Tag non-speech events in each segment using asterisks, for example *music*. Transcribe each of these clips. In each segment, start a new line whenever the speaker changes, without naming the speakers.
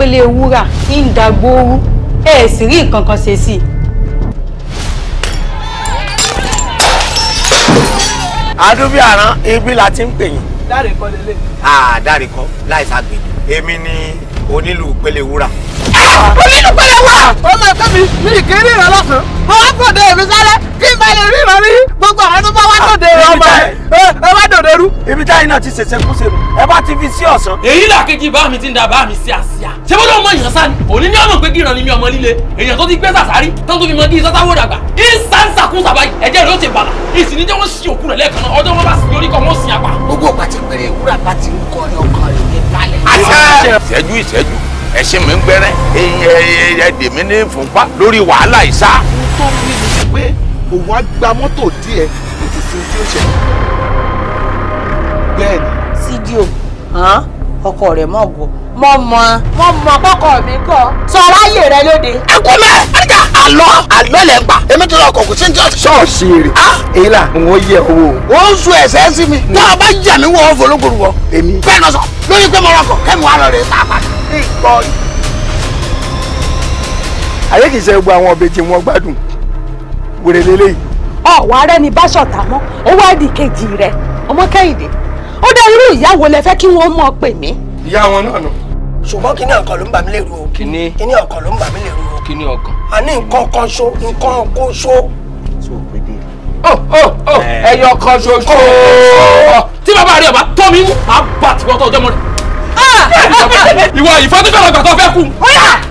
pélé wúrà ń dàgbóoru ẹ sì rí nǹkan kan ṣe sí
àdúbí àrán ibi la ti ń pè yín. dáre kọ lélẹ̀. àà dáre kọ láìsá gbèdé èmi ni onílù pélé wúrà. onílù
pélé wúrà. ọmọ ẹ̀ka mi mi kì í rí mo
wá fòde èmi sálẹ̀ kí n bá lè rí ìrọ̀rí gbogbo àwọn tó bá wá dòde ọmọ ẹ wá dòde rú. ibi táyì náà ti ṣẹ̀ṣẹ̀ kú sẹ́nu ẹ bá ti fi sí ọ̀sán. èyí làkejì bá mi ti ń da bá mi sí àsíá. ṣé bọ́lá ọmọ èèyàn sá ni òní ní ọ̀nà pé kíran ni mi ọmọ líle èèyàn tó ti gbé sàsárí tó tó fi mọ kí sọ́sáwó dàgbà ìsánsà kún sàbá yìí ẹ̀jẹ̀ rẹ̀ ó ti bàlà ìsìn níjẹ́ wọ́n sì òkú rẹ̀ lẹ́ẹ̀kan ní fúnpá lórí wàhálà ìsá. tó ń bí mi pé òun á gba mọ́tò díẹ̀ ètò sí tí ó ṣe.
bẹ́ẹ̀ni. sídìò ọkọ rẹ̀ mọ̀ gbọ́ mọ̀ mọ̀
mọ̀ mọ̀ kọ́kọ́ mi kọ́ sọ̀rọ̀ ayé rẹ lóde.
ẹkún mẹ́ ẹ̀ka àlọ́ àlọ́ lẹ̀ ń pa
èmi tó lọ ọkọ̀ kò sí ní ṣọ́ọ̀ṣì. ṣọ́ọ̀ṣì rè é là wọ́n yẹ owó. ó ń sun ẹ̀sẹ̀ sí mi. Hmm. tá a bá yà mí wọ́n fọlọ́gbọ̀rù wọ. èmi. bẹ́ẹ̀ náà sọ lórí pé mo rọkọ̀ kẹ́mi wà lọ́ọ́ rẹ̀ tá a pa. ìgbọ́ ayé kì í ṣe gbogbo àwọn ọbẹ̀ tí wọ́n gbádùn wèrè lélẹ́yìí. ọ wà á rẹni bá ṣọ̀tá mọ́ ó wá di kejì rẹ ọmọ kẹ́hìndé ó dá irú ìyá wo lẹ fẹ́ kí wọ́n mọ̀ pè mí. ìyá wọn náà nù. ṣùgbọ́n kíní ọkàn ló ń bà mí lè ru o. kíní kíní ọkàn ló ń bà mí lè ru o. kíní ọkàn. a ní nǹkan kan ṣo nǹkan kó ṣo. Oh, oh, oh, eh. ẹyọ kan ṣoṣo tí bàbá rẹ ọba tó mi mú àbàtìwọ́tọ̀ ọjọ́ mọ́ rẹ. Ah! ìwọ ìfọ́túnfẹ́ ọ̀gbà tó fẹ́ kú. ó yà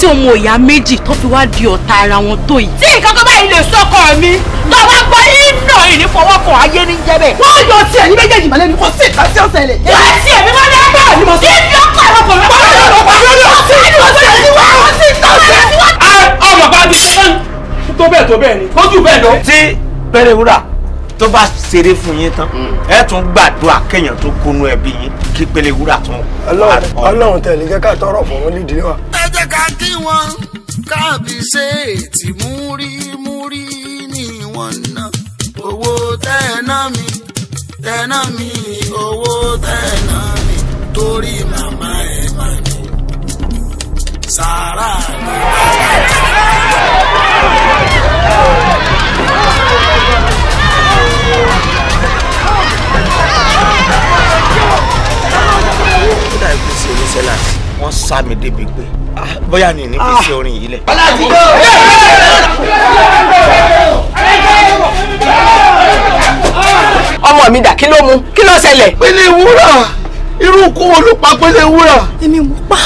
tí ọmọ ìyá méjì tó fi wá di ọ̀tá ara wọn tó yìí. tí nǹkan kan báyìí lè sọkọ mi tó bá gbọ́ iná ìní fọwọ́kàn ayé ní jẹ́bẹ̀. wọ́n yọ ti ẹ̀yìn méjèèjì
mọ́lẹ́ ní kò sí ìka tí ó ṣẹlẹ̀. yóò ti ẹ̀mí mọ́lẹ́ bẹ́ẹ̀ ni mo sọ. ibi ọkọ̀ ẹ̀rọ kò lọ́kọ̀ ẹ̀rọ kò
lọ́kọ̀ ẹ̀rọ kò lọ́kọ̀ ẹ̀rọ kí pele wúrà tán. ọlọ́run tẹ̀lé jẹ́ ká tọrọ fún wọn nídìí wa. ẹ jẹ́ ká kí wọn káàbí ṣe ètì múrímúrí ni wọ́n ná owó tẹ́ẹ̀ná mi tẹ́ẹ̀ná mi owó tẹ́ẹ̀ná mi torí màmá ẹ̀ máa ní sàárà ni. Oh, ṣe ní sẹ́là wọ́n sá mi débi pé ah, bóyá ni ní fi ah. ṣe orin yìí lẹ̀. ọmọ mi dà kí ló mu kí ló ṣẹlẹ̀. pélé wúrà irú kó olùpa pélé wúrà. èmi mo pa.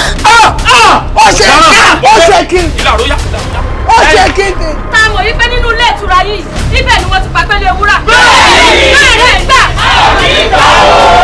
ọ̀sẹ̀ ah, kí ọ̀sẹ̀ kí ọ̀sẹ̀
kí. ta mọ̀ wípé nínú ilé ìtura yìí ibẹ̀ ni wọ́n ti pa pélé wúrà. bẹ́ẹ̀ ni bẹ́ẹ̀ ni gbà.
àmì ìgbà wo.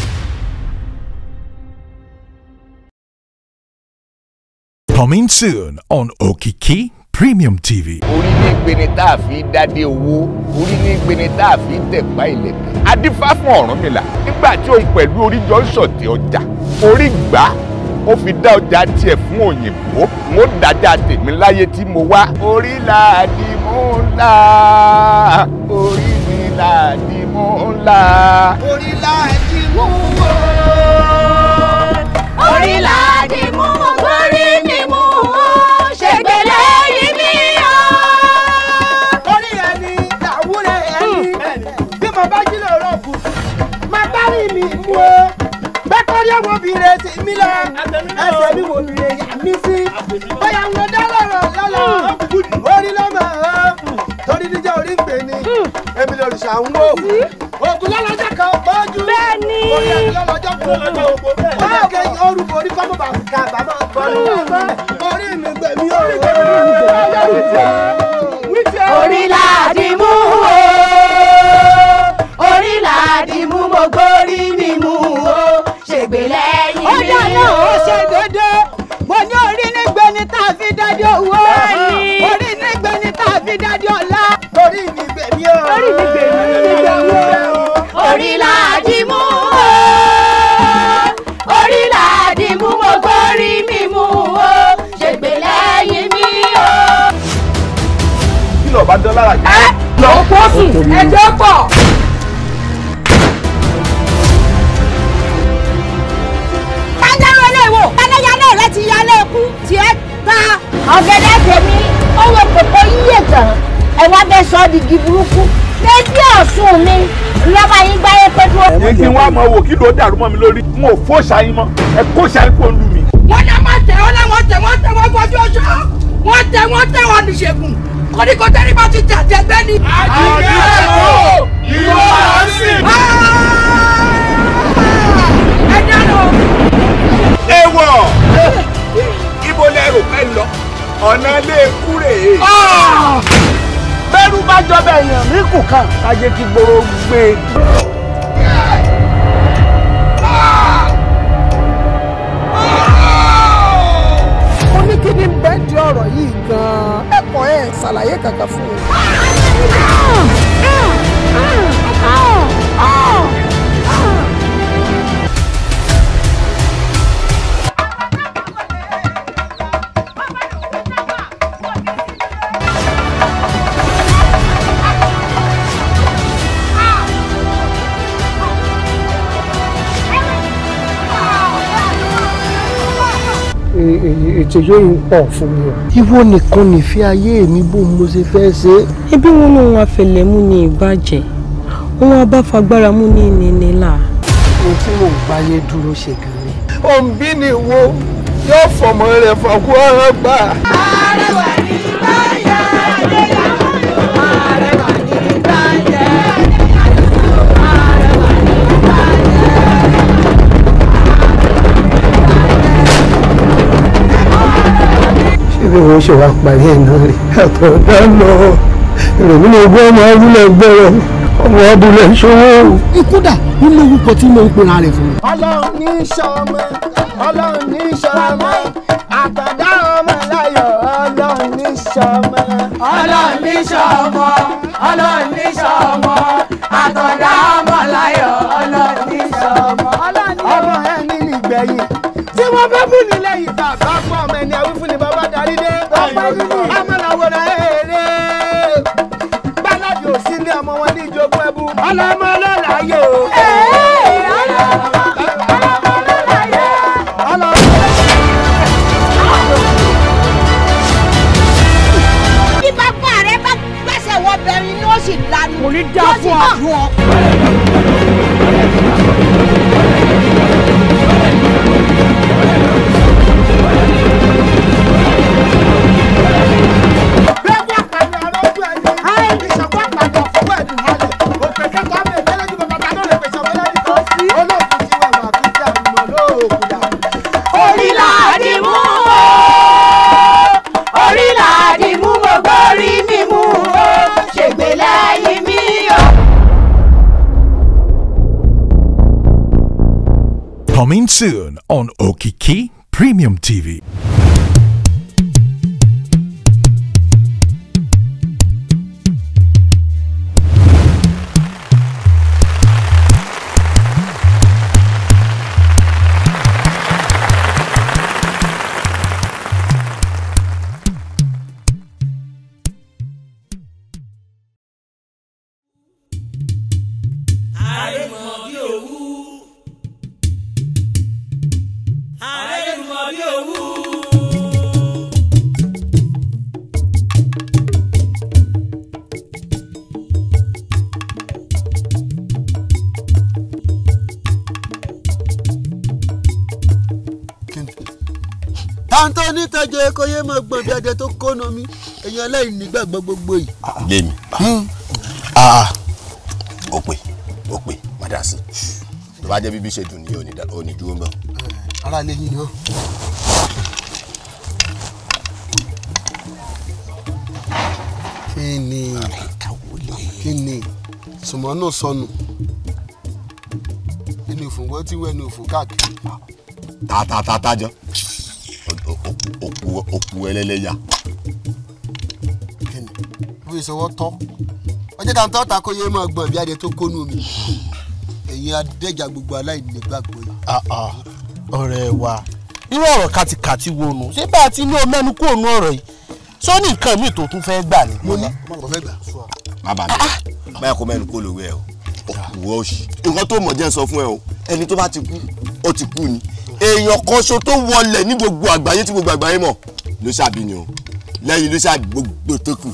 Coming soon on Okiki Premium TV.
Orí ní gbeni tá a fi dádé
owó, orí ní gbeni tá a fi tẹ̀pá ìlẹ̀kẹ̀. Adífá fún Ọ̀rúnmìlà nígbà tí òun pẹ̀lú orí jọ ń ṣọ̀tẹ̀ ọjà. Orí gbà á, ó fi dá ọjà tiẹ̀ fún òyìnbó. Mo dájà tèmi láyé tí mo wá. Orí là mò ń là, orí mi là mò ń là. Orí là mò ń wò, orí là. bóyá wo bìrè sí mi lọ ẹsẹ̀ mi wo bìrè yà mí sí bóyá ń lọ dá lọ́rọ̀ lọ́lọ́ orí ló mọ̀ ọ́ torí níjẹ́ orí ń pè ní èmi lè rìṣà ń wò ògùn lọ́lọ́jọ́ kan bọ́jú bẹ́ẹ̀ni orí ẹni kan lọ́jọ́ ògbó bẹ́ẹ̀ kẹ́ orúkọ orí fọ́mù bàtà bàbá bọ́ọ̀lù
orí mi gbẹ̀mí orí orí mi
gbẹ̀mí
dádì òwò ẹ̀yìn. orí ní gbẹ̀ni tá a fi dádì ọ̀la.
orí ní gbẹ̀mí o. orí ní gbẹ̀mí o. orí làdí mú o. orí làdí mú mo gbórí mi mú o. ṣègbè lẹ́yìn
mi o. kí lọ́ọ́ bá dán lára jẹ́. lọ́ọ́ pọ́sùn ẹjọ́ pọ̀.
ọ̀gẹ̀dẹ̀ tèmi ó wọ kòkó yíyẹ tán ẹ wá bẹ sọ
di igi burúkú lẹ́bí ọ̀sùn mi lọ́ba yín gbáyé pé dúró. ẹ kí n wá mọ wò kí ló dàrú mọ́ mi lórí n ò fó ṣayín mọ́ ẹ kó ṣayín kó ń lù mí.
wọ́n náà máa tẹ̀ wọ́n náà wọ́n tẹ̀ wọ́n tẹ̀ wọ́n fojú ọjọ́ wọ́n tẹ̀ wọ́n tẹ̀ wọ́n níṣègùn kọ́díkọ́ tẹ́rí bá ti jà tẹ́gbẹ́ ni. àdìgbẹ́ ò ìwọ àásìn.
ẹ dáná. ewọ ibo lẹ rò pẹ́ lọ ọ̀nà lè kú rèé. Ah! bẹ́rù bá jọba èèyàn ní kù kan kájé kí gbòòrò gbé.
mo ní kí ni bẹ́ẹ̀ di ọ̀rọ̀ yìí gan-an ẹ̀kọ́ ẹ̀ ṣàlàyé kankan fún mi. Ah!
ètò yóò
ń pọ̀ fún mi ìwọ nìkan nìfẹ́ ayé mi bó mo ṣe fẹ́ ṣe. ẹbí wọn ní òun àfẹlẹ mú ni ìbàjẹ́ òun abáfagbára mú ni ìnínílà. ohun tí mò ń gbáyé dúró ṣe gan ni. òǹbí ni wo yóò fọmọ rẹ fọkú ọ̀rọ̀ gbà. ààrẹ wà ní. bí wọ́n ṣe wá parí ẹ̀ náà rè àtọ̀dá lọ ìrònú lè gbọ́ ọmọ abúlé gbọ́rọ̀ ọmọ abúlé ṣòwò. ikú dà nínú orúkọ tí mo ń pera rẹ̀ fún mi. ọlọ́run ní sọmọ ọlọ́run ní sọmọ
àtọ̀dá ọmọ láyọ̀ ọlọ́run ní sọmọ ọlọ́run ní sọmọ ọlọ́run ní sọmọ.
alámọ́lá láyò. qui gbàgbọ́ gbogbo yìí. lémi ó pè ó pè madasi tó bá jẹ́ bíbí ṣe dùn ní òní dúró mọ́. ara lè yí ni ó. kí ni kí ni sùmọ́nù sọnù inú ìfòǹgbọ́ tí wọ́n ẹnu ìfò káàkiri. ta ta ta ta jọ òkú ẹlẹ́lẹ́yà sọwọ́ tọ́ ọjọ́ tá à ń tọ́ ta kó yé máa gbọ̀n bí adé tó kónú mi ẹ̀yin adẹ́jà gbogbo aláìnígbàgbọ́ yìí. Ah, ah, ọ̀rẹ́ wa irú ọ̀rọ̀ kàtìkàtì wo nù ṣé bá a ti ní o mẹ́nu kúrò nù ọ̀rọ̀ yìí sọ ní nǹkan mi tó tún fẹ́ gbà ni. mo ní mo fẹ́ gbà. má bàa mi báyà ah, kó mẹ́nu kó lórí ẹ o wọ́ òsì nǹkan tó mọ̀ jẹ́ sọ fún ẹ o ẹni tó bá ti kú ó ti kú ni èèyàn kan ṣo tó wọlẹ̀ ní gbogbo àgbáyé tí gbogbo àgbáyé mọ̀ ló ṣàbí ni o lẹ́yìn ló ṣàbí tó kù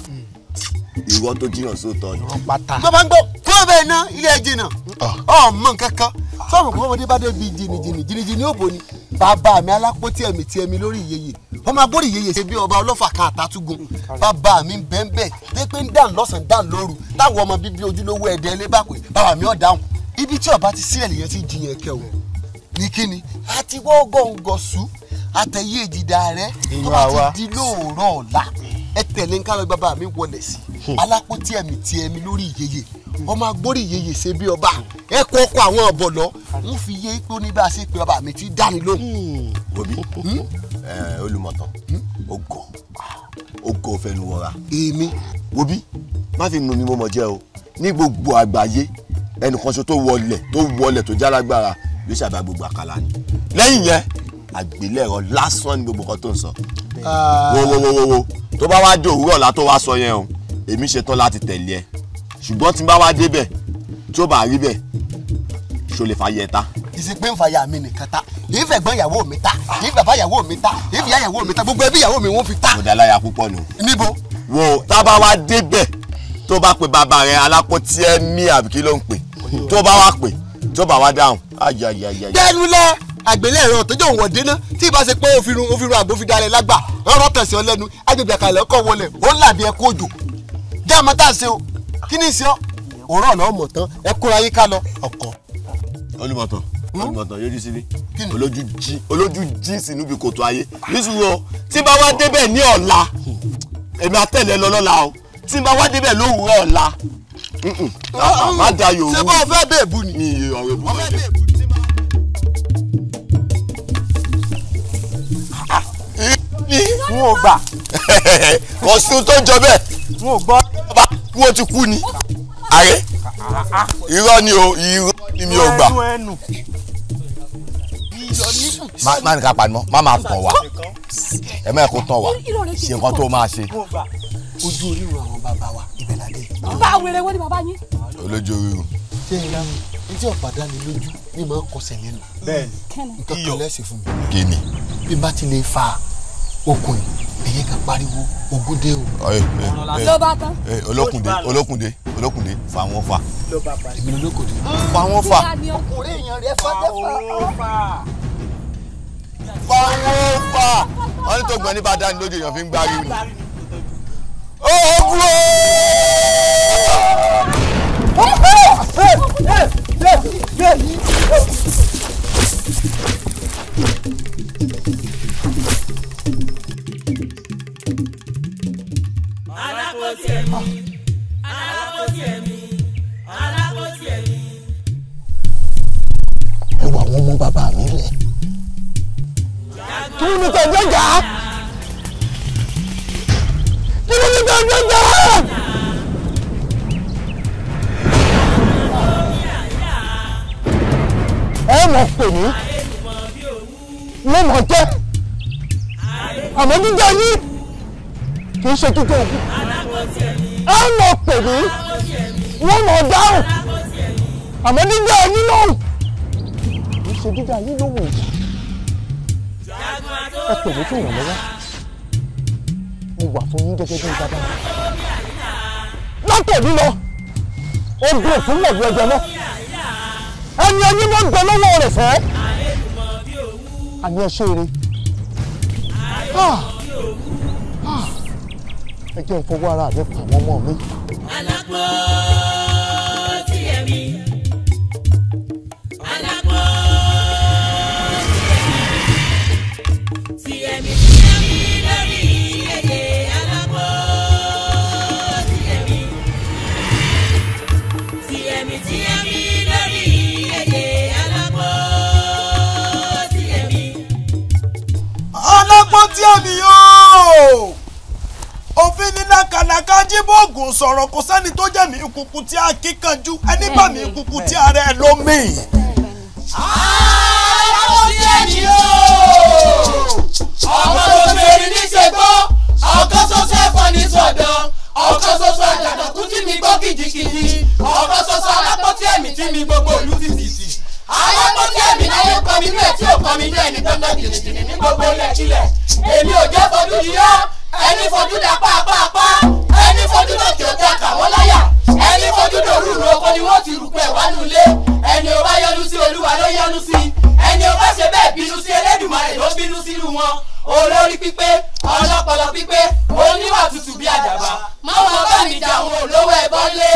ìwọ tó jiyàn sóòótọ́ ni. irọ́ pátá. tó bá ń gbọ́ kúrò bẹ́ẹ̀ ná ilé ẹ̀ jìnnà ah. ọmọ kankan fọwọ́n kọ́ ọmọdé bá dé bi jìnnìjìnnì jìnnìjìnnì ó bò ni bàbá mi alápó tí ẹ̀mí tí ẹ̀mí lórí ìyeyè ọmọ agbórí ìyeyè ṣe bí ọba ọlọ́fà kan àtàtúgun bàbá mi bẹ́ẹ̀nbẹ́ dé pé ń dàn lọ́sàn-án dàn lóru táwọn ọmọ bíbí ojúlówó ẹ̀dẹ́ ilé bá pè bàbá mi ò dáhùn ibi tí ọba ti sílẹ̀ lèyẹn ti jiyàn kẹwọ́ ní kíni àti wọ́ọ́gọ̀ ń gọ̀ọ́sù àtẹ̀yé ìdìdà rẹ̀ tó bá ti di lóòrọ̀ ọ̀la ẹ tẹ̀lé nǹkan lọ́ọ́ bàbá mi wọlé sí hmm. alápótí ẹ̀mí ti ẹ̀mí lórí ìyeyè ọmọ agbórí ìyeyè ṣe bí ọba ẹ kọ́ ọkọ àwọn ọ̀bọ̀ lọ ń fi yé pé ó ní bá a ṣe pé bàbá mi ti dání lóhùn. omi olùmọ̀tàn ogo ogo fẹnu wọra. èmi wobi má fi nu mi mo mọ jẹ o ní gbogbo àgbáyé ẹnìkan ṣo tó wọlé tó wọlé tó jálágbára yóò ṣàbá gbogbo àkàlà ni lẹ́yìn yẹn àgbélẹ̀rọ lásán ni gbogbo kan tó ń sọ Ah. wo wo wo wo wo tó bá wá dé òwúrọ̀ la tó wá sọ yẹn o èmi ṣetán láti tẹ̀lé ẹ ṣùgbọ́n tí n bá wá débẹ̀ tí ó bá rí bẹ́ẹ̀ ṣo lè fa ta. ìsìn pé mi nìkan ta ìfẹ́ gbọ́n ìyàwó mi ta ìfẹ́ bàbá ìyàwó mi ta ìfẹ́ ìyá ìyàwó mi ta gbogbo ẹbí ìyàwó mi wọ́n fi ta. mo ya púpọ̀ nù. níbo. wo tá a bá wá débẹ̀ tó bá pe bàbá rẹ alápótí ẹ mí àbí kí ló ń pè tó bá wá pè tó bá wá dáhùn. dẹ́nu lẹ́ àgbélẹ̀rọ tó jẹ́ òun wọ̀dé ná tí ìbá ṣe pé òfin òfin àgbò fi dalẹ̀ lágbà ọ̀rọ̀ tẹ̀sí ọ lẹ́nu agbègbè àkàlẹ̀ ọkọ̀ wọlé ó ń làbí ẹkọ òjò jẹ́ àmọ́ tá a ṣe o kí ni ìṣe ọ́ òrọ̀ náà mọ̀ tán ẹ kóra yín ká lọ ọkọ̀. olùmọ̀tàn hmm? olùmọ̀tàn yóò rí síbí olójú jí olójú jí sínú ibi kòtò ayé nísìnyí tí bá wá débẹ̀ ní ọ̀la èmi àtẹ̀lẹ́ lọ lọ́la o tí bá wá débẹ̀ lówùúrọ̀ ọ̀la ah, ah, má da yòówù. ṣé bá o fẹ́ bẹ́ẹ̀ bù ni. mi ò rẹ̀ bù. mi n ò gbà *laughs* kò sí ohun tó jọ bẹ́ẹ̀ n ò gbọ́ bàbá kú ó ti kú ni ààrẹ irọ́ ni o irọ́ ni mi ò gbà má nìkan pa ni mọ́ má máa tàn wá ẹ má kó tàn wá ṣe nǹkan tó máa ṣe. ojú oríru àwọn bàbá wa ibẹ̀ ládé. bá a wèrè wo ni bàbá yín. olójú oríru. ṣé ẹ ra ní tí ọ̀pá dá mi lójú mi máa ń kọsẹ̀ nínú. bẹ́ẹ̀ni iyọ̀ nǹkan kan lẹ́sìn fún mi. kí ni. bí bá ti lè fa okùn ẹ̀yẹ kan pariwo ogúndé o. ló bá tán. olókùndé olókùndé olókùndé fa wọn fa. èmi ló lókùndé. fa wọn fa.
ọkùnrin èèyàn rẹ fọ́tẹ́
fa. fa wọn fa. wọ́n ní tó gbọ́n ní bá dání lójú èèyàn fi ń gbárí ni. ó kú o.
alákòóso ẹ̀mí
alákòóso
ẹ̀mí alákòóso ẹ̀mí.
ẹ wà wọn mú bàbá mi lẹ kí ni kò gbẹjà
kí ni kò gbẹjà.
ẹ mọ̀ pè mí mo mọ̀ jẹ́ àmọ́
jíjẹ́ yín kì í ṣe kíkó òkú. ẹ ń lọ pè mí wọ́n lọ dáhùn
àmọ́ nígbà yín lóhùn kì í ṣe dídá yín lóhùn ẹ pè mí fún ìrànlọ́wọ́ mo wà fún yín gẹ́gẹ́ bí bàbá mi. látẹ̀lú lọ ogun òfin mọ̀gbìn ẹgbẹ́ náà ẹni ẹni mọ̀ gbẹ lọ́wọ́ rẹ̀ fẹ́ àmì ẹ ṣe eré ẹ jẹ́ n fọwọ́ ara mi pa àwọn ọmọ mi.
alápò tí ẹ mi. alápò tí ẹ mi. tí mi lórí èdè alápò tí mi. tí mi tí mi lórí èdè alápò tí mi.
alápò tí mi yóò òfin ní lákàlàkà jíbòògùn sọ̀rọ̀ kò sẹ́ni tó jẹ́ mi kúkú tí a kíkanjú ẹni bá mi kúkú tí ara ẹ̀ ló mì.
aláwọ̀ sí ẹ̀mí o
ọmọ lóbìnrin
ní ṣègbọ́ ọkọ ṣoṣo ẹ̀fọ́ ní sọ̀dọ̀ ọkọ ṣoṣo àjàdọ̀kú tí mi gbọ́ kìjìkìjì ọkọ ṣoṣo alápọ̀tí ẹ̀mí tí mi gbogbo olú ti tìtì alápọ̀tí ẹ̀mí láyé pọnmi ní ẹ̀ tí ò pọnmi ní ẹni dandan jìnnìjìnnì ní gbogbo ilẹ̀ kílẹ̀ èmi ò jẹ́ fọdún yìí yá ẹni fojú dá pápápá ẹni fojú lókè òkè àkàwọ́ láyà ẹni fojú dòrú ìrù oko ni wọ́n
ti rù pẹ̀ wánú ilé ẹni ó bá yọ́nú sí olúwa ló yọ́nú sí ẹni ó bá ṣe bẹ́ẹ̀ bínú sí elédùmarè ló bínú sínú wọn olórí pípé
ọlọ́pọlọ pípé oníwà tútù bí àdàbà mọ́wọ́ bá mi jà àwọn olówó ẹ̀bọ́n lé.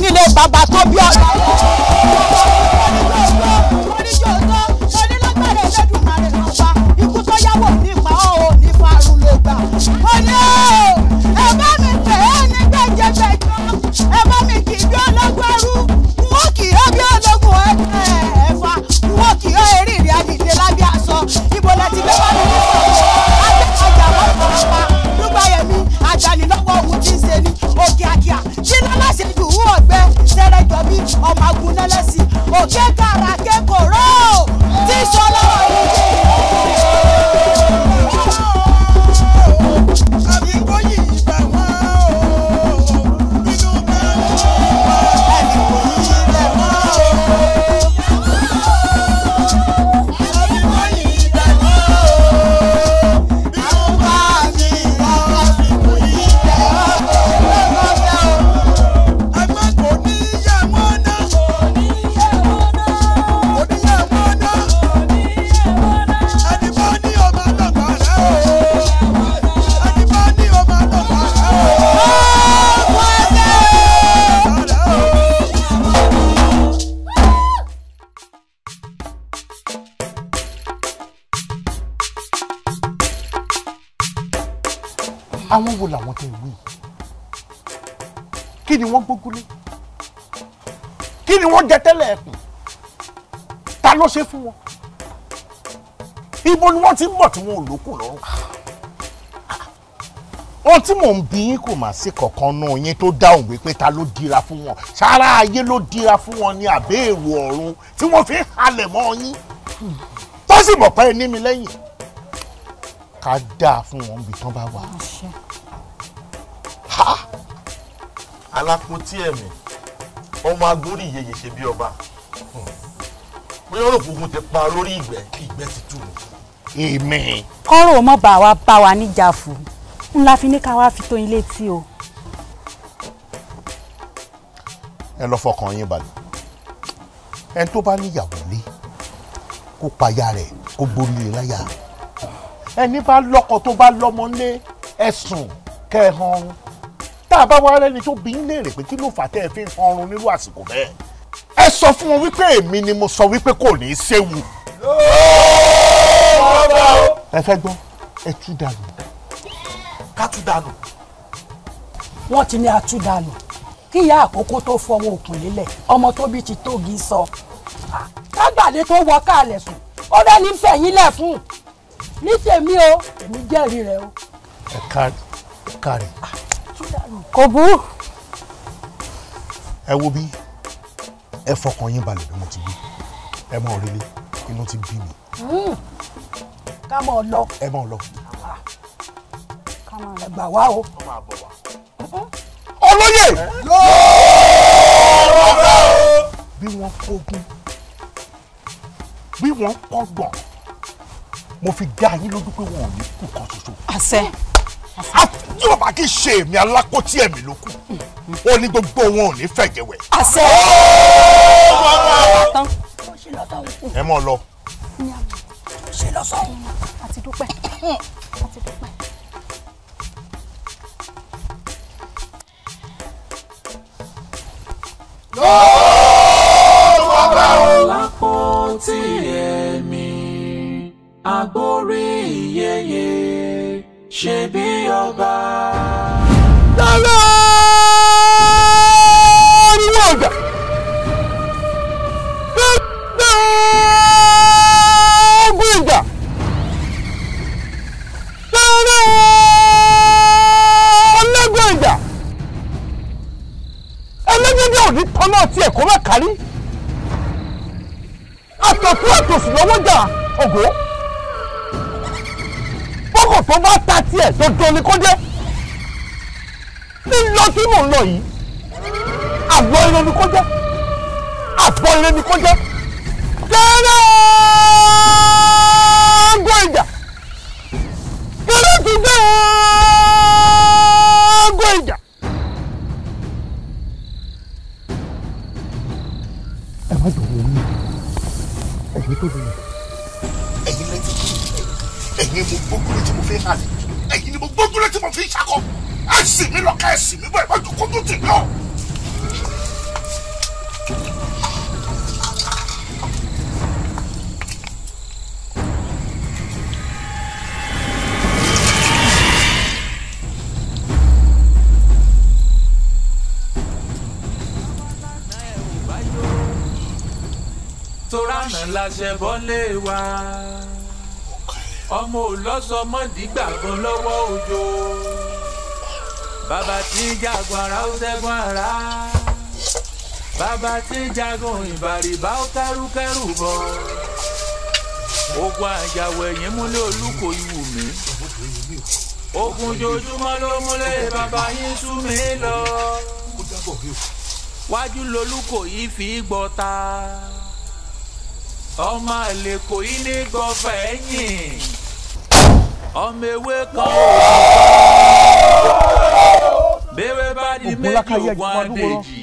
nílé bàbá
ló ṣe fún wọn ibo ni wọ́n ti ń bọ̀ tí wọn ò lókùn lọ́rùn wọn tí mò ń bí yín kò mà sí kankan náà yín tó dáhùn wípé ta ló dira fún wọn sára ayé ló dira fún wọn ní àbẹ́ẹ̀rù ọ̀run tí wọ́n fi ń halẹ̀ mọ́ yín tó sì mọ̀ pé ní mi lẹ́yìn ká dáa fún wọn bí tán bá wà. alákòótì ẹ̀mí ọmọ agbórí yeye ṣe bí ọba bóyá ó rò fún ogun ti pa lórí ìgbẹ́ kí ìgbẹ́ ti tú lò. èmi.
kọ́rọ̀ ọmọ bá wa bá wa níjà fún un la fi ní ká wá fi tó yín létí o.
ẹ lọ fọkàn yín balẹ̀ ẹni tó bá níyàwó lé kó payá rẹ̀ kó borí rẹ̀ láyà ẹni bá lọ́kọ tó bá lọ́mọ lé ẹ̀sùn kẹ́ẹ̀hán tá a bá wá rẹ́ni tó bí ń léèrè pé kí ló fà tẹ́ ẹ fi ń hanrun nírú àsìkò bẹ́ẹ̀ ẹ sọ fún wọn wípé èmi ni mo sọ wípé kò ní í séwu. ẹ fẹ́ gbọ́ ẹ tú dànù. ká tú dànù. wọ́n ti ní a tú dànù kíyà àkókò tó fọwọ́ òkun lélẹ̀ ọmọ tó ti tógi sọ. kágbàdé tó wọ káàlẹ̀ sùn ó dẹ́ ní fẹ̀yìn lẹ̀ ní tèmi o èmi jẹ́rìí rẹ o. ẹ kárí ah, kò burú. ẹ wo bí ẹ fọkàn yín balẹ̀ bí mo ti bí ẹ mọ òrìlé inú ti bí mi. Hmm. ká mọ̀ ọ lọ. ẹ mọ̀ ọ lọ. ẹ gbà wá o. olóyè bí wọ́n fógun bí wọ́n kọ́gbọ̀n mo fi dá yín lójú pé wọn ò ní kú kan ṣoṣo. àṣẹ tí wọn bá kí ṣe èmi alákòtí ẹ̀mí ló kù ó ní gbogbo wọn ò ní fẹ̀gẹ̀wẹ̀. àṣẹ.
ẹ mọ̀ lọ.
ṣe ẹ̀mí agbórí yẹyẹ ṣe bí ọba. dára
ariwo ọgbà. dára ogun ìgbà.
dára ọlẹ́gbọ̀n ìgbà. ẹlẹ́gbẹ̀dẹ̀ òní tán náà tiẹ̀ kó má kárí. àtọ̀tún àtòsí lọ́wọ́ jà ògo náà tó bá ta tiẹ̀ dandan ni kó dé lílọ tí mò ń lọ yìí àgbọ̀ irun ni kó jẹ́ àgbọ̀ irun ni kó jẹ́ tẹ́lẹ̀ gbọ́ ìjà
tẹ́lẹ̀ ti dé gbọ́ ìjà.
ẹ má jọ̀wọ́ mi ẹ̀yin tó lè lọ
ẹ̀yin mo gbógúnlé tí mo fi ń halẹ̀ ni mo gbógúnlé tí mo fi ṣakọ ẹ̀ sì mí lọ ká ẹ̀ sì mí bọ̀ ìwájú kó tó tì mí lọ.
toránà la ṣe bọ́lé wa ọmọ òlọ́sọmọdìgbà kan lọ́wọ́ òjò bàbá tí jagun ara ó ṣẹ́gun ara bàbá tí jagun ìbàrìbá ó kẹ́rùkẹ́rù bọ̀ ogun àjàwọ̀ ẹ̀yìn múlẹ̀ olúkọ ìwù mi ogun ojoojúmọ́ ló múlẹ̀ bàbá yín sú mi lọ
wájú lolúkọ yìí fi gbọ́ta
ọmọ àlè kò ní gbọ́fà ẹ̀yìn ọmọ ewé kan òkú
bẹ́ẹ̀ bá di méjì ògùn àdèjì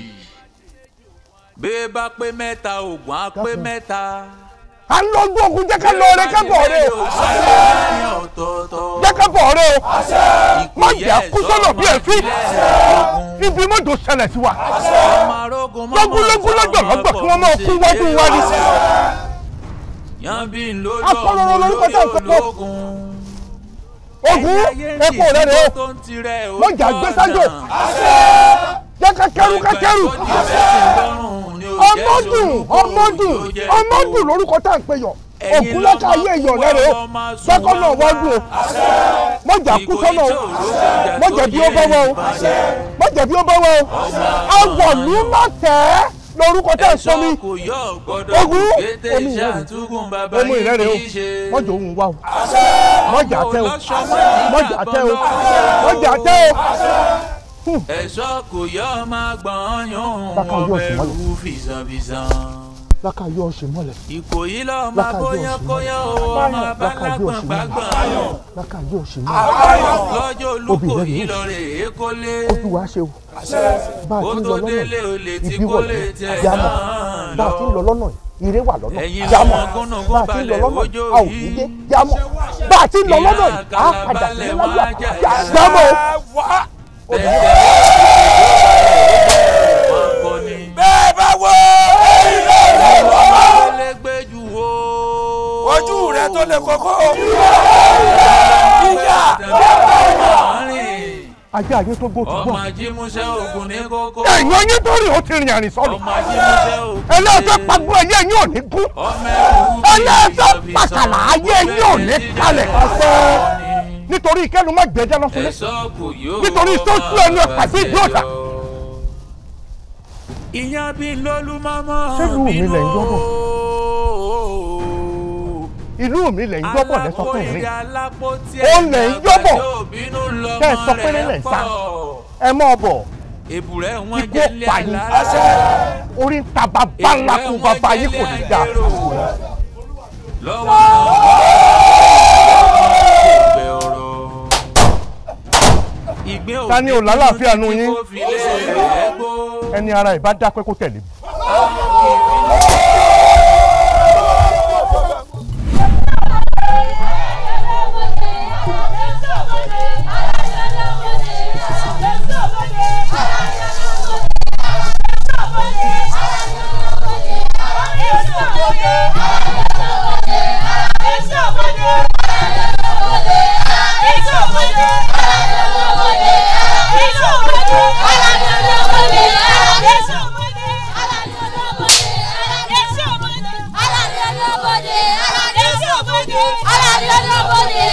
bẹ́ẹ̀ bá pé mẹ́ta ògùn
á pé mẹ́ta. a ń lọ gbọ́ ogun jẹ́ ká lọ rẹ ká bọ̀ rẹ o
jẹ́ ká bọ̀ rẹ o má jẹ́ kú sọ́nà bí ẹ̀fín ibi mọ́jọ ṣẹlẹ̀ sí wa lógúnlógún lọ́jọ́ lọ́gbọ̀ kí wọ́n máa kú wájú wa ni. asọ̀rọ̀ lórúkọ tó ń
sọ̀rọ̀ ogun epo lẹ́nu
o mo jà gbé sájò
jẹ́ kakẹ́rù kakẹ́rù ọmọdún ọmọdún ọmọdún lórúkọ tá à ń pè yọ òkú lọ́ka ayé èèyàn lẹ́rẹ̀ o sẹ́kọ̀ náà wájú o mọ̀jà kú sọ́nà o mọ̀jà bí ó bá wọ o mọ̀jà bí ó bá wọ o awọ̀ ló má tẹ̀ ẹ́ lórúkọ tẹ́ sọ mi ogun
omi ìrẹ́rẹ́ omi o mọ̀jọ̀ òun
wá o mọ̀jà tẹ́ o mọ̀jà tẹ́ o mọ̀jà tẹ́ o.
ẹ̀ṣọ́ kò yọ ọmọ hmm. gbọ̀n yóò wọ́n bẹ̀rù fìsànfìsàn lákàyọ ọ̀ṣẹ̀mọ́lẹ̀. ìkòyí lọ máa bóyá kóyá o máa bá lágbọ̀n gbàgbọ̀n ayọ̀ lákàyọ ọ̀ṣẹ̀mọ́lẹ̀.
ayọ̀ lọ́jọ́ olùkòyí lọ rè é kólé. ó ti wá ṣe o
bá ń lọ lọ́nà ibi wọ̀lẹ̀ yàmọ̀
bá a ń lọ lọ́nà ire wà lọ́nà yàmọ̀ bá ń lọ lọ́nà a ò ní dé yàmọ̀ bá ń lọ lọ́nà a padà sí láyé yàmọ̀ o.
bẹ́ẹ̀ ojú rẹ tó lè kọ́kọ́. ìyá
ajé ajé tó gbó tó gbọ́. ọmọ
ajímúṣẹ́ ogun ní kókó.
ẹ̀yàn yín tó rìn ó ti rìn àrìn sọ̀rọ̀. ọmọ
ajímúṣẹ́ ogun ní.
ẹlẹ́ẹ̀fẹ́ pagbó ẹyẹ yín ò ní kú. ọmọ ẹ̀rù bí ẹlẹ́ẹ̀fẹ́ pàtàlà ayé yín ò ní kalẹ̀. nítorí ìkẹ́lu má gbẹ́jẹ́ lọ́sọ̀lẹ́. nítorí sọ́sù ẹnu ẹ̀pà sí ìdí ọ̀tà. ìyá bíi lólú máa mọ́ bínú. ṣé inú mi lẹ̀ ń yọ́bọ̀ lẹ́sọ fún mi ó lẹ̀ ń yọ́bọ̀ kẹ́ ẹ sọ pé lẹ́lẹ̀ ń sá ẹ mọ́ ọ bọ̀ ikú ọ̀pá orí ta bàbá ńlá kú bàbá yín kò ní dáa. ta ni ò lálàáfíà nu yín ẹni ara ìbá dápẹ́ kó tẹ̀lé mi. Ah.
Ara lọ́lọ́mọdé, ara
lọ́lọ́mọdé,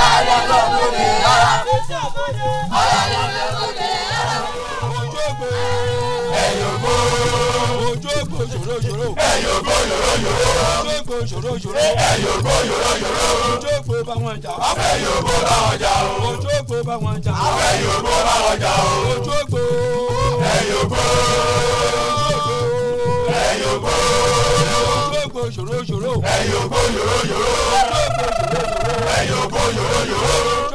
ara lọ́lọ́mọdé. ògbó ṣòro ṣòro. ẹ̀yin ògbó yòró yòró. ojú ògbó ṣòro ṣòro. ẹ̀yin ògbó yòró yòró. ojú ògbó bá wọn jà. afẹ́yìn ògbó bá wọn jà o. ojú ògbó bá wọn jà.
afẹ́yìn ògbó bá wọn jà o. ojú ògbó. ẹ̀yin ògbó. ẹ̀yin ògbó. ojú ògbó ṣòro ṣòro.
ẹ̀yin ògbó yòró yòró. ẹ̀yin ògbó yòró yòró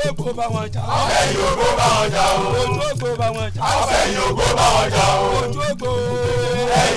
ògbó bá wọn jà. afẹ́yìn ògbó bá wọn jà o. ojú ògbó bá wọn jà. afẹ́yìn ògbó bá wọn jà o. ojú ògbó.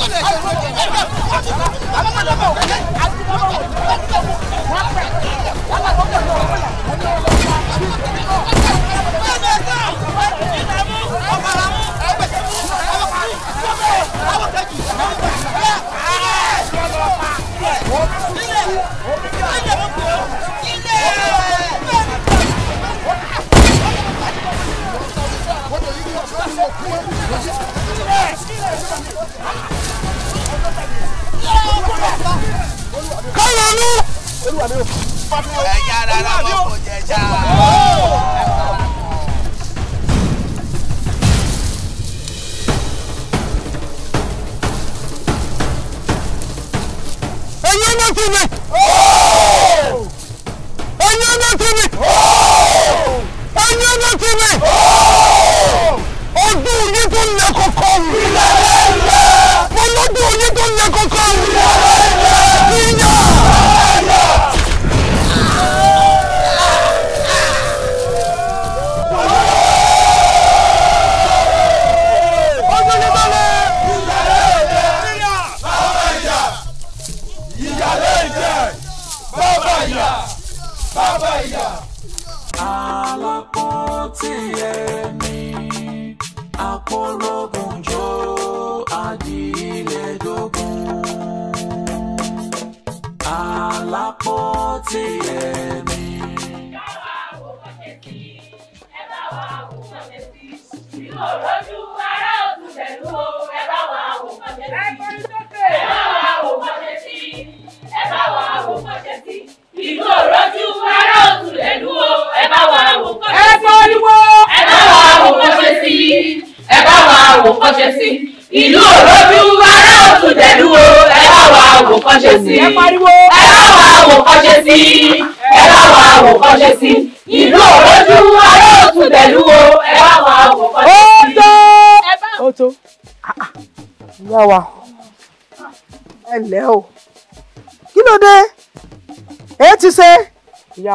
Thank you.
káyọ̀ nú. ẹ̀yà rárá wọn kò jẹjà.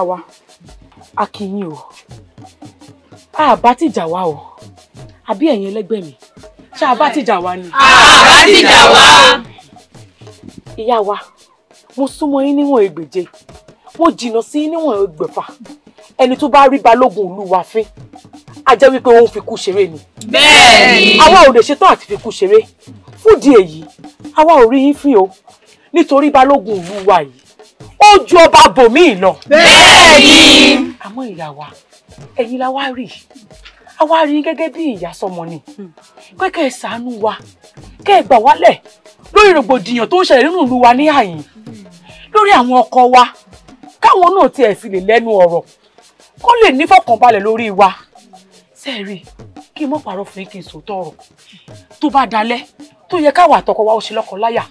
wa a kì yín o àbá tìjà wa o àbí ẹ̀yin ẹlẹ́gbẹ́ mi ṣá àbá tìjà wa ni. àbá tìjà wa. ìyá wa mo súnmọ́ yín níwọ̀n ẹgbẹ̀je mo jìnnà sí yín níwọ̀n ẹgbẹ̀fà ẹni tó bá rí balógun ìlú wa fín a jẹ́ wípé òun fi kú ṣeré ni. bẹ́ẹ̀ni. àwa ò lè ṣetán àti fi kú ṣeré fúdìí èyí àwa ò rí yín fín o nítorí balógun ìlú wa yìí ó ju ọba bòmíì lọ. bẹ́ẹ̀ni. àmọ́ ìyá wa ẹ̀yin la wá rí a wá rí gẹ́gẹ́ bí ìyá sọmọ ni pé kẹ́ ẹ ṣàánú wa kẹ́ ẹ gbà wálẹ̀ lórí rògbòdìyàn tó ń ṣẹlẹ̀ nínú ìlú wa ní àyìn lórí àwọn ọkọ wa káwọn náà tiẹ̀ sì lè lẹ́nu ọ̀rọ̀ kó lè nífọ̀kànbalẹ̀ lórí wa sẹ́ẹ̀rì kí n mọ̀ pàrọ̀ fún yín kí n sòótọ́ ọ̀rọ̀ tó bá dalẹ̀ tó yẹ káwa àtọkọ wa ó ṣe lọ́kọ láyà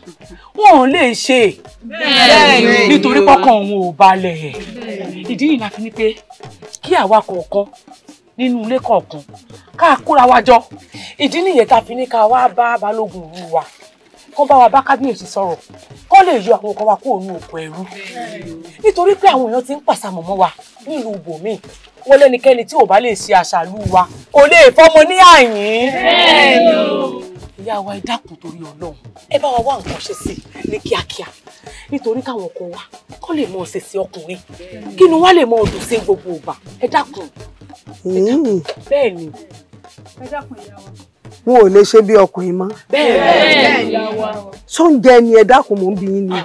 wọn ò lè ṣe nítorí pọ́kàn òun ò balẹ̀ ìdí yìí la fi ní pé kí àwa kọ̀ọ̀kan nínú ilé kọ̀ọ̀kan ká kóra wa ìdí nìyẹn tá a fi ní ká wá bá balógun òru wa kán bá wa bá kábíyèsí sọ̀rọ̀ kán lè yọ àwọn kan wa kúrò ní oko ẹrú nítorí pé àwọn èèyàn ti ń pàṣàmọ̀ mọ́ wa nílùú ibòmíì wọ́n lẹ́nikẹ́ni tí ò bá lè ṣe àṣàlú wa kò lè fọ́mọ ní àyín. ìyá wa ẹ dákun torí Ọlọ́run ẹ bá wa wá nǹkan ṣe sí ní kíákíá nítorí káwọn ọkọ wa kó lè mọ ọsẹ sí ọkùnrin kí ni wọn lè mọ ọdún sí gbogbo ìgbà ẹ dákun. Mm. bẹ́ẹ̀ ni
ẹ dákun ìyá wa. wọn ò lè ṣe bí ọkùnrin mọ́.
sóúnjẹ ni ẹ dákun mò ń bí yín ni.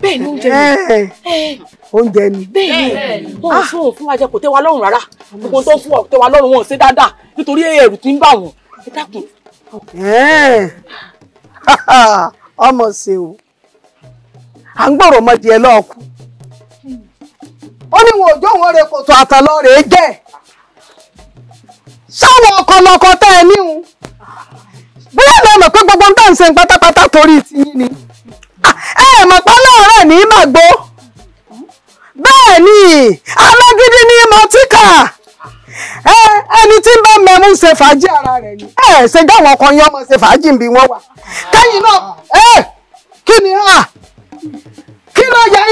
bẹ́ẹ̀ni oúnjẹ ni. oúnjẹ ni. bẹ́ẹ̀ni wọn ò fún òfin wa kò tẹ́ wa lọ́rùn rárá gbogbo tó fún ọ tẹ́ wa lọ́rùn wọn ò ṣe dáadáa nítorí ẹ̀rù tí ń bà ẹ *laughs* ọmọ ṣe o à ń gbòòrò ọmọdé ẹ lọ́ọ̀kú ó ní wọn ò jó wọn rẹ àtàlọ́ sáwọn ọkọlọkọ tá ẹ níhun bóyá ẹ pé gbogbo tá ṣe pátápátá torí tiyín ni ah, ẹ mọ̀ pé ọlọ́ọ̀rẹ́ ní màgbó bẹ́ẹ̀ ni alágídí
ní mọtíkà ẹni tí ń bá mẹ́mú fàájì ara rẹ ni ẹ ṣe dáwọn ọkọ yín ọmọ ṣe fàájì bí wà náà ẹ kí ni
kí ló ẹ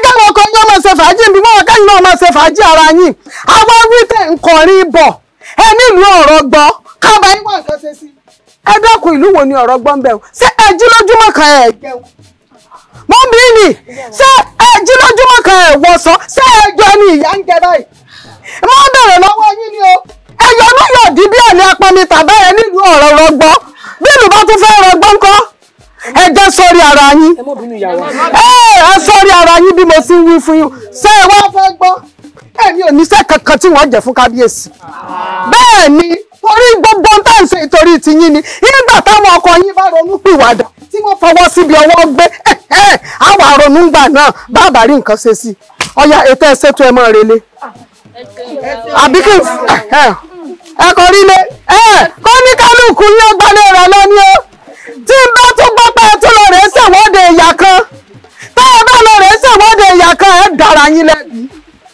dáwọn ọkọ yín ọmọ ṣe fàájì bí wà náà
ọmọ fàájì ara yín àwọn nkọrin ẹ nílùú ọ̀rọ̀ gbọ́
kábàá ní wọ́n nǹkan ṣe sí
ẹ dákun ìlú wo ni ọ̀rọ̀ gbọ́ ń bẹ̀ o ṣé ẹ jí lójúmọ́ kan ẹ̀ jẹun mo ń bí ni ṣé ẹ jí lójúmọ́ kan ẹ̀ wọ̀sán ṣé ẹ jọ
ni ìyá ń jẹ báyìí mo ń bèrè lọ́wọ́ yín ni o ẹ̀yọ́ ló yọ̀ dí bí àlẹ́ apani tàbá ẹ nílùú ọ̀rọ̀ rọgbọ́ bí ìlú bá tún fẹ́ rọgbọ́ ńkọ́ ẹ jẹ́ sórí ara yín
ẹ sórí ara
yín bí mo ti ń wí fún yín ṣé ẹ wá fẹ́ gbọ́ èmi ò níṣẹ́ kankan tí wọ́n jẹ́ fún kábíyèsí bẹ́ẹ̀ ni torí gbogbo ń tàn ṣe ìtorí tiyín ni nígbà táwọn ọkọ yín bá ronú pìwàdà tí wọ́n fọwọ́ síbi ọwọ́ gbé àwa ronú gbà náà bàbá rí nǹkan ṣe sí ọya ètò ẹ̀sẹ̀ tó ẹ mọ rele àbí kí ẹ kọ rí lé ní kálukú ní lọ ni ó tí n bá tún gbọ́ pé ṣèwọ́de ìyà kan bá lọ ṣèwọ́de ìyà kan ẹ dára yín lẹ́bi.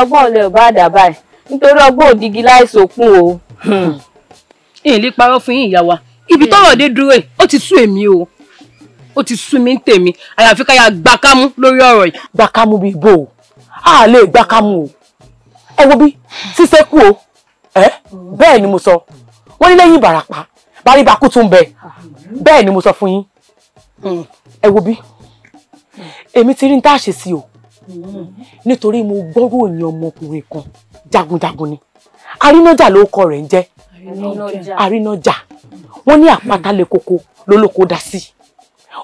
ọgbọ́n olè ò bá dà báyìí nítorí ọgbọ́n òdigi láìsòkun o. ìyìn hmm. lè parọ́ fún yín ìyá
wa ibi hmm. tọ́rọ̀ dé dúró ẹ̀ ó ti sú èmi o ó ti sú mi ń tèmi àyàfi ká gbàkámú lórí ọ̀rọ̀ yìí. gbàkámú bíi bò ó a lè gbàkámú o ẹ wo bí ṣíṣe kú o ẹ bẹ́ẹ̀ ni mo sọ wọ́n ní lẹ́yìn ìbàràpá báríbakú tún bẹ bẹ́ẹ̀ ni mo sọ fún yín hmm. ẹ wo bí èmi ti rí ní tá a sí o Mm. nítorí mo gbọ́rò yín ọmọkùnrin kan jagunjagun ni arínájà ló kọ rẹ̀ ń jẹ́ arínájà wọ́n ní àpáta lè koko lólóko dá sí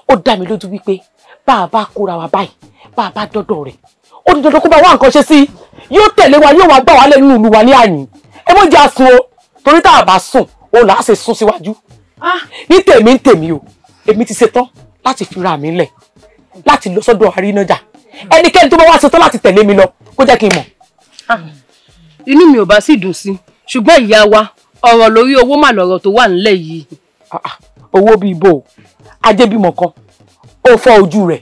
ó dá mi lójú wípé bá a bá kóra wa báyìí bá a bá dọ́dọ̀ rẹ̀ ó di dandan kó bá wá nǹkan ṣe sí yóò tẹ̀lé wa yóò wá gbà wá lẹ́nu ìlú wa ní àyìn ẹ mọ̀ jẹ́ àsun o torí tá a bá sùn o là á ṣe sún síwájú ah. ní tèmi ń tèmi o èmi ti ṣetán láti fira mi lẹ̀ láti lọ sọ́dọ̀ arínájà ẹnikẹ́ni tó bá wá ṣetán láti tẹ̀lé mi lọ kó jẹ́ kí n mọ̀. Ah, inú mi ò bá sì dùn sí ṣùgbọ́n ìyá wa ọ̀rọ̀ lórí owó mà lọ̀rọ̀ tó wà nílẹ̀ yìí. Ah, ah, owó bíi bò ajébímọ kan ó fọ́ ojú rẹ̀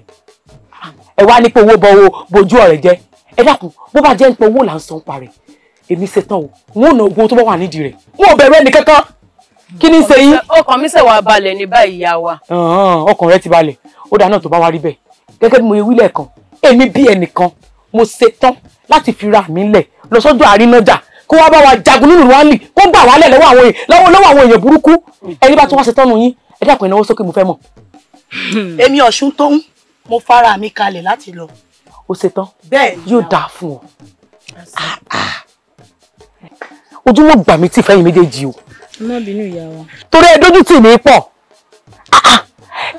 ẹ wá ní pé owó bọ owó bojú ọ̀rẹ́ jẹ́ ẹ dákun bó bá jẹ́ pé owó là ń san parẹ́ èmi ṣetán o wọn ò ná ogun tó bá wà nídìí rẹ̀ wọn ò bẹ̀rù ẹnì kankan kí ni ṣe yín. ọkàn mi ṣẹ̀wá balẹ̀ ní báyìí ìyá wa. ọkàn rẹ ti balẹ̀ ó dáná tó bá wá rí bẹ́ẹ̀ gẹ́gẹ́ bí mo yẹ wílẹ̀ kan èmi bí ẹnìkan mo ṣetán láti fi ra mi lẹ̀ lọ sọ́dọ̀ àrínájà kó wá bá wa jagun nínú wálì kó gbà wálẹ̀ lọ́wọ́ àwọn èèyàn burúkú ẹni bá tún wá ṣetán nu yín ẹ dákun ìnáwó sókè mo fẹ́ mọ̀. *laughs* èmi ọ̀ṣun tó ń mo fara mi kalẹ̀ láti lọ. o ṣetán bẹ́ẹ̀ yóò dáa fún ọ ojúmọ́ gbà mí tí ìfẹ́yìn méjèèjì o. má bínú ìyá wa. torí ẹ dójú tì mí pọ̀ ah, ah,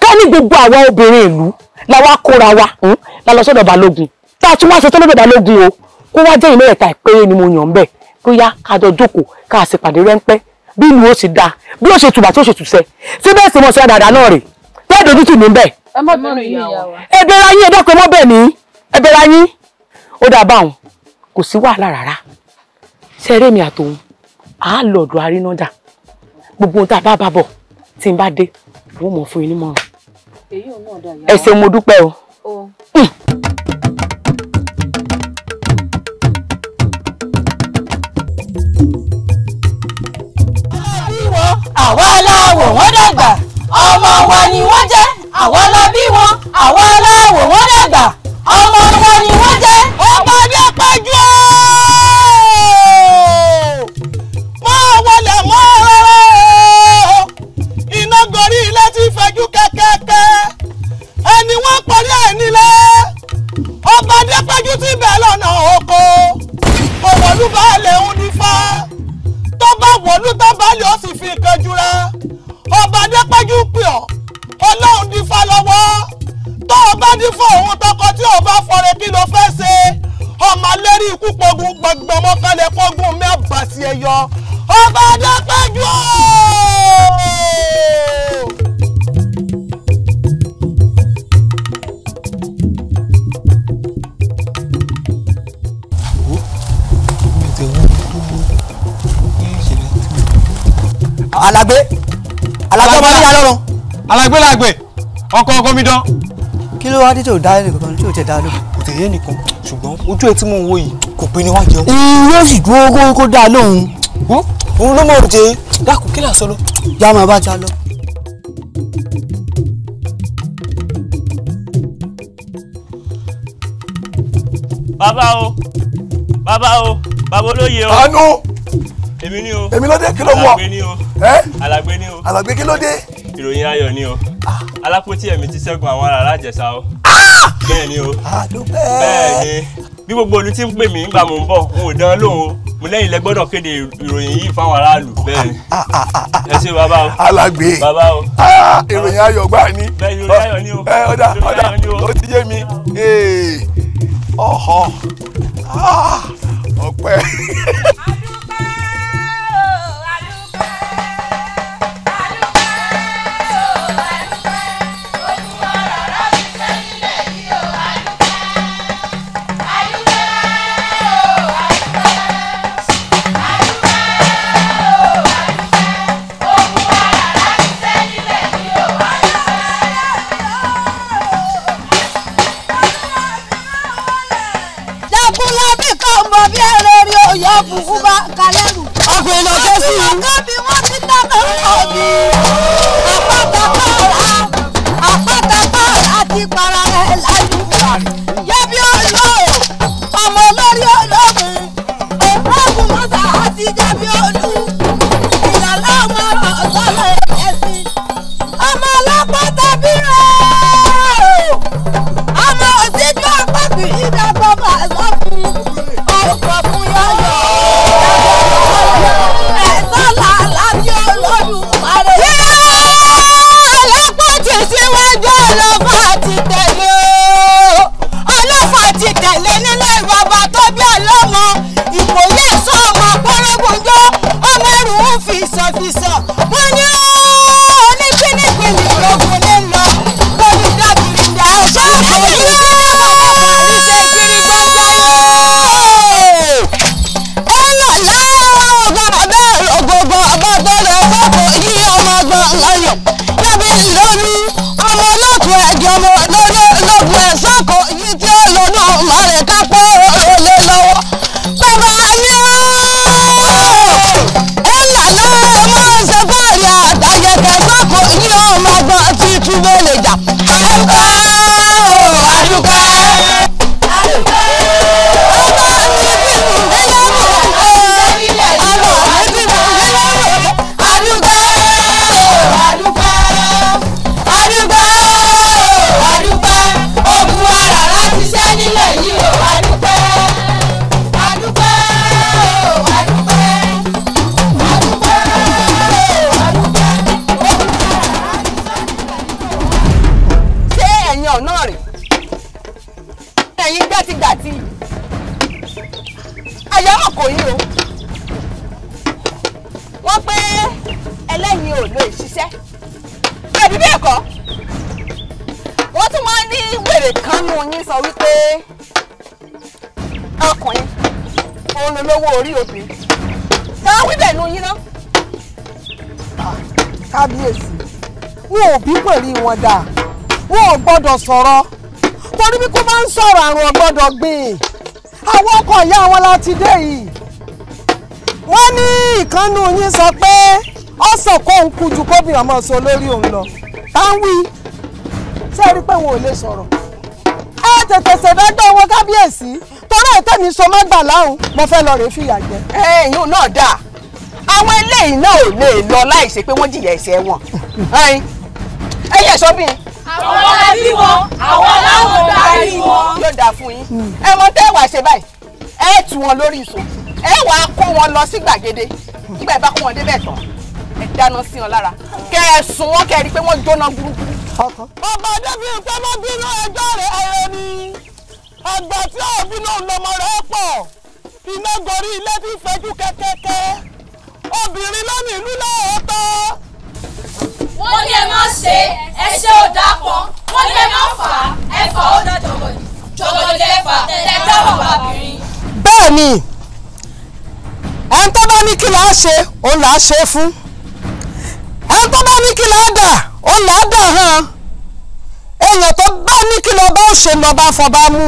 ká ní gbogbo àwa obìnrin ìlú la wá kóra wa hmm, la lọ sọ́dọ̀ balógun tá a tún wá ṣe tó lọ́dọ̀ balógun o kó wá jẹ́ ìmọ̀ ẹ̀ta ìpéré ni mo yàn bẹ́ẹ̀ kó yá ká jọ jókòó ká sì pàdé rẹ́ńpẹ́ bí ìlú ó sì dáa bí ó ṣe tùbà tí ó ṣe tùsẹ́ síbẹ̀ sì mọ̀ sí àdàdà náà rè tẹ́ ìdójú tì mí bẹ́ẹ̀. ẹbẹ̀ ra yín ẹbẹ̀ pé mọ́ bẹ́ẹ̀ ní ẹbẹ̀ ra yín ó dà báwọn kò sí wàhálà rárá ṣeré mi àtòun àá lọ̀dọ̀ arínájà gbogbo ohun tá a bá bá bọ̀ tí n bá dé wọ́n mọ̀ fún yín nímọ̀ràn ẹ ṣé dúpẹ́ o. àwa
aláwọ̀ wọ́n dàgbà ọmọ wa ni wọ́n jẹ́ àwa la bí wọn àwa aláwọ̀ wọ́n dàgbà ọmọ wa ni wọ́n jẹ́ ọmọ ọjọ́. baálé ń ní fá tó bá wọ̀lú tó baálé ó sì fi nǹkan jura
ọba adépẹ́jú pè ọ́ ọlọ́run ní fá lọ́wọ́ tó o bá ní fún òun tọkọ tí o bá fọre kí ló fẹ́ ṣe ọmọ lérí ikú pogun gbọ̀ngbọ̀n mọ́kànlẹ́kọ́gùn mẹ́bàá sí ẹyọ ọba adépẹ́jú ọ́. alagbe alagbe ọmọ níyà lọ́rùn. alagbe làgbè ọkọ ọkọ mi dán. kí ló wá dé tí ò dá ẹnìkan tí ò tẹ dá lóhùn. kò tẹ̀yẹ nìkan ṣùgbọ́n ojú ẹ tí mò ń wo yìí kò pé níwájú. ìyóò sì dúró kó kó dá lóhùn. òun ló mọ̀ òjé dákun kí làásọ lọ. já máa bá já lọ. bàbá o bàbá o bàbá olóye o. àánú èmi ni o èmi ló dé kí ló wọ alàgbé ni o alàgbé ni o alàgbé kí ló dé. ìròyìn ayọ̀ ni o ah. alápótí ẹ̀mí ti ṣẹ́gun àwọn ará àjẹsà o ah! bẹ́ẹ̀ ni o bẹ́ẹ̀ ni bí gbogbo olú tí ń pè mí ń gbà mò ń bọ̀ n ò dán lóhùn o mo lẹ́yìn lẹ gbọ́dọ̀ kéde ìròyìn yìí fáwọn aráàlú bẹ́ẹ̀ ni ah, ẹ ṣe bàbá o alàgbé bàbá o ìròyìn ayọ̀ gbà ní ìròyìn ayọ̀ ni o eh, ọ̀dà ọ̀dà ó ti yé mi eh, ọ̀họ̀. sátidé yìí wọ́n ní ìkànnù yín sọ pé ọ̀sán kó ń kú ju kóbìnrin
ọmọ sọ lórí òun lọ tá ń wí ṣé rí pé wọn ò lè sọ̀rọ̀ ẹ tètè ṣèdájọ́ wọn kábíyèsí torí ètèmi so má gbà láhùn mo fẹ́ lọ rèé fìyà jẹ. ẹ̀yin náà dáa àwọn eléyìí náà ò lè lọ láì ṣe pé wọ́n jìyà ẹ̀ṣẹ̀ wọn ẹ yẹ sọ́bìnrin
àwọn aláàbí wọn àwọn aláwọ̀
darí wọn. yóò dáa fún yín ẹ mọ tẹ́ wàá ṣe báyìí ẹ tù wọn lórí ìṣó ẹ wàá kó wọn lọ sí gbàgede nígbà ẹ bá kó wọn débẹ̀ tán ẹ dáná sí wọn lára kẹ
ẹ sùn wọn kẹ ẹ rí i pé wọn jóná gbúrúgbúrú.
ọba adébíyí pé mo bínú ẹjọ́ rẹ̀ ẹ̀rọ ni àgbà tí ò bínú lọmọ rẹ̀ pọ̀ iná gorí ilé tí fẹjú kẹ́kẹ́kẹ́ obìnrin lónìí ìlú lọ́ọ̀ọ́tọ́ wọ́n ní ẹ má ṣe ẹ ṣe ò dápọ̀ wọ́n ní ẹ má fà á ẹ fà ó dá jọ̀gọ̀dì jọ̀gọ̀dì ẹ fà tẹ̀lé dábọ̀ bàbí ni ẹni tó bá ní kí là á ṣe òun là á ṣe fún ẹni tó bá ní kí là á dà òun là á dà hàn èèyàn tó bá ní kí lọ bá ṣe lọ bá fọba mú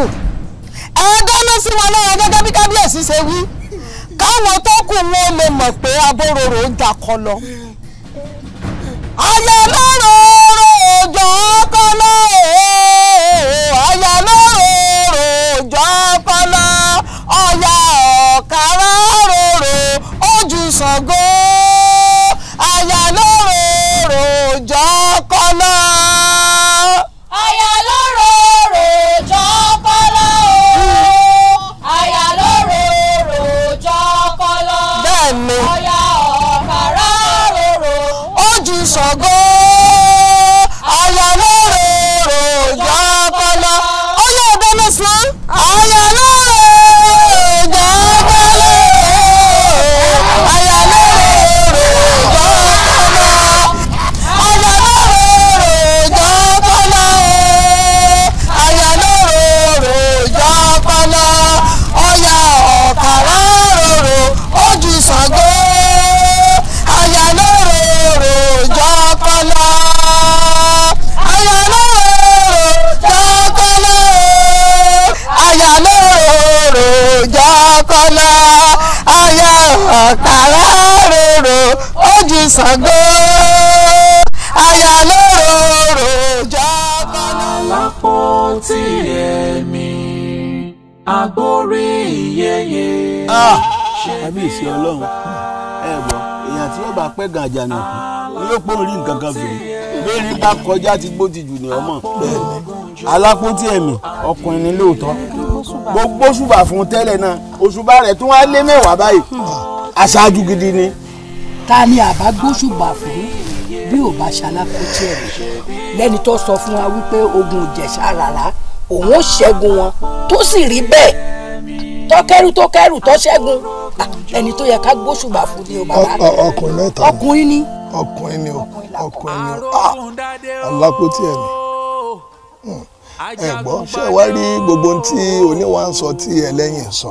ẹ̀ẹ́dáná sí wọn lọ́wọ́ gẹ́gẹ́ bí kábíyèsí ṣe wí káwọn tó kù wọn ò lè mọ̀ pé abóróró ń jà kọ lọ. ayọ̀ lọ́rọ̀ òjò ọkọ náà. go. àròjọ kọlọ ọyọ ọkàrà rorò ojú Ṣàngó ayọ lóròjọ kọlọ. alápótí
ẹ̀mí agbórí iyeye. Ah, kábíyèsí ọlọ́run ẹ gbọ́ èèyàn tí yóò bá pẹ́ gan àjànà kù ni yóò pọ́n rí nǹkan kan fèrè lórí bá kọjá ti gbó ti jù ní ọmọ alápótí ẹ̀mí ọkùnrin ni lóòótọ́ gbogbo ṣùbà fún tẹ́lẹ̀ náà òṣùbà rẹ̀ tún wá lé mẹ́wàá báyìí aṣáájú gidi ni. ta ni àbá gbóṣùbà fún bí ò bá ṣalákòótì ẹ̀ lẹ́ni tó sọ fún wa wípé ogun ìjẹ̀ṣà rárá òun ó ṣẹ́gun wọn tó sì rí bẹ́ẹ̀ tó kẹ́rù tó kẹ́rù tó ṣẹ́gun ẹni tó yẹ ká gbóṣùbà fún ni o bàbá rẹ ọkùnrin mẹ́ta ọkùnrin ni ọkùnrin ni ọkùnrin ni alákòótì ẹ̀ ni ẹ̀gbọ́n ṣé ẹ wá rí gbogbo ohun tí oníwà ń sọ tí ẹlẹ́yìn sọ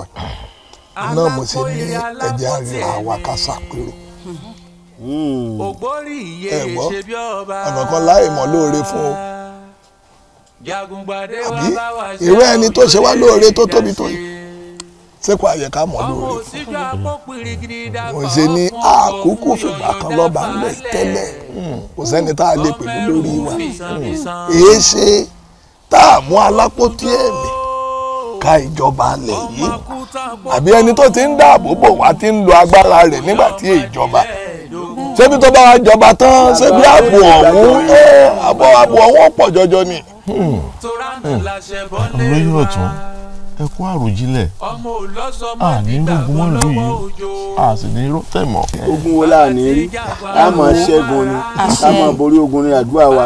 náà mo sì ní ẹ̀jẹ̀ àríra wa ká ṣàpérò hmm. ẹ̀gbọ́n ọ̀nà kan láì mọ̀ lóore fún
o àbí
irú ẹni tó ṣe wá lóore tó tóbi tó yìí sẹ́kọ̀ọ́ àyẹ̀ká mọ̀ lóore mo ṣe ní àkókò fìgbà kan lọ́ba ńlẹ̀ tẹ́lẹ̀ hmm. kò sẹ́ni tá a lè pè mí lórí wa
hmm.
èé ṣe tá a mú alápótí ẹ̀mí ká ìjọba alẹ̀ yìí àbí ẹni tó ti ń dáàbò bò wá ti ń lo agbára rẹ̀ nígbà tí ìjọba ṣébi tó bá wa jọba tán ṣébi ààbò ọ̀hún ààbò ọ̀hún pọ̀ jọjọ ni. olóyè hmm. hmm. hmm. ọ̀tún ẹ kú àròjinlẹ̀ àní rogun mọ́ lù yìí a ní irọ́ tẹ̀mọ́. ogun wo la ní rí a máa ṣẹ́gun ni a máa borí ogun ní àdúrà wa.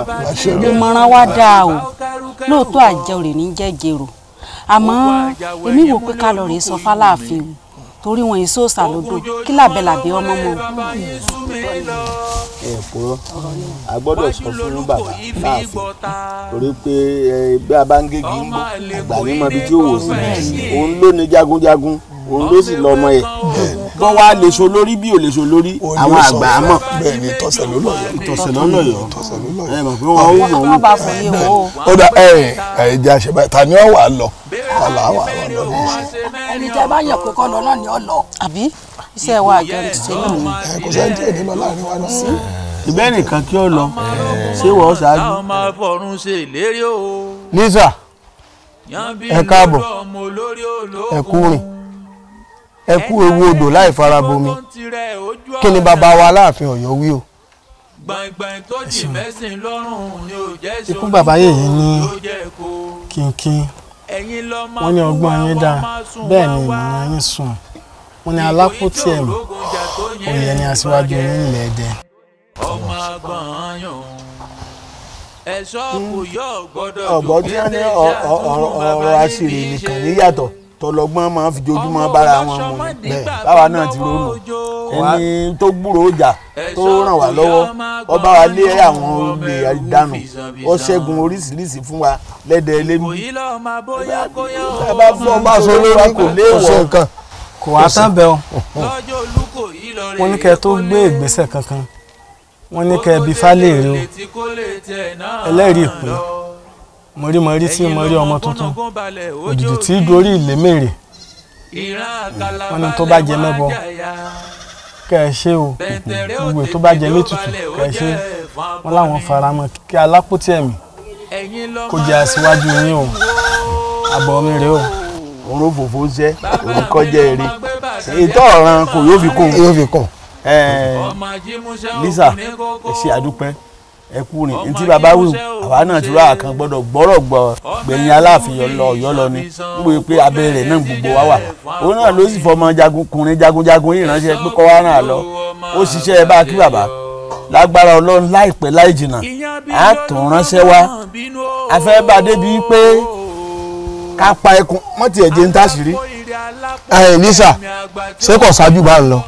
ìmọ̀ràn wa dáa o
lóòótọ́ àjẹrò ní jẹ́jẹrò àmọ́ èmi wò pé ká sọ fáláàfin o torí wọn èso ṣàlódò kí làbẹ làbẹ ọmọ mọ.
ẹ kúrò a gbọ́dọ̀ sọ fún bàbá láàfin torí pé bí a bá ń gégi ń bọ àgbà ní mọ tí ó wò sí òun ló ní jagunjagun òun ló sì lọ́mọ yẹ bọ́n wá lè so lórí bí ò lè so lórí àwọn àgbà á mọ̀. bẹ́ẹ̀ni tọ̀sẹ̀ ló lọ yọ. tọ̀sẹ̀ ló lọ yọ. tọ̀sẹ̀ ló lọ yọ. ẹ mọ̀ pé wọ́n ó mọ̀ wọ́n. ó dà ẹ ẹ jẹ́ àṣẹbá ta ni ó wà lọ ta là á wà lọ lọ ní ìṣe. ẹni tẹ bá yẹ pé kọ́ lọ náà ni ó lọ. àbí iṣẹ́ wa àjọ ìṣe náà ni. kò sẹ́ni tí èdè lọ láàrin wa náà. ìbẹ́ nìkan kí ó lọ ṣé wọ́n ṣáájú. nísà ẹ káàbọ̀ ẹ kúrin ẹ kú ewu odò láì farabomi kí ni bàbá wa láàfin Ọ̀yọ́ wí o. gbàngbàng tó jì mẹ́sìn lọ́rùn ni ò jẹ́ sọ́kùn ikú bàbá yèyí ní kínkín wọ́n ní ọgbọ́n yín dá bẹ́ẹ̀ ni ìmọ̀ràn yín sùn wọ́n ní alápótí ẹ̀mí òye ni aṣíwájú yín ilẹ̀ ẹ̀dẹ́. ọmọ agbọ̀n yàn ẹ̀ṣọ́ kò yọ ọ̀gbọ́dọ̀ dùn bí ẹ̀ṣẹ̀ àtúntò bàbá yìí ṣe. ọ̀gbọ́dọ̀ ní ọ̀rọ̀ àṣírí nìkan níyàtọ̀ tọlọgbọ́n máa fi jojúmọ́ bára wọn mu ni báwa náà ti ronú ẹni tó gbúrò ọjà tó ràn wá lọ́wọ́ ó bá wa lé àwọn olè dànù ó ṣẹ́gun oríṣiríṣi fún wa lẹ́dẹ̀ lẹ́mí. ẹ bá fọ́ sọ lórí kò léèwọ̀ kò wá tán bẹ́ẹ̀ o wọ́n ní kẹ́ tó gbé ìgbésẹ̀ kankan wọ́n ní kẹ́ bí fálẹ̀ rí o ẹlẹ́rìí pé mọ̀rímọ̀rí tí mọ̀rí ọmọ tuntun òjijì tí gorí ilé mèrè wọn ni tó bá jẹ mẹ́bọ kẹ́ ẹ ṣe o gbogbo tó bá jẹ métùtù kẹ́ ẹ ṣe wọn láwọn faramọ́ kí alápótí ẹ̀mí kó jẹ́ aṣíwájú yín o àbọ̀ mi rèé o. òun ló fòfó ń ṣe òun kọ́ eré ètò ọ̀ràn kò yóò fi kún yóò fi kún lisa ẹ ṣe àdúpẹ́ ẹ kú rìn ntí bàbá wù àwa náà ti rà àkàn gbọ́dọ̀ gbọ́rọ̀ gbọ́ gbẹ̀yìn aláàfin yọlọ yọlọ ni n wòye pé abẹ́ náà gbogbo wa wà òun náà ló sì fọmọ jagunkùnrin jagunjagun yìí ránṣẹ́ pé kọ́ wa ràn án lọ ó ṣiṣẹ́ ẹ bá kí bàbá lágbára ọlọ́run láìpẹ́ láì jìnnà á tún ránṣẹ́ wa afẹ́ bá débi pé ká pa ẹkùn mọ́tì ẹ̀jẹ̀ ń táṣìírí. ẹ ẹ nísà ṣé kò ṣáájú bá ń lọ.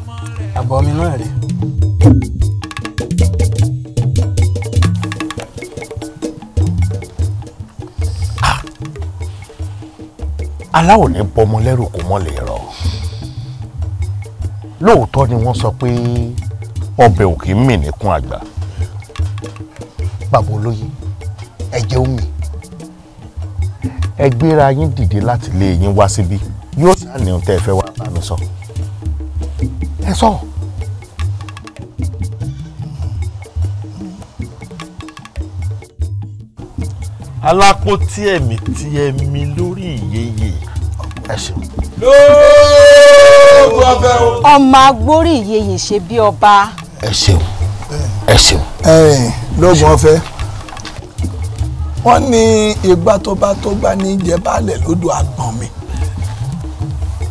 àbọ̀ mi náà rèé. aláwọ̀ ní bọmọ lẹ́rù kó mọ́ lè rọ lóòótọ́ ni wọ́n sọ pé ọbẹ̀ ò kì í mì níkùn àgbà bàbá olóyè ẹ̀jẹ̀ ó mì ẹ gbéra yín dìde láti lé yín wá síbí yóò sàn ní ohun tẹ́ ẹ fẹ́ wá bá mi sọ ẹ sọ. alákó tí ẹ̀mí tí ẹ̀mí lórí ìyeyè ẹ ṣeun.
lóògùn o. ọmọ agbórí ìyeyè ṣe bí ọba.
ẹ ṣeun ẹ ṣeun. ẹ̀yin lóògùn ọ̀fẹ́ wọ́n ní ìgbà tó bá tó gbá ní jẹ baálẹ̀ lódò àgbọ̀n mi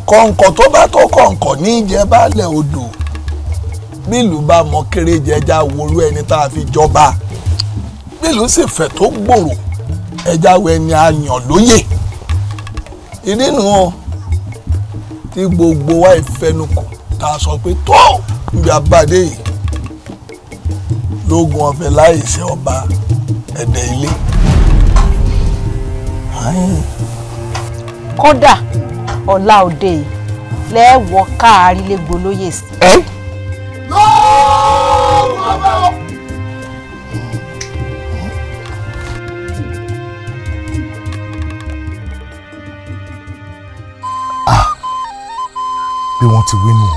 kọ̀ǹkọ̀ tó bá tó kọ̀ǹkọ̀ ní jẹ baálẹ̀ odò bílù bá mọ kéré jẹjá woru ẹni tá a fi jọba bílù sì fẹ̀ tó gbòòrò ẹja wo ẹni àyàn lóye ìdínú wọn tí gbogbo wa ìfẹnukò tá sọ pé tó níbi abáde yìí lóògùn ọ̀fẹ́ láìsẹ ọba ẹdẹ ilé.
kódà ọ̀la òde yìí lẹ́ẹ̀wọ̀ lẹ́gbọ̀ọ́ lóye sí.
lóògùn ọba ọkọ.
bí wọ́n ti wí nù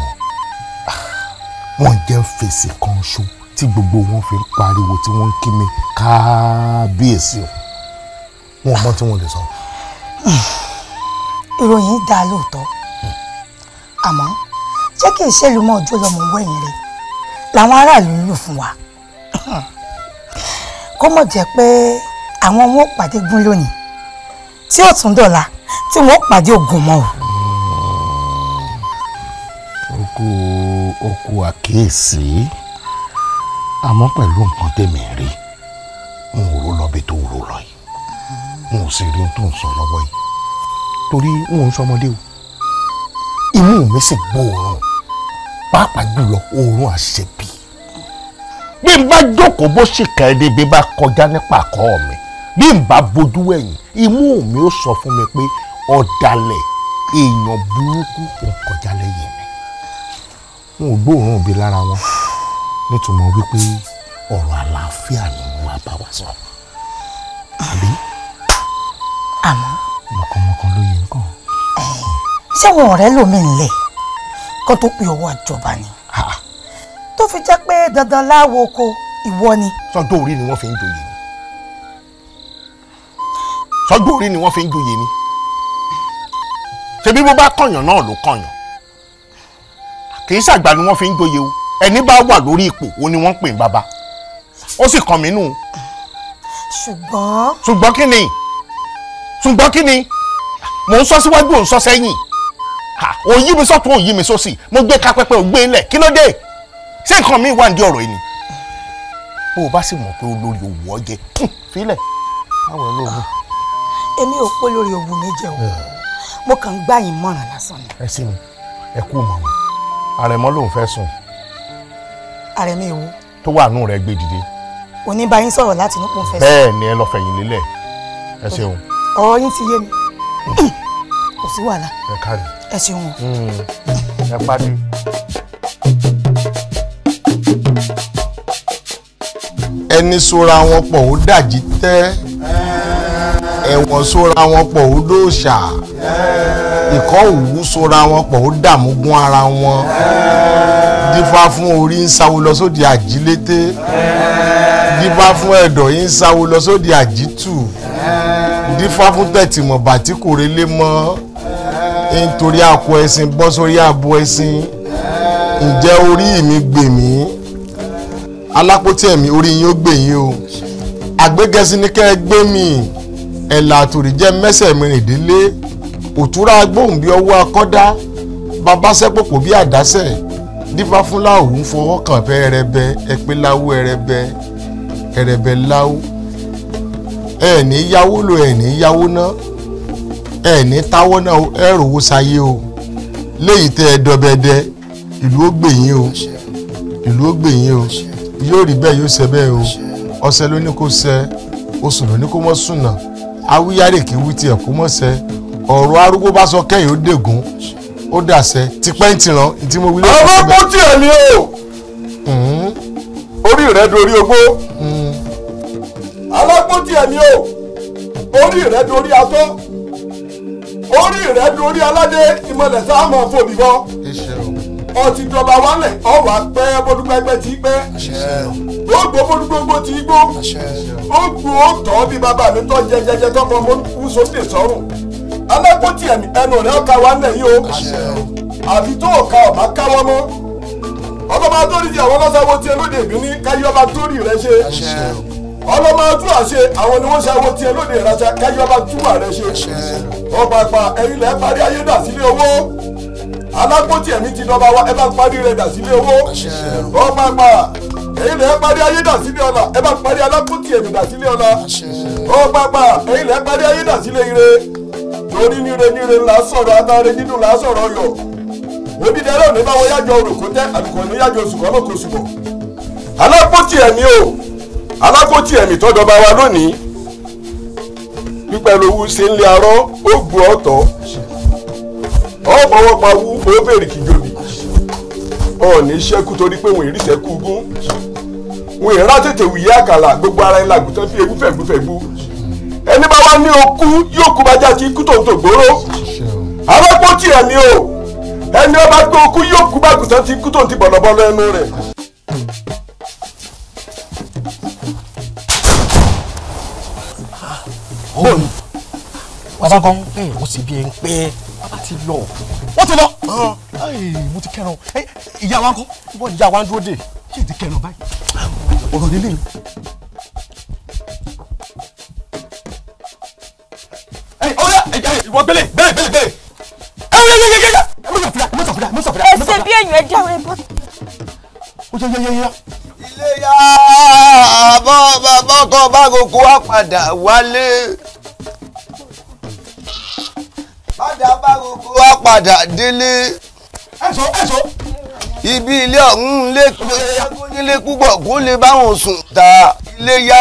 wọ́n jẹ́ fèsì kan ṣo tí gbogbo wọn fi ń pariwo tí wọ́n ń kí mi kábíyèsí o wọn mọ tí wọ́n lè sọ.
ìròyìn dáa lóòótọ́ àmọ́ ṣé kì í ṣèlú mọ́ ọjọ́ lọ́mọ wẹ̀yìn rẹ̀ làwọn aráàlú ń lù fún wa kó mọ̀ jẹ́ pé àwọn wọn ò pàdé gún lónìí tí ó tún dọ̀la tí wọn ò pàdé ògùn mọ́ o
kúkú ó kú àkíyèsí àmọ́ pẹ̀lú nǹkan tèmi rí n ò rò lọ bí tó rò lọ yìí n ò sì rí tó ń sọ lọ́wọ́ yìí torí n ò ń sọmọdé o imú mi sì gbóòórùn pàápàá jùlọ òórùn àṣẹbí bí n bá jókòó bó sì kẹ́rẹ́dé bí n bá kọjá nípa àkọ́ mi bí n bá bojú ẹ̀yìn imú mi ó sọ fún mi pé ọ̀dàlẹ̀ èèyàn burúkú ò lẹ́yìn mi wọn ò gbóòórùn òbí lára wọn nítumọ̀ wípé ọ̀rọ̀ àlàáfíà ni wọ́n wá bá wa sọ. àbí.
àmọ́. mọ̀kànmọ́kàn ló yẹ nǹkan. ṣé wọn ọ̀rẹ́ lómi ńlẹ̀ kó tó pe ọwọ́ àjọba ni. tó fi jẹ́ pé dandan láwo oko ìwọ ni. sọ́jọ́
orí ni wọ́n fi ń joyè ni. sọ́jọ́ orí ni wọ́n fi ń joyè ni. ṣebí bó bá kọ̀yàn náà ló kọ̀yàn kì í ṣàgbà ni wọ́n fi ń joyè o ẹni bá wà lórí ipò o ni wọ́n ń pè ń bàbá ó sì kàn mí nù.
ṣùgbọ́n.
ṣùgbọ́n kí ni ṣùgbọ́n kí ni mò ń sọ síwájú ò ń sọ sẹ́yìn òyí mi sọ́tún òyí mi sósì mo gbé ká pẹ́pẹ́ ògbé ńlẹ̀ kí ló dé ṣé nǹkan mi wà ní ọ̀rọ̀ yìí ni bó o bá sì mọ̀ pé olórí òwò ọ fílẹ̀ báwo ló wù.
èmi ò pé lórí òwò mi jẹ o hmm. mo kàn ń gbà yín mọ̀ràn lásán ni.
ẹ sí mi ẹ kú mọ̀ wọn àrẹ̀mọ lòun fẹ́ sùn. àrẹ̀mọ èwo. tó wà nù rẹ gbé dìde.
òní bá yín sọ̀rọ̀ láti inú pòun fẹ́ bẹ́ẹ̀
ni ẹ lọ fẹ̀yìn lélẹ̀ ẹ ṣeun.
ọ̀rọ̀ yín ti yé mi *clears throat* kò sí wàhálà ẹ kárí ẹ ṣeun.
Hmm. ẹ pàdé. ẹni sora wọn pọ̀ ó dàjí tẹ́ ẹ̀wọ̀n sóra wọn pọ̀ ó dóòṣà ìkọ́ òwú sóra wọn pọ̀ ó dààmú gún ara wọn dífá fún orí ń sáwó lọ sóde àjílété dífá fún ẹ̀dọ̀ yìí ń sáwó lọ sóde àjítù dífá fún tẹ̀tìmọ̀ bàtí kò relé mọ́ nítorí àkọ ẹṣin bọ́ sórí àbọ̀ ẹṣin ǹjẹ́ orí mi gbèmí alápótí ẹ̀mí orí yín ó gbèyín o àgbégẹsí ni kẹ́ ẹ gbé mi ẹ̀là àtòrí jẹ́ mẹ́sẹ̀ mẹ́rìndínlé òtúrá gbóhùn bí ọwọ́ akọ́dá bàbá sẹ́pòpò bí àdásẹ̀ dífá fúnlá òun fọwọ́ kàn fẹ́ ẹrẹbẹ ẹpẹ́ láwó ẹrẹbẹ ẹrẹbẹ láwó ẹ̀ẹ̀ní yáwó lo ẹ̀ẹ̀ní yáwó ná ẹ̀ẹ̀ní táwọ́ náà ẹ̀rù wo sáyé o léyìí tẹ́ ẹ dọbẹdẹ ìlú ó gbèyìn o ìlú ó gbèyìn o yóò rí bẹ́ẹ̀ yóò ṣe bẹ́ẹ̀ o ọ̀sẹ̀ ló ní kó ṣe oṣù ló ní kó mọ́ sùn náà awíyáre kì í wí tiẹ̀ kó mọ̀ sẹ́ ọ̀rọ̀ arúgbó bá sọ kẹ́yìn ó dègún ó dàsẹ́ tipẹ́ ń tìràn tí mo wí lọ́wọ́ síbẹ̀. ọmọ kú hmm. hmm. tiẹ̀ ni o orí rẹ̀ dorí ogbó alágbó tiẹ̀ ni o orí rẹ̀ dorí atọ́ orí rẹ̀ dorí aládé ìmọ̀lẹ̀ sáà máa fò bíbọ́ ọtí jọba wálẹ̀ ọwọ́ apẹ́ tí pẹ́ gbogbo bọ́dúgbogbo tí gbó gbogbo tọ́ bí bàbá mi tọ́ jẹjẹjẹ tọ́kọ mo kú sókè sọ́rùn alágbótì ẹ̀mí ẹnu rẹ̀ ọ̀ka wa yìí o àbí tó ọ̀ka ọ̀bá káwọ́ mọ́ ọlọ́mọ àtòrí di àwọn ọlọ́sàwọ́ tiẹ̀ lóde ìbíní káyọ́ba tórì rẹ̀ ṣe ọlọ́mọ àtúwà ṣe àwọn ni wọ́n ṣe àwọn tiẹ̀ lóde ìrajà káyọ́ba túwà rẹ̀ ṣe ọ̀pàpà ẹ̀yìn parí ayé dà sílé owó alágbótì ẹ̀mí ti dọ́ba wa ẹ bá parí rẹ̀ dà sílé owó ọmọ àgbà ẹ̀yin lẹ́ẹ̀ parí ayé dà sílé ọ̀la ẹ bá parí alágbótì ẹ̀mí dà sílé ọ̀la ọmọ àgbà ẹ̀yin lẹ́ẹ̀ parí ayé dà sílé ire lórí nire nire ńlá sọ̀rọ̀ adáre nínú ńlá sọ̀rọ̀ ọyọ̀ onídẹ̀ẹ́rẹ́ òní báwọn yájọ òròkó tẹ́ àlùkò ní yájọ sùkọ́ lóko sùkọ́ alágbótì ẹ̀mí o alágbótì ẹ̀mí tó dọ́ba wa lónìí pípẹ́ lówó ṣe ń lé arọ́ ó gbó ọ̀tọ̀ ọ bọ̀wọ̀ pa wú ó bèrè kìjòdì ọ̀ọ́nì ṣẹ́kù torí pé wọ́n ìrìṣẹ́ kú gún wọ́n ìrà tètè wùyí àkàlà gbogbo ara ẹ̀ làgùtàn fi ewu fẹ̀gbúfẹ̀gbú ẹni bá wá ní okú yóò kú bàjá tí ikú tòun tó gbóró arọ́pọ̀ tiẹ̀ ni o ẹni ọba gbé okú yóò kú bàgùtàn tí ikú tòun ti bọ̀lọ̀bọ̀lọ̀ ẹnu rẹ̀. bọ́ọ̀lù wàá bá gbọ́n pé ó sì bí ẹ ń pẹ́ bàbá ti lọ wọ́n ti lọ. mo ti kẹran ìyá wa ń kọ́ wọ́n ìyá wa ń dúró dè ṣé ti kẹran báyìí ọ̀rọ̀ nílé mi. ọ̀rẹ́ ẹ̀jẹ̀
ìwọ gbélé bẹ́ẹ̀ bẹ́ẹ̀ bẹ́ẹ̀ ẹsẹ̀ bí èèyàn ẹja rẹ̀ bọ́. ó yẹ yẹ yẹ. ilé yá bọ́
bọ́ kọ́ bá gòkó wá padà wálé padà bá roko wá padà délé. ẹ̀sọ́ ẹ̀sọ́. ibi ilé ọ̀hún lè pé agónílé púpọ̀ kó lè báwọn sùn ta ilé yá.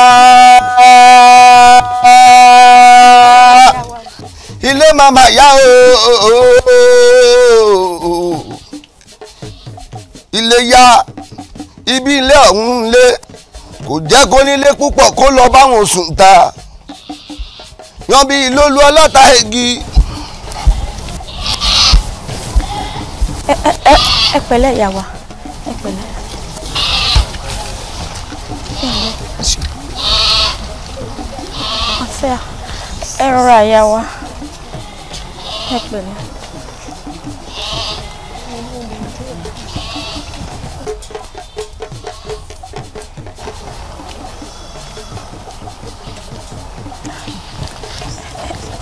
ilé màmá yá o. ilé yá ibi ilé ọ̀hún lè kò jẹ́ kó nílé púpọ̀ kó lọ báwọn sùn ta yan bí lólu ọlọ́ta igi.
ẹ pẹ̀lẹ́ ìyá wa ẹ pẹ̀lẹ́. ọ̀sẹ̀ ẹ rọra ìyá wa ẹ pẹ̀lẹ́.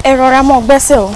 ẹ rọra mọ́ gbẹ́sẹ̀ o.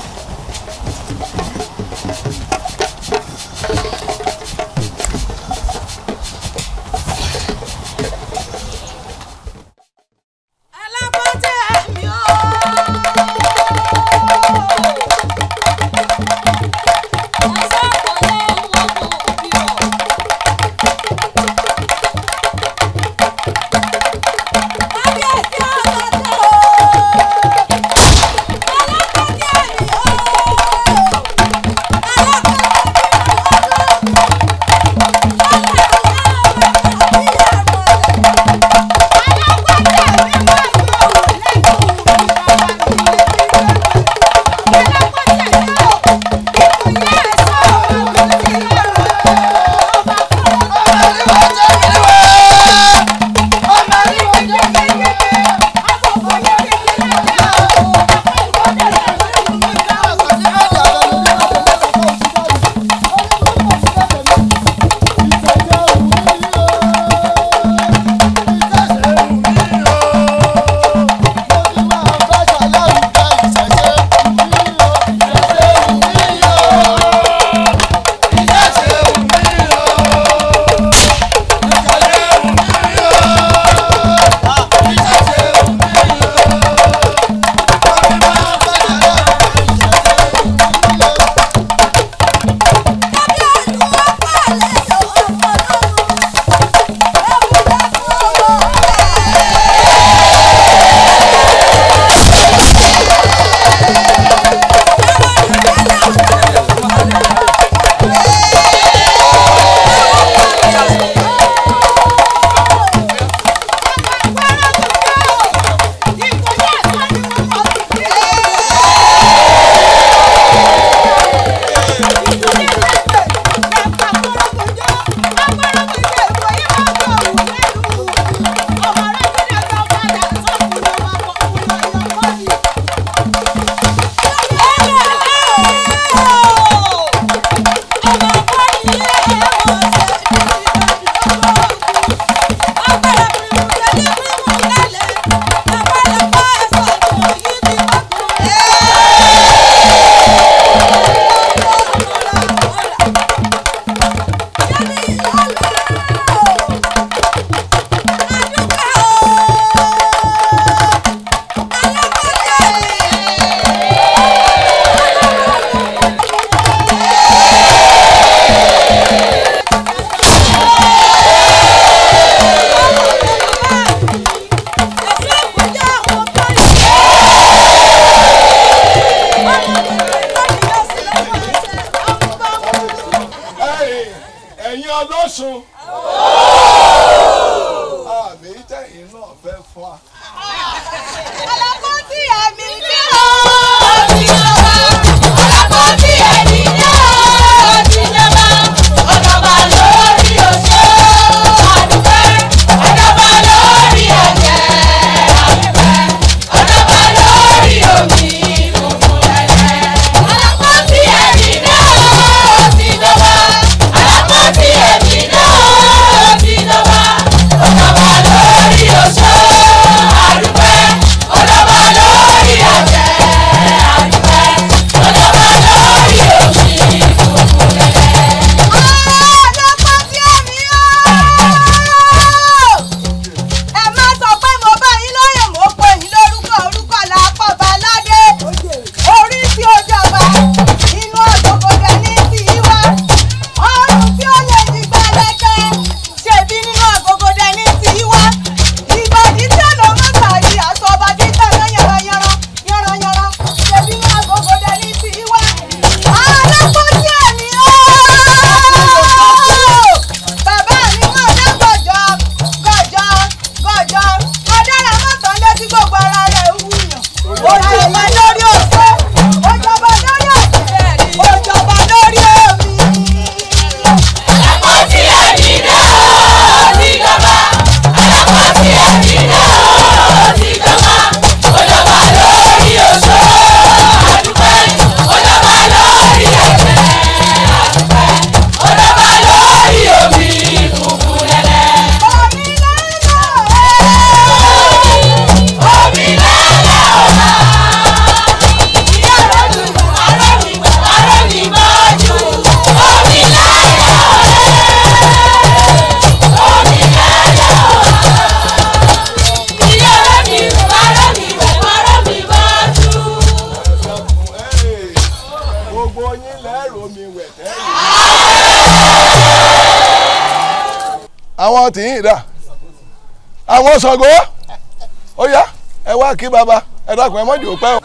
kí baba ẹ dákun ẹ mọ́jọ́ pẹ́ o.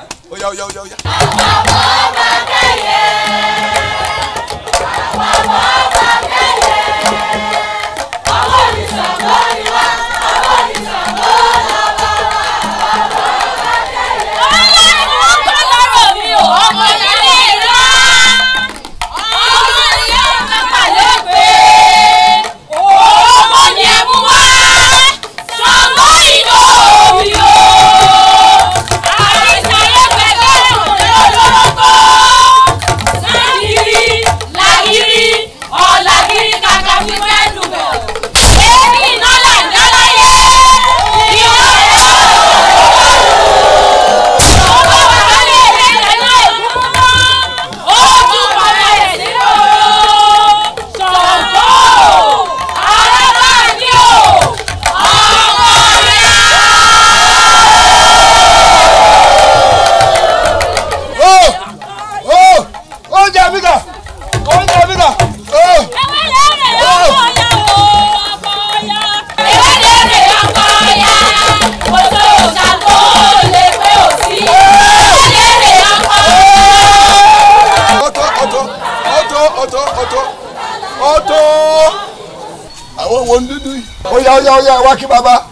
Baki Baba.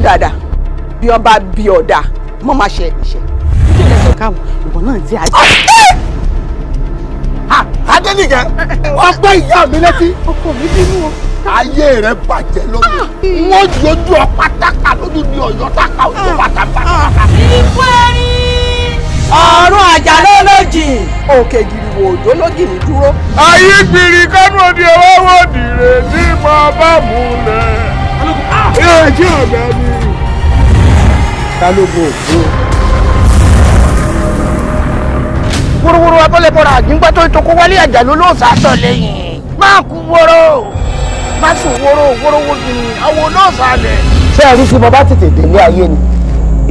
mi dáadáa bí wọ́n bá bí ọ̀dà mọ́ máa ṣe ẹ̀ṣẹ̀. kí lè sọ káwọn ìwọ náà ti àjẹ. adẹ́nìkẹ́ wọ́n pẹ́ ìyá mi létí. ọkọ mi bínú o. ayé rẹ bàjẹ́ lónìí ah! wọ́n yọjú ọ pátákà lójú ní ọ̀yọ́ táka ojú pátápátá. ìfọ ẹ̀rín. ọ̀run àjàló lójì òkè gìrìwò òjò lójì mi dúró. ayé gbìrì kánú òdi ọwọ́ wò dìrè tí mo bá múlẹ̀. ìrètí ah! ọ̀gá mi kálógo òfurufú. wúruwúru abọ́lẹ́bọ̀rọ̀ àjíngbá tó ìtòkó wálé àjàlú ló sàátọ̀ lẹ́yìn máa kú wóró má sùn wóró wórówó ni àwọn olóòsàlẹ̀. ṣé ẹ̀rí tí bàbá tètè délé ayé ni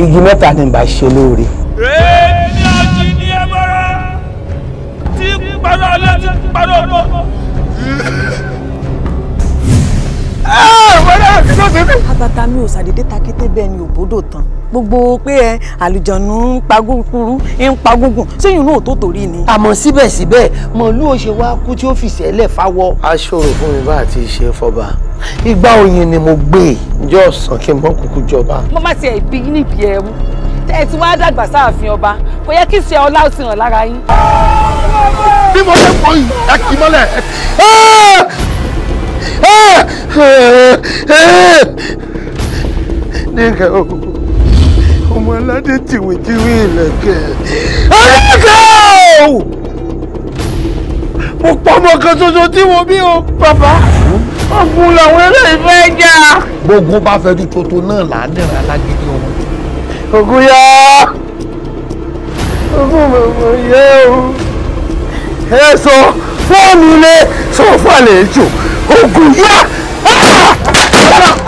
igi mẹ́ta ni bá ṣe lóore.
èmi àti ní ẹgbẹ́rẹ́
tí parí ọlẹ́ ti parí ọdún. àbàtà mi ò ṣàdédé takété bẹ́ẹ̀ ni òbódò tán gbogbo pé ẹ àlùjọ̀nù ń pa gúgúrú ń pa gúgùn sẹ́yìn náà tó torí ni. àmọ́ síbẹ̀síbẹ̀ mọ̀lú ò ṣe wáá kú tí ó fi sẹ́lẹ̀ fáwọ́. aṣọ́rò fún mi bá àti ṣe fọba ìgbà oyin ni mo gbé e jọ sàn kí n mọ kúkú jọba.
mo má tiẹ̀ bí níbi ẹ̀rú tẹ́ ẹ ti wá dàgbà sáàfin ọba kò yẹ kí ṣe ọlá òsì hàn yín.
bí mo ṣe pọ̀ yìí ẹ kì í mọ́lẹ̀ nígbà ooo ọmọ aládé tìwìtìwì ìlẹ̀kẹ̀.
ẹ̀ẹ́dẹ́gbẹ́ mo pa ọmọ
kan ṣoṣo tí mo bí o bàbá ogun làwọn eléyìí fẹ́ jà.
gbogbo bá fẹ́ ju toto náà làádẹ́rẹ́ alágídí ọmọ. ogun yá ogun bàbá yẹ o ẹ sọ fóònù ilé sọ fún àlejò ogun yá. Ah!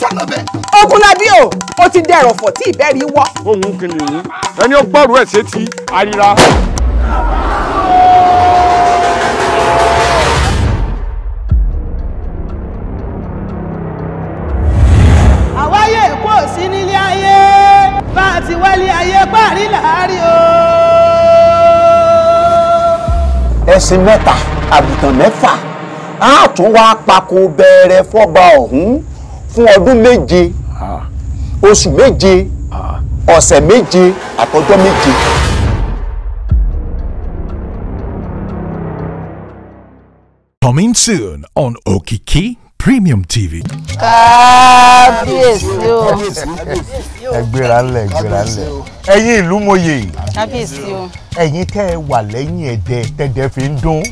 sọ̀nà bẹ́ẹ̀. Ogunlabi o ó ti dẹ̀rọ̀ fọ̀ tí ìbẹ́rí wọ́. ohun kìnìún ẹni ó gbọ́rù ẹ̀ ṣe ti àríra.
àwáyé kò sí nílé ayé bá a ti wálé ayé páàrí làárí o.
ẹṣin mẹ́ta àgùntàn mẹ́fà a tún wá pako bẹ̀rẹ̀ fọ́ba ọ̀hún fún ọdún méje ah. oṣù méje ah. ọ̀sẹ̀ méje àtọjọ́ méje.
Coming soon on Okiki Premium
TV.
Kábíyèsí o.
Ẹgbẹ́ra ńlẹ̀ ẹgbẹ́ra ńlẹ̀. Ẹ̀yin ìlú mòye.
Kábíyèsí o.
Ẹ̀yin tẹ́ ẹ wà lẹ́yìn ẹ̀dẹ̀ tẹ́dẹ̀ fi ń dún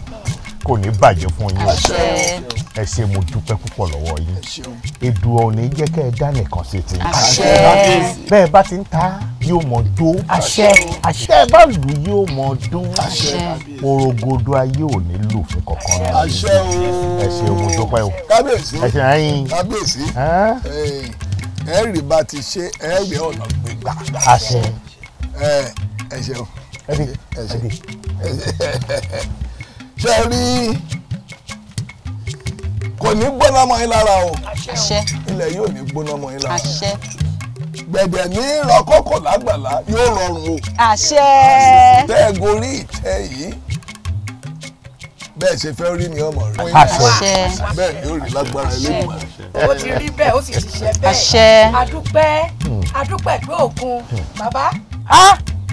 kò ní bàjẹ́ fún yín ẹ ṣé mo dúpẹ́ púpọ̀ lọ́wọ́ yín èdò ọ̀nà jẹ́ kẹ́ ẹ dá nìkan sí ti bẹ́ẹ̀ bá ti ń ta yóò mọ̀ dó àṣẹ bá lù yóò mọ̀ dún orogodo ayé ò ní lù fún kankan náà ẹ ṣé mo dúpẹ́ o ẹ ṣé ẹ̀yin kábíyèsí ẹ rí bá ti ṣe ẹ rí ọ̀nà gbígbà àṣẹ ẹ ṣeun ẹ ṣe ẹ ṣe ṣe rí kò ní gbóná mọ́ yín lára o ilẹ̀ yóò ní gbóná mọ́ yín lára gbẹ̀dẹ̀ ní rọkókò lágbàlá yóò rọrùn o àṣẹ bẹ́ẹ̀ gorí ìtẹ́ yìí bẹ́ẹ̀ ṣe fẹ́ rí ni ọmọ rẹ àṣẹ bẹ́ẹ̀ ni ó rí lágbára ẹlẹ́gbọ̀n ó ti rí bẹ́ẹ̀ ó sì ti ṣe bẹ́ẹ̀ àṣẹ
adúpẹ́ hmm. adúpẹ́ pé òkun
hmm.
bàbá.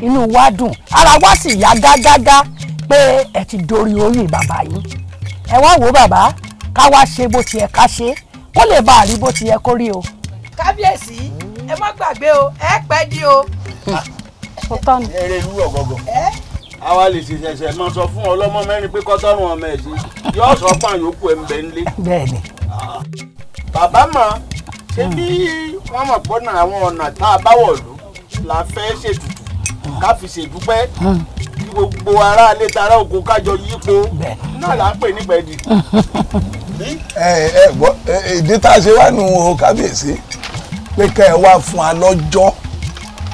inú wa dùn ara wa sì yá gágágá pé ẹ ti dorí orí bàbá yìí ẹ wá wò bàbá ká wá ṣe bó ti yẹ ká ṣe kó lè bá a rí bó ti yẹ kó rí o.
kábíyèsí ẹ má gbàgbé o ẹ pẹ́
di o. sọtọ́nù. eré ìlú ọ̀gọ̀gọ̀ àwa lè ṣe ṣẹ̀ṣẹ̀ mọ sọ fún ọlọ́mọ mẹ́rin pé kọ́tọ́rùn ọmọ ẹ̀ sí yóò sọ fún àyòkù ẹ̀ ń bẹ nílé. bẹ́ẹ̀ni. bàbá mọ ṣé bí wọn mọ pọnà àwọn ọ̀nà tá a bá wọ̀ la fẹ́ ṣètùtù ká fi ṣèdúpẹ́ hmm gbogbo aráalé tara òkú kájọ yípo náà là ń pè nígbẹ̀dì. *laughs* ẹ ẹ gbọ́ ìdí tá a ṣe wá nù o kábíyèsí pé ká ẹ wá fún wa lọ́jọ́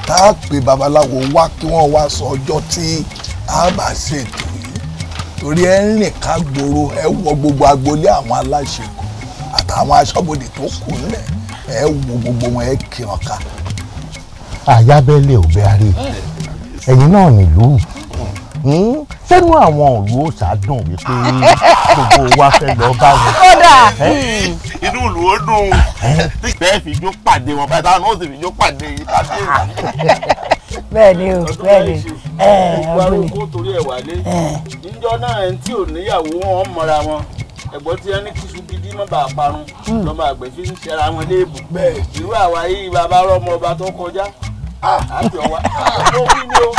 tá a pè babaláwo wá kí wọ́n wá sọ ọjọ́ tí a bá ṣètò yìí torí ẹ ń rìn ká gbòòrò ẹ wọ gbogbo agboolé àwọn aláṣẹ àtàwọn aṣọ́bodè tó kù nílẹ̀ ẹ wo gbogbo wọn ẹ kí wọn ká. àyábẹ́lẹ̀ ò bẹ́ àárẹ̀ ẹ̀yin náà nìlú sẹ́nu hmm? àwọn òru ó ṣàdùn wípé gbogbo wa fẹ́ lọ bá wọn. kódà inú ìlú ó dùn bẹ́ẹ̀ fìjó pàdé wọn báyìí táwọn náà sì fìjó pàdé yìí tàbí èrò.
bẹ́ẹ̀ ni o bẹ́ẹ̀ ni
ẹ ẹ ọdún ni. ìgbà tó torí ẹ̀ wálé níjọ́ náà ẹni tí ò níyàwó wọn mọ́ra wọn ẹ̀gbọ́n tí wọ́n ní kí ṣubú dín mọ́ bàá parun hmm. lọ́mọ àgbẹ̀ fi ń ṣẹra wọn léèbù irú àwa yìí bàbá rọ́mọ ọba tó kọjá àbí o.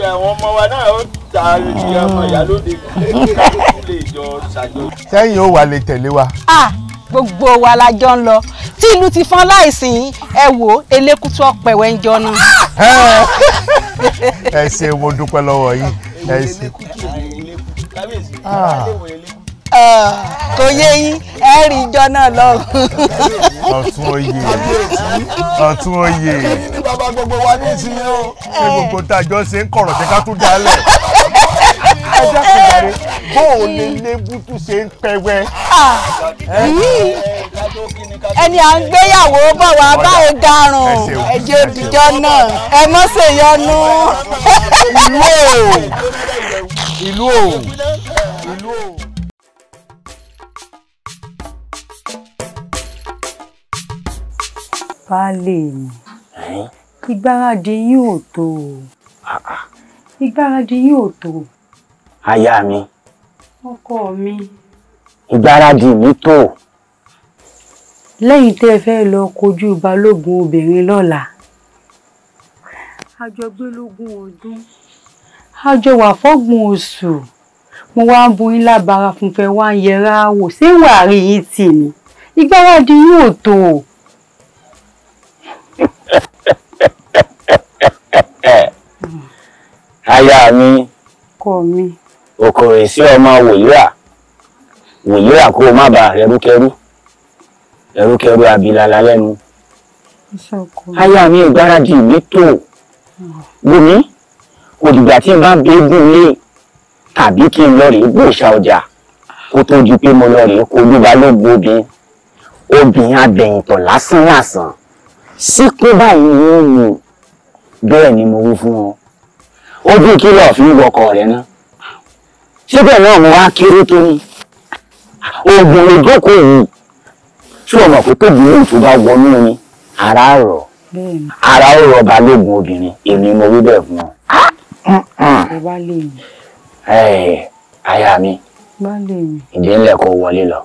àwọn ọmọ wa náà ó ta ìyá ọmọ ìyálóde lè jọ ṣàjọ. sẹ́yìn ó wà lè tẹ̀lé wa.
gbogbo wa la jọ ń lọ tí ìlú ti fọn láìsìn ẹ wo, elékùtù ọ̀pẹ̀wẹ̀ ń jọ nu.
ẹ ṣe mo dúpẹ́ lọ́wọ́ yìí ẹ ṣe. kábíyèsí kábíyèsí.
Ah, kò yé yín ẹ rí ijọ́ náà lọ́hùn. ọ̀tún oyè
ọ̀tún oyè. bàbá gbogbo wa ní ìsinmi o. ṣé gbogbo tá a jọ ṣe ń kọ̀rọ̀ ṣe ká tún dálẹ̀. ẹ dákun dáre bóò ni lébùtù ṣe ń pẹ́wẹ́. Ah, ẹni à ń gbéyàwó
bọ̀ wá bá ò darun ẹjẹ òdìjọ́ náà ẹ mọ́ ṣèyọnu.
ìlú o ìlú o.
baálé mi ìgbáradì yín ò tó o ah, ah. ìgbáradì yín ò tó o. aya mi. ọkọ mi.
ìgbáradì mi tó o.
lẹ́yìn tẹ́ ẹ fẹ́ lọ kojú balógun obìnrin lọ́la àjọgbélógún ọdún àjọ wà fọ́gbọ̀n oṣù mo wá ń bu yín lábara funfẹ́ wá ń yẹra wò ṣé wàá rí yín tì mí ìgbáradì yín ò tó o.
aya mi kò mi okore sí ọmọ wòyíra wòyíra kó o má ba ẹrúkẹrú ẹrúkẹrú abilala lẹ́nu aya mi ìgbáradì mi tó gbomi kò dìgbà tí n bá gbégún lé tàbí kí n lọ rèé gbòòṣà ọjà kó tó di pé mo lọ rèé kojú balógun obìnrin obìnrin abẹ̀yìntọ̀ lásán lásán síkú báyìí ni ó mú bẹ́ẹ̀ ni mo wí fún wọn ojú kí lọ́ọ̀ fi ń wọkọ̀ rẹ̀ ná síbẹ̀ náà mo wá kéré tó ní oògùn ìjókòó yìí tí ọmọ pé tóbi yóò tó bá wọnú ni ara rọ̀ ara ó rọ̀ balógun obìnrin èmi mo wí bẹ́ẹ̀ fún ọ. aya mi ìdí ńlẹ̀ kó wọlé lọ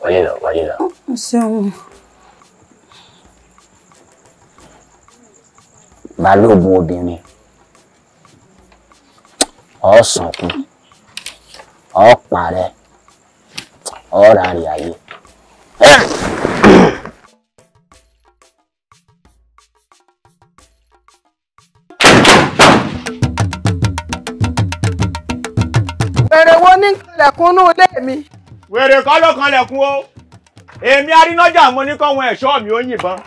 wọlé lọ wọlé lọ. balógun obìnrin ọ̀sànkú ọ̀pàrẹ ọ̀ràrí ayé. wèrè wo ní kanlẹ̀kùn inú ilé mi. wèrè kọ́ ló kanlẹ̀kùn o èmi arínájà mo ní kọ́ wọn ẹ̀ṣọ́ mi ó yìnbọn. *laughs*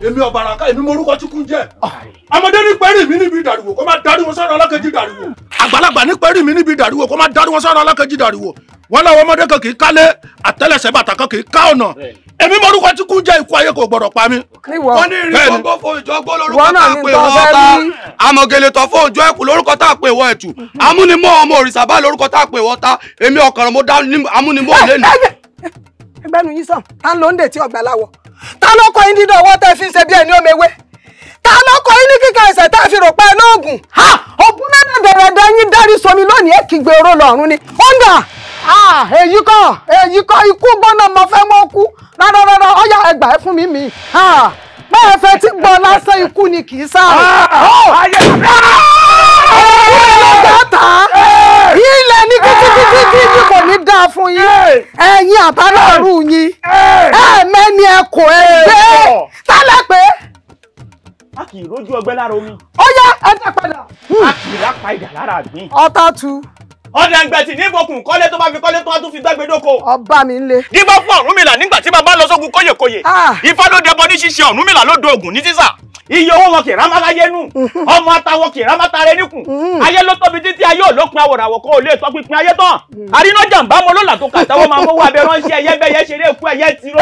èmi ọ̀bàràká èmi morúkọ tí kún jẹ́ ah. ọmọdé ní pẹ́rì mi níbi ìdàrúwò kó má darí wọn sọ́dọ̀ ọlọ́kẹ́jì dàrúwò àgbàlagbà ní pẹ́rì mi níbi ìdàrúwò kó má darí wọn sọ́dọ̀ ọlọ́kẹ́jì dàrúwò wọn lọ́wọ́ ọmọdé kan kì í kálé àtẹ́lẹsẹ̀ bàtà kan kì í ká ọ̀nà èmi morúkọ tí kún jẹ́ ikú ayé kò gbọ́dọ̀ pa mí. wọ́n ní ìrìn gbogbo
fún ìjọ gbọ́ lórúkọ tá a pè wọ́n
ọba amọ̀gẹ̀lẹ̀ tọ̀ fún ìjọ ẹ̀kú lórúkọ tá a pè wọ́n ẹ̀tù mm-hmm. amúnimọ́ ọmọ òrìṣà báyìí lórúkọ tá a pè wọ́n ta èmi ọ̀kànràn mo dá amúnimọ́ ọ̀lẹ́nu.
ẹgbẹ́ nu yín sàn tá ń lo oúnjẹ tí ọ̀gbà láwọ̀ ta ló kọ yín dídán ọwọ́ fi ń ṣe bí ẹni ó mewé ta ló kọ yín kíkà ẹsẹ̀ tá fi rò pa ẹ lóògùn ha òkun náà dẹ̀rẹ̀dẹ̀ yín dárí somi lónìí èkìgbè oró lọ́rùn ni ó
ń dà èyí kọ́ èyí kọ́ ikú gbọ́nà mo fẹ́ mọ́ kú rárá rárá ọ̀yà
ẹgbà ẹ fún mi mi Ha. fẹ́ tí gbọ́ lásán ikú ni kì í sáà ilẹ̀ ní kíkíkíkí
ni kò ní dáa fún yín ẹ̀yin àbálọ́ọ̀rù yín ẹ̀ẹ̀mẹ́ni ẹ̀kọ́ ẹ̀gbẹ́ tálẹ̀ pé. a kì í rójú ọgbẹ́ lára omi. ó yá ẹ padà. a kì í rápa ìdà lára àgbín. ọ̀tá tu. ọ̀dà ìgbẹ̀tì ní ìbòkùn kọ́lé tó bá fi kọ́lé tó wá tún fi gbẹ́gbẹ́ dóko. ọba mi le. dígbà fún Ọ̀rúnmìlà nígbà tí bàbá lọ sógun kóyèkóyè. Ah! Ifá ló dẹbọ ní ṣíṣe Ọ̀rúnmìlà ló do ní sísà iye owó wọn kìí rámáláyé nù mm-hmm. ọmọ àtàwọn kìí rámátàrẹ níkùn mm-hmm. ayé ló tóbi títí ayé òlópin àwòràwọ̀ kan ò lè sọ pínpín ayé tán mm. àrínájàmbá mọ lọ́là tó kàtàwọ́ máa mọ́wọ́ abẹ ránṣẹ́ ẹyẹ bẹ́yẹ ṣeré èkú ẹyẹ tìró.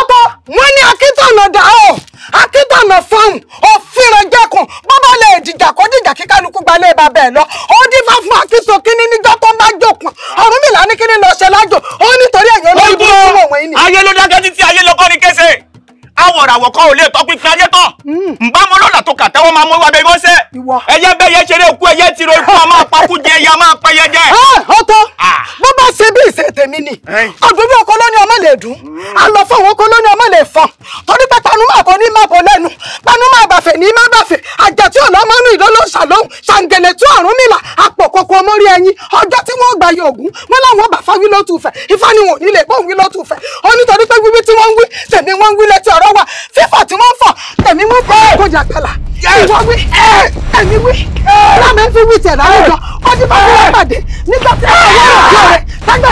ọkọ wọn ní akíntànà dà ọ akíntànà fún òfin rẹ jẹkùn bàbá
lè dìjà kó dìjà kí kálukú gbalẹ̀ bàbá ẹ lọ ó dífá fún akíntàn kíní níjọ́ tó bá jòkun
ọ̀rùnmìlà ní kíní lọ ṣe lájò ó nítorí ẹ̀yọ́ ló ń bọ́ ọmọ òun yìí ni. ayé ló dákẹ́ títí ayé lọ́kọ́ ni kése. àwọn ìràwọ̀ kan ò lè tọ́ pínpín ayé tán hmm. ǹbá mo lọ́là tó kàtẹ́wọ́ máa mú ìwà bẹ́ẹ̀ gbọ́nsẹ́ ẹyẹ bẹ́yẹ ṣeré ikú ẹyẹ tiro ikú a máa pakú jẹ ẹyẹ a máa pa ẹyẹ jẹ. ọ̀tọ̀ bó bá ṣe bí ìṣe tèmi ni ọdúnrún ọkọ ló ọmọ lè dùn hmm. àlọ fún ọkọ
ọmọ lè fọn torí pé ní ní má bàfẹ
ṣàǹgẹlẹ tí ọrùn mìlà ọmọrí ẹyin tí wọn gbà yọ ògún wọn làwọn bàfá wà fífọ̀ tí wọ́n fọ̀ tẹ̀mí mú bẹ́ẹ̀ kó jà ìwọ wí
ẹ̀mí wí láàmì fi wí tẹ̀ láàrín lọ ti máa fi pàdé nígbà tí àwọn ọmọ ìjọ rẹ tágbà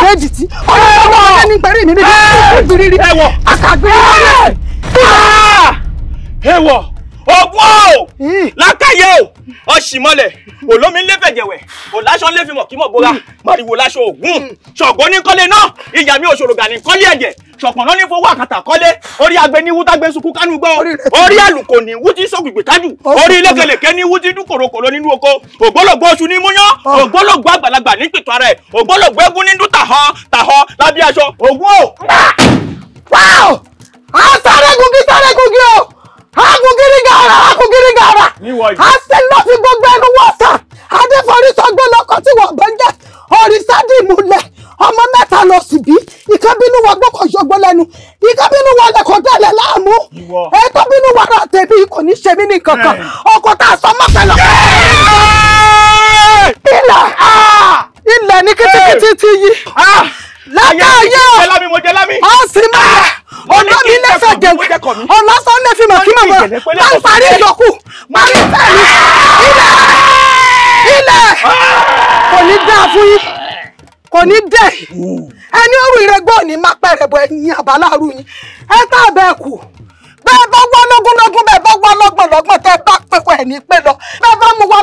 tí wọ́n tí ọ̀rọ̀ ọmọ ọ̀rẹ́ ní gbẹ̀rí mi níbi
àkàgbé rẹ̀. ẹ̀wọ̀ ah! ògùn o hmm. lákàyè o ọ̀ṣìmọ̀lẹ̀ olómi lẹ́fẹ̀jẹ̀wẹ̀ òláṣọ lẹ́fìmọ̀ kí mọ̀ bóra mọ̀rìwò hmm. láṣọ ògùn hmm. ṣọ̀gbọ́n ní kọ́lé náà ìyá mi òṣòrògà ní kọ́lé ẹ̀jẹ̀ ṣọ̀pọ̀nà ní fowó àkàtà kọ́lé orí agbe ní wútá gbé sunkún kánú gbọ́ orí àlùkò ní wútí sọ́gbìgbè kájù orí ilékelèké ní wútí dún kòròkòrò nínú oko ògbólógbó oṣù ní múyán ògbólógbó àgbàlagbà ní pìtàn rẹ̀ ògbólógbó egun ní dún tàhọ́ tàhọ́ lábí aṣọ ògùn o.
a sáré gungi sáré gungi o gara, gara. I akungiri gàrà akungiri gàrà àti lọ́fi gbogbo ẹnu wọ́ta adéfọ́rí sọgbó lọ́kọ tí wọ́n bẹ́ ń jẹ́
òrìṣà dìmúlẹ̀ ọmọ mẹ́ta lọ sì bí ìkan bínú wọn gbọ́kọ̀ ṣọgbó lẹ́nu ìkan bínú wọn lẹ́kọ̀ dẹ́lẹ̀ láàmú ètò bínú wọn rà tẹ̀bí kò ní ṣe mí ní kankan ọkọ̀ tá a sọ mọ́ pẹ̀lú.
ilẹ̀ ah. ilẹ̀
ní kitikiti ti yí ah. látàyè ọ̀sìn máa. Ah. onu lẹ́sẹ̀ jẹun ọ̀lásán lè fi mọ̀ kí màmá bá ń parí ìyọkù parí
ìtẹ̀lú
ilẹ̀ ilẹ̀ kò ní dáa fún yín kò ní dẹ̀ ẹni òrùn ìrẹ́gbọ́ ní má pẹ̀rẹ̀ bọ̀ ẹ̀yìn àbáláàrú yín
ẹ tá bẹ́ẹ̀ kù bẹ́ẹ̀ bá wá lógúnlógún bẹ́ẹ̀ bá wá tẹ́ lọ bẹ́ẹ̀ bá mú wá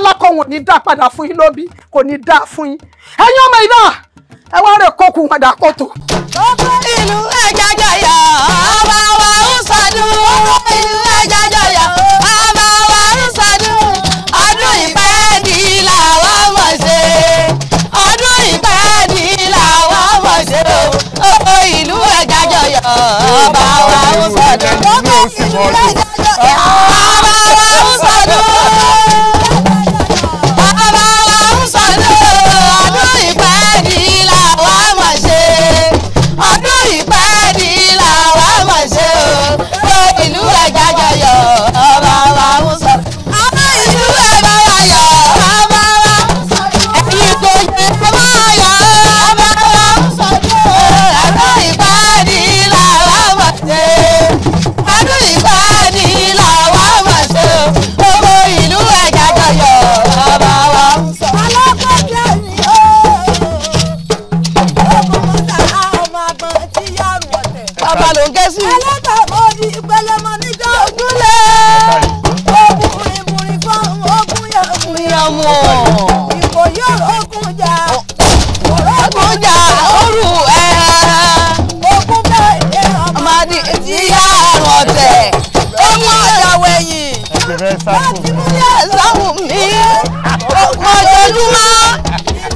ní dá padà fún yín lóbi kò ní fún yín ẹ̀yin
ọmọ Ọkọ ìlú ẹja jọyọ̀, ọba wa ń sọdún. Ọkọ ìlú ẹja
jọyọ̀, ọba wa ń sọdún. Ọdún ìpẹ́ẹ́dì làwọn mọ̀ ṣe. Ọdún ìpẹ́ẹ́dì làwọn mọ̀ ṣe o. Ọkọ ìlú ẹja jọyọ̀, sí. ẹlẹ́tà mo di ìpele mo níjọ́ ogun ìbùrìn fún ogun yàmù ìkòyí ogun jà
ogun jà oru ẹ̀ ogun bẹ́ẹ̀ ni ọmọdé ti yá àrùn ọ̀tẹ̀ ọmọ ọ̀dà wẹ̀yìn láti
múlẹ̀ sáwùn mi ogun ọjọ́júmọ́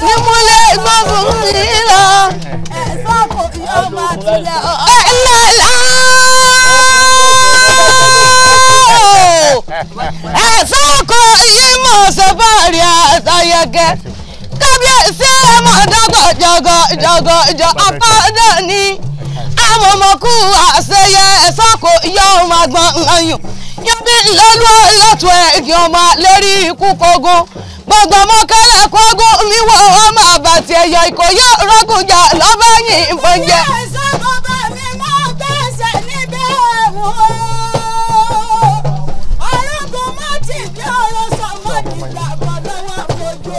ní múlẹ̀ gbọ́ngùn mi lọ. ẹ̀sán kò yọ ọmọ àtúlẹ̀ ọ̀. gẹ́gẹ́ kábíyèsí ẹmọ
dọgọ jọgọ jọgọ jọ ọpọ náà ni amọmọkú àṣeyẹ ẹsọkò yọ ọmọ agbọn ọyùn yọbí lọlú ọlọtún ẹgì
ọmọ lérí ikú kogun gbogbo ọmọ kogun mi wọ ọmọ àbàtì ẹyọ ìkòyí rọgùn jà lọbẹyìn ìbọn jẹ.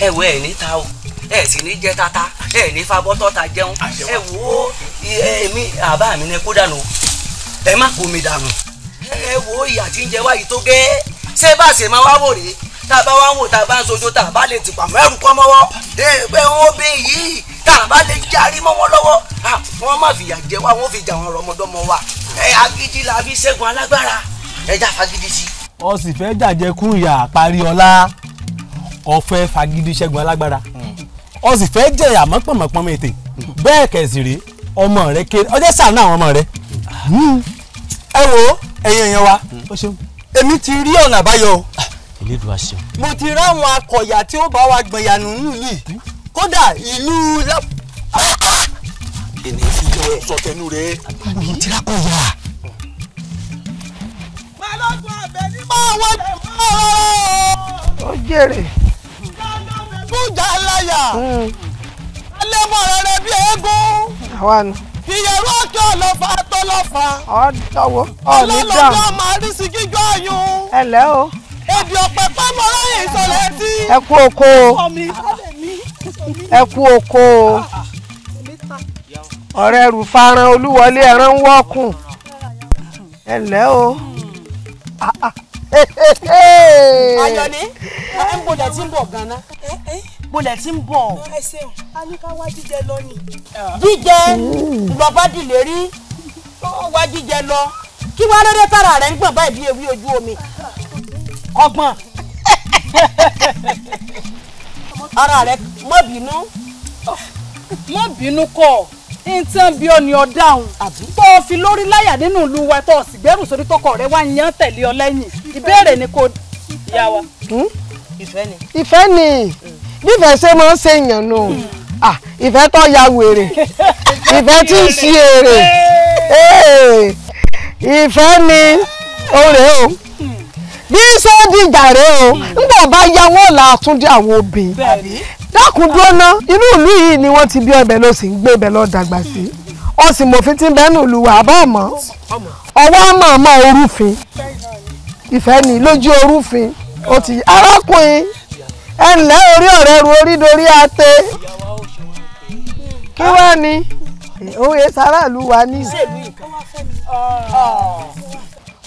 ẹ wo ẹ̀ níta o ẹ sì ní jẹ tata ẹ ní fabọtọ ta jẹun ẹ wo èmi àbá mi ní kó dànù ẹ má kó mi dànù ẹ wo ìyà tí ń jẹ wáyé tó gẹ́ ṣé bá ṣe máa wá wò rèé tá a bá wá ń wò tá a bá ń sojú tá a bá lè tìpà mọ́ ẹrù kọ́ mọ́wọ́ ẹgbẹ́ wọn bẹ yìí tá a bá lè jarí mọ́
lọ́wọ́ wọn má fìyà jẹ wá wọn fi jà wọn rọmọdọ́mọ wa ẹ agídí la fi ṣẹ́gun alágbára ẹ já fagídí sí.
ó sì fẹ́ jàjẹkù ìyá àparí ọlá ọ̀fẹ́ fagídí ṣẹ́gun alágbára ọ sì fẹ́ jẹ àmọ́ pọ̀mọ̀pọ̀mọ̀ ètè bẹ́ẹ̀ kẹ̀sì rèé ọmọ rẹ kéré ọjọ́ sàánú àwọn ọmọ rẹ. ẹ wo ẹ̀yin èèyàn wa èmi ti rí ọ̀nà àbáyọ. Ah, Elédùà ṣeun. mo ti ráwọn akọ̀yà tí ó bá wa gbẹ̀yànú nù yìí kódà ìlú ènìyàn fi yọ sọtẹnu rẹ. mi ti ra kọ ya.
pẹ̀lú ọdún àbẹ̀ ní. máa ó jèrè jà láyà alẹ́mọ̀ rere bí eégún ìyẹ̀rú ọjọ́ ọlọ́fà tó ọ̀dọ́wọ́ ọ̀ní dàn ọlọ́lọ́jọ́ máa rí sí gíjọ́ ọyún ẹ̀lẹ́ o èdè ọ̀pẹ pẹ́mọ́ ráyè ìsọ̀rọ̀ ẹtí ẹ
oko ẹ oko ọ̀rẹ́ rùfaran olúwọlé ẹran wọ́ọ̀kùn ẹ̀lẹ́ o ah, ah. *laughs* ayọ̀ni
ẹ̀ ń bọ̀dẹ̀ tí ń bọ̀ gan-an. Eh, eh mo lẹ̀ ti ń bọ̀. ẹ ṣeun a ní ká wá jíjẹ lọ ni. jíjẹ lọ bá dìlé rí ó wá jíjẹ lọ kí wàá lóde tára rẹ̀ ń gbọ̀n báyìí bí ewì ojú omi ọgbọ́n *laughs* ara rẹ̀ má bínú. má bínú kọ́
nǹkan bí ọ ni ọ dáhùn tó o fi lórí láyà nínú ìlú wa tó o sì gbẹrù sórí tọkọ rẹ wá yan tẹ̀lé ọ lẹ́yìn ìbéèrè ni kò yá wa. Hmm? ìfẹ́ ni. ìfẹ́ ni. Mm bífẹ̀ ṣe máa ń ṣe èèyàn nù ìfẹ́ tó ya wèrè ìfẹ́ tí ń ṣe èrè ìfẹ́ ni
òrè o bí ṣe dìjà rè o nígbà bá ya wọn là àtúndí àwọn obìnrin dákun dúró ná inú ìlú yìí ni wọ́n ti bí ọbẹ̀ lọ sí ń gbé ibẹ̀ lọ dàgbà sí ọ̀sìn mòfin ti bẹ́ẹ̀ nù lù wà bá ọmọ ọwọ́ àmọ́ àmọ́ orúfin
ìfẹ́ ni lójú orúfin ó ti arákùnrin ẹ ǹlẹ́ orí ọ̀rẹ́ ru orí dorí ate kí wá ni òye sàràlú wa ní.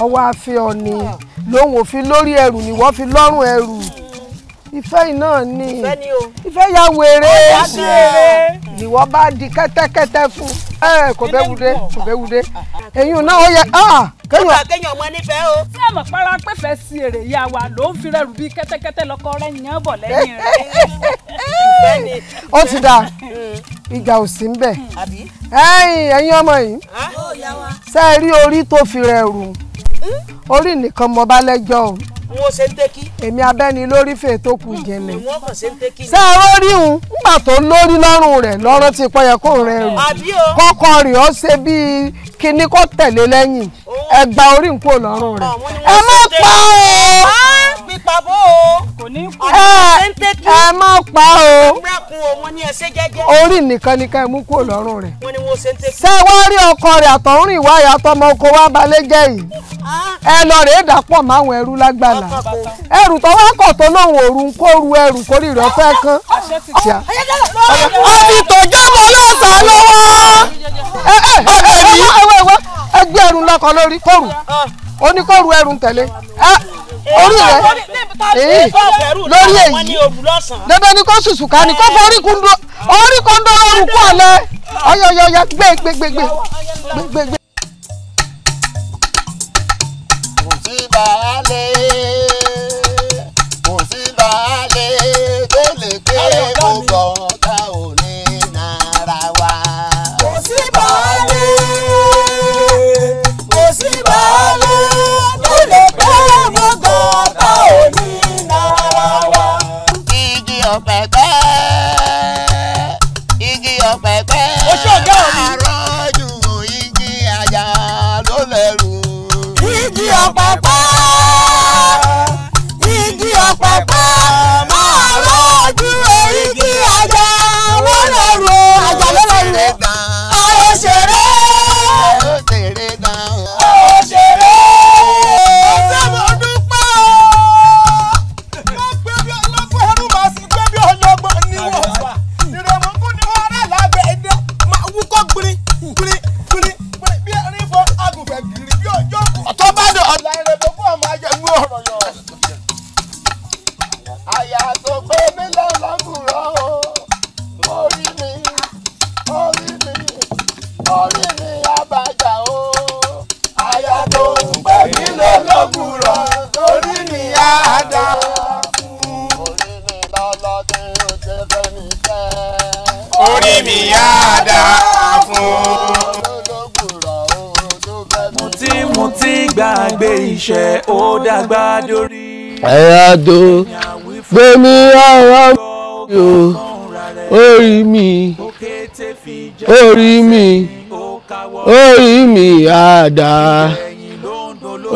ọwọ́ àfihàn ni lòun ò fi lórí ẹrù ni wọ́n fi lọ́rùn ẹrù ìfẹ́ iná ni ìfẹ́ ya wèrè ìwọ bá di kẹ́tẹ́kẹ́tẹ́ fún ẹ kò bẹ́ wude kò bẹ́ wude ẹ̀yin náà ó yẹ kẹ́yìn kẹ́yìn ọmọ nífẹ̀ẹ́ o. ṣé àmọ̀ para pẹ́fẹ́ sí èrè ìyá wa ló ń fi rẹrù bíi kẹ́tẹ́kẹ́tẹ́ lọ́kọ rẹ̀ yàn bọ̀ lẹ́yìn rẹ̀. ó ti dà ìjà ò sí ń bẹ̀ ẹ̀yin ọmọ yìí ṣe é rí orí tó fi rẹ̀ rù orí nìkan mo bá lẹ́jọ́ o. wọn ṣe ń tẹ́kí. èmi abẹ́ni lórí fèè tó kù jẹ̀lẹ̀. ìwọ́n kàn ṣe ń tẹ́kí. ṣé ẹ rórí un nígbà tó lórí lọ́rùn rẹ̀ lọ́rọ́ ti pẹ́yẹ kó rẹ̀ rù. kọ́kọ́ rẹ̀ ọ́ ṣe bíi kinní kó tẹ̀lé lẹ́yìn oh. ẹgbà orí nǹkó lọ́rùn rẹ̀. ẹ má pa ọ́. Ah! fi pa bó o. kò ní kú. ẹ má pa o. gbẹ́kun o wọn ní ẹsẹ̀ jẹ́jẹ́. orí nìkan ni ká ẹ mú kúrò lọ́rùn rẹ̀.
wọ́n ní wọ́n ṣe ń tẹ́kí. ṣé wọ́n rí ọkọ rẹ̀ àtọ̀rìn ìwà ìyàtọ̀ ọmọ
oko wa balẹ̀ jẹ́ yìí. ẹ lọ rè é dàpọ̀ máwọn ẹrú lágbàlá. ẹrù tó wá kọ̀ tó lóun òru ń kó ru ẹrù kórì rẹ̀ fẹ́ kán. ó ti tòjọ́ mọ́ lọ́sàn-án lọ́wọ́.
ẹ ẹ ẹ ẹ ẹgbẹ́ ẹrù lọ́kọ̀ lórí kóòrù oníkóòrù ẹrù ń tẹ̀lé
orí rẹ lórí èyí
dandan
ni kó sùsù ká ni kó fọ orí kúndó orí kúndó lórí kú ọ̀lẹ́ ọ̀yọ̀yọ̀yọ̀
gbé gbé gbé gbé gbé gbé.
kò sí bàálẹ̀.
gbé iṣẹ́ ó dàgbà dórí. ẹ̀yàdó gbẹ̀mí ara mi o orí mi orí mi orí mi àdá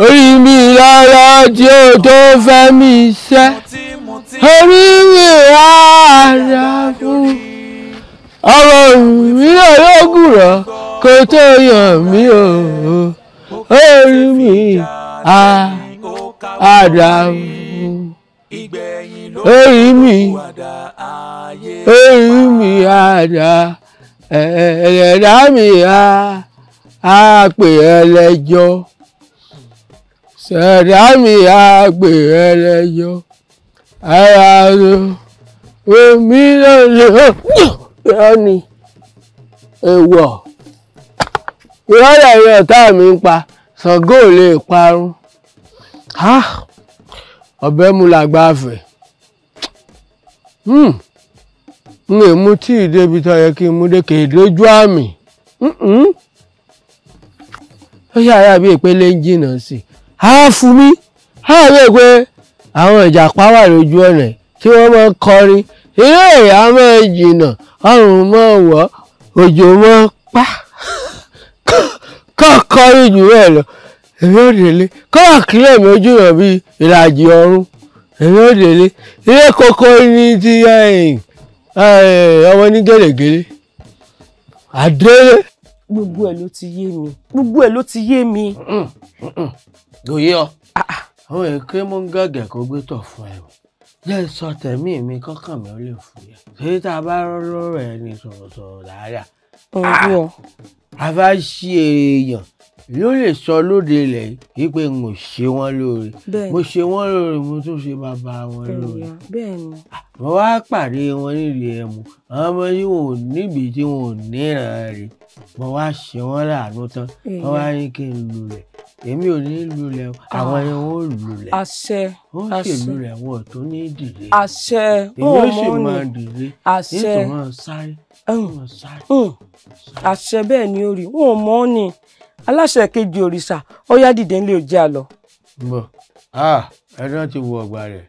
orí mi rárá tí o tó fẹ́ mi ṣẹ́ orí mi rárá fún ọ̀rọ̀ mi náà yóò gùrọ̀ kó tó yàn mí o orí mi á àdá orí mi orí mi àdá ẹ̀ẹ́dá mi á àpè ẹlẹ́jọ́ ṣẹ̀dá mi àpè ẹlẹ́jọ́ ara ló omi lọ́lọ́ yọ ni ewọ̀. ìrọ́lẹ̀ rẹ̀ ọ̀tá mi ń pa Ṣàngó ò lè parun ọ̀bẹ mu làgbà fẹ̀ hmm. n lè mu tíì débi tó yẹ kí n mú dékè lójú àmì ó ṣàyà bí ìpele ń jìnnà sí i á fún mi á rè pé àwọn ìjàpá wà lójú ọ̀nà tí wọ́n máa ń kọrin ilé ìyá máa ń jìnnà ọrùn máa wọ̀ òjò máa pa. kọ́kọ́rí jù bẹ́ẹ̀ lọ èmi ò délé kọ́wà kílẹ̀ mi ojú rẹ̀ bíi ìlàjì ọ̀run èmi ò délé ilé koko ní ti ọmọ ní gèlègèlè àdélé. gbogbo ẹ ló ti yé mi gbogbo ẹ ló ti yé mi. gòyè ọ ah, ah. àwọn èké mú gàgà kó gbé tọ̀ fún ẹ jẹ́ sọ tẹ̀mí mi kọ́kàn mi ó lè fún yẹ. ṣé tá a bá rọ́ọ̀rọ̀ ẹni sọ̀rọ̀sọ̀rọ̀ láàárẹ̀. ọ̀rọ̀ ah! àbáṣe èèyàn ló lè sọ lóde ilẹ̀ yìí pé mo ṣe wọ́n lóore mo ṣe wọ́n lóore mo tún ṣe bàbá wọn lóore
ah, ah,
mo wá pàdé wọn nídìí ẹmu àwọn ọmọ yìí wọn ò níbi tí wọn ò níran rè mo wá ṣe wọ́n láàánú tán wọ́n wá ní kí n lulẹ̀ èmi ò ní lulẹ̀ ah, àwọn yẹn wọ́n lulẹ̀ àṣẹ wọ́n sì lulẹ̀ wọn ò tún ní dìde àṣẹ èmi ò sì máa dìde wọn sáré. Oh. Oh. àṣẹ bẹ́ẹ̀ ni ó rí wọn ò mọ̀ ọ́ ni aláṣẹ kejì òrìṣà ọyá dìde ńlẹ̀ òjì àlọ́. bọ ẹni wọn ti wọ ọgbà rẹ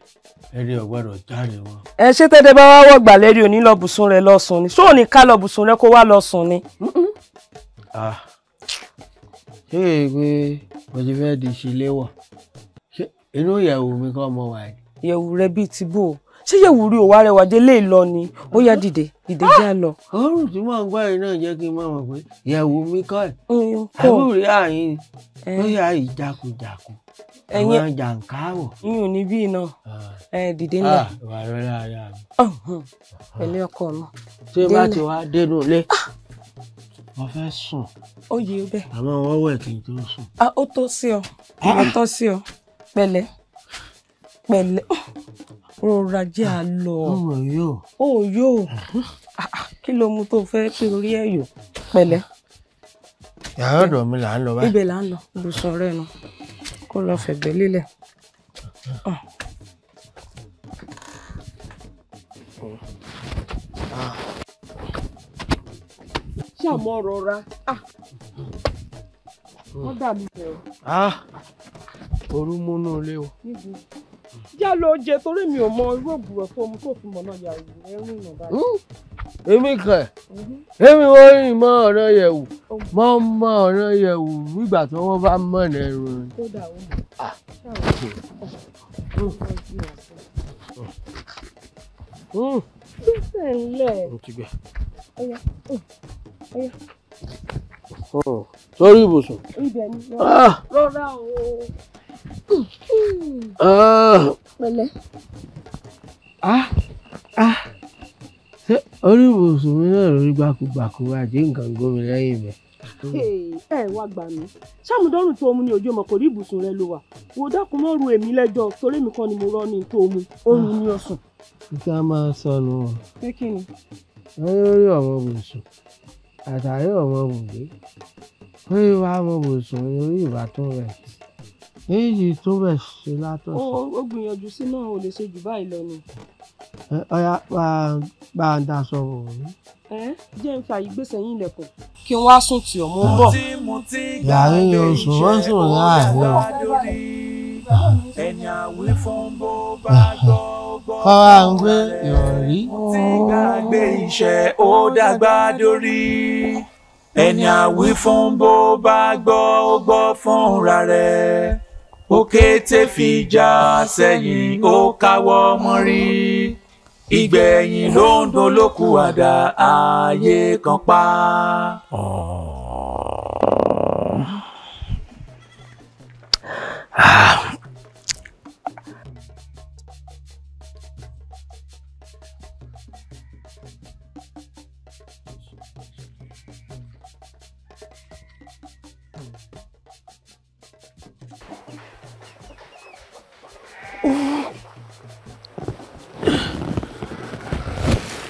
ẹni ọgbàdo jáde wọn. ẹ ṣé tẹ́tẹ́ bá wá wọ̀gbà lẹ́rí òní lọ́bùsùn rẹ lọ́sùn ni ṣóò ní ká lọ́bùsùn rẹ kó wá lọ́sùn ni. ṣé èwe mo ti fẹ́ di ṣílẹ̀ wọ̀ ṣé inú ìyàwó mi kọ́ mọ wà ní. ìyàwó rẹ bíi ti bò ó ṣé yẹ̀wù rí òwà rẹwà dé lè lọ ni ó yá dìde dìde já lọ. ọrùn ah! tí mò ń gbọ́ yìí náà jẹ́ kí n máa mọ̀ pé yẹ̀wù mi kọ́ ẹ̀ àbúrò àyìn ó yà ìjàkùjàkù àwọn jàǹkáwò. yín ò ní bí iná ah. dìde ńlá. Ah,
wà á rọra ara
mi. pẹ̀lú ọkọ mi. ṣé bá ti wá dénú ilé mo fẹ́ sùn. ó o bẹ́ẹ̀. àmọ́ wọ́n wẹ̀ kí n tó sùn. ó tó sí ọ ó tó
sí ọ pẹ̀lẹ́ pẹ̀lẹ́ rọra jẹ́ a lọ. ó yó. ó yó. kí ló mú tó fẹ́ pé orí ẹ̀ yò pẹ̀lẹ́.
yàrá ọ̀dọ̀ mi là ń lọ báyìí.
ibẹ̀ là ń lọ ibùsùn rẹ̀ nu kó lọ fẹ̀gbẹ́ lélẹ̀.
ṣàmọ́ rọra wọ́n dà mí orú múnú ilé o já lọ jẹ torí mi ò mọ irú òbúrọ tó mú tó fi mọ náà yàrá ẹrù ìnà báyìí. Hmm? èmi kẹ mhm. èmi wo ìmọ̀ ọ̀nà yẹ̀wò oh. mọ̀ mọ̀ ọ̀nà yẹ̀wò nígbà tí wọ́n bá mọ̀ ọ̀nà ẹ̀rù rẹ̀. kódà ibùsùn.
Ah. rọra o pẹ̀lẹ́.
ṣé orí ibùsùn mi náà lórí gbàkúgbàkú àti nǹkan gómi lẹ́yìn mi. ẹ wá gbà mí ṣàmùdọ́rùn tó mu ni òjò mọ̀ kò rí ibùsùn rẹ ló wà wò dákun mọ́ ru èmi lẹ́jọ́ torí mi kan ni mo rọ́ ní tó mu oorun ní ọ̀sán. kí a máa sọnù ọ. pé kí ni. wọ́n lórí ọmọ ibùsùn àtàrí ọmọ
ibùgbé wọ́n yóò wá ọmọ ibùsùn lórí ìbátan rẹ̀ èyí tó bẹ̀ ṣe látọ̀.
ó gbìyànjú sí náà ò lè ṣe jù báyìí lọ ni.
ọ̀ya bá a sọ̀rọ̀ òní.
jẹ́ n fi àyè gbèsè yín lẹ̀kùn. kí n wá sùn tì ọ́ ń bọ̀. yàrá yìí o sùn wọ́n sùn láàrin o.
kọ́ra ń gbé
ìrọ̀rí. tí gbàgbé iṣẹ́ ó dàgbà dórí ẹni àwí bó bá gbọ́ ó gbọ́ fúnra rẹ̀ òkété fìjà sẹ́yìn ó káwọ́ mọ́rí ìgbẹ̀yìn ló ń dolókù àdá ààyè kan pa.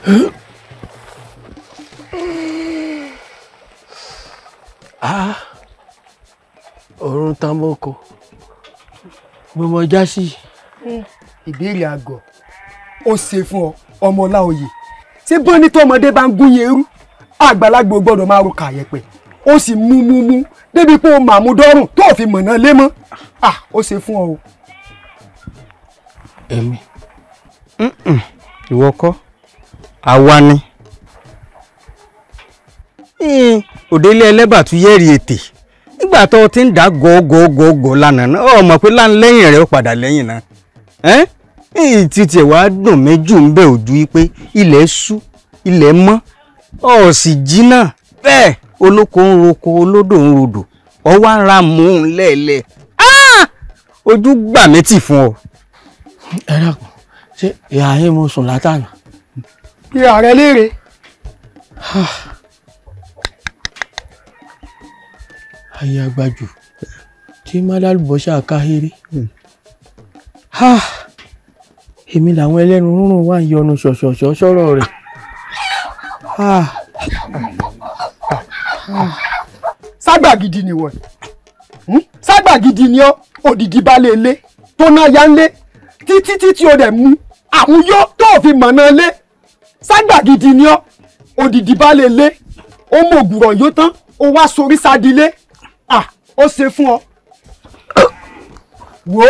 *gasps* ah ọ̀run tamọ́kọ gbọmọ jásí. Hmm. ìbéèrè àgọ̀ ó ṣe fún ọ ọmọ ọláòyè ṣé bọ́ni tó ọmọdé bá ń gún yẹn rú àgbàlagbò gbọ́dọ̀ máa ro kàyẹ̀pẹ̀ ó sì mú mú mú débi pé o màmú dọ́rùn tó fi mọ̀nà lé mọ́ ah ó ṣe fún ọ o. èmi ìwọ kọ́. awani yín òdélé ẹlẹ́bà tún yẹ́rìí ètè nígbà tó ti ń dà gọ́gọ́gọ́gọ́ lánàá ọ mọ̀ pé láńlẹ́yìn rẹ̀ padà lẹ́yìn náà ẹ́n ti tiẹ̀ dùn méjì ń bẹ̀ ojú pé ilẹ̀ ṣú ilẹ̀ mọ́ ọ jí bẹ́ẹ̀ olóko ń roko olódò ń rodò ọ wá ń ra fún ọ. ẹ ṣé yín mo sùn ìrà rẹ léèrè. *sighs* ayé agbájú tí mádàlúbọ̀ṣà káhéré hmm. ah! èmi làwọn ẹlẹ́nu rúnrún wà ń yọnu ṣọ̀ṣọ̀ṣọ̀ sọ̀rọ̀ rẹ̀. Ah! ságbà gidi ni wọ́n hmm? ságbà gidi ni ọ́ òdìdí balẹ̀ ilé tó náà yá ń lé títí títí o dẹ̀ mú àmúyọ́ tó fi mọ̀ náà lé ságbà gidi ni ọ́ òdìdí bá lè lé ó mọ ògùrọ̀ yó tán ó wá sorí sadilé à ó ṣe fún ọ. wo